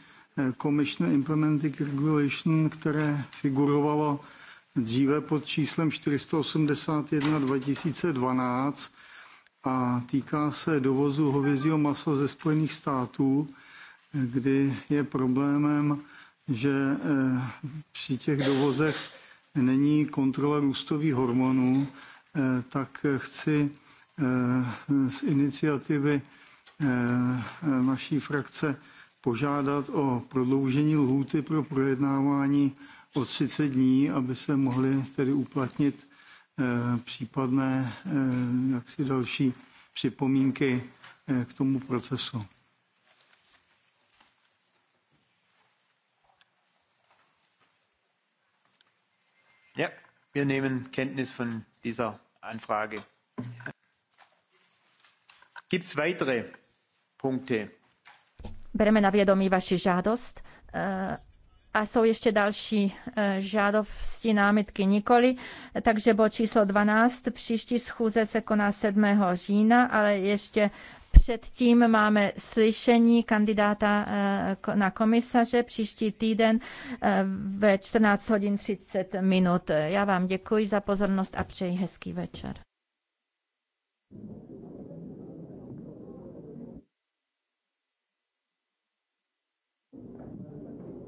Commission Implementing Regulation, které figurovalo dříve pod číslem 481 2012 a týká se dovozu hovězího masa ze Spojených států, kdy je problémem, že při těch dovozech není kontrola růstových hormonů, Eh, tak eh, chci eh, z iniciativy naší frakce požádat o prodloužení lhůty pro projednávání o 30 dní, aby se mohly tedy uplatnit případné jaksi další připomínky k tomu procesu. Ja, wir nehmen Kenntnis von dieser anfrage. Gibt es weitere Punkte? Bereme na vědomí vaši žádost. Eh, a jsou ještě další eh, žádosti, námitky nikoli. Takže bod číslo 12, příští schůze se koná 7. října, ale ještě Předtím máme slyšení kandidáta eh, na komisaře příští týden eh, ve 14 hodin 30 minut. Já vám děkuji za pozornost a přeji hezký večer.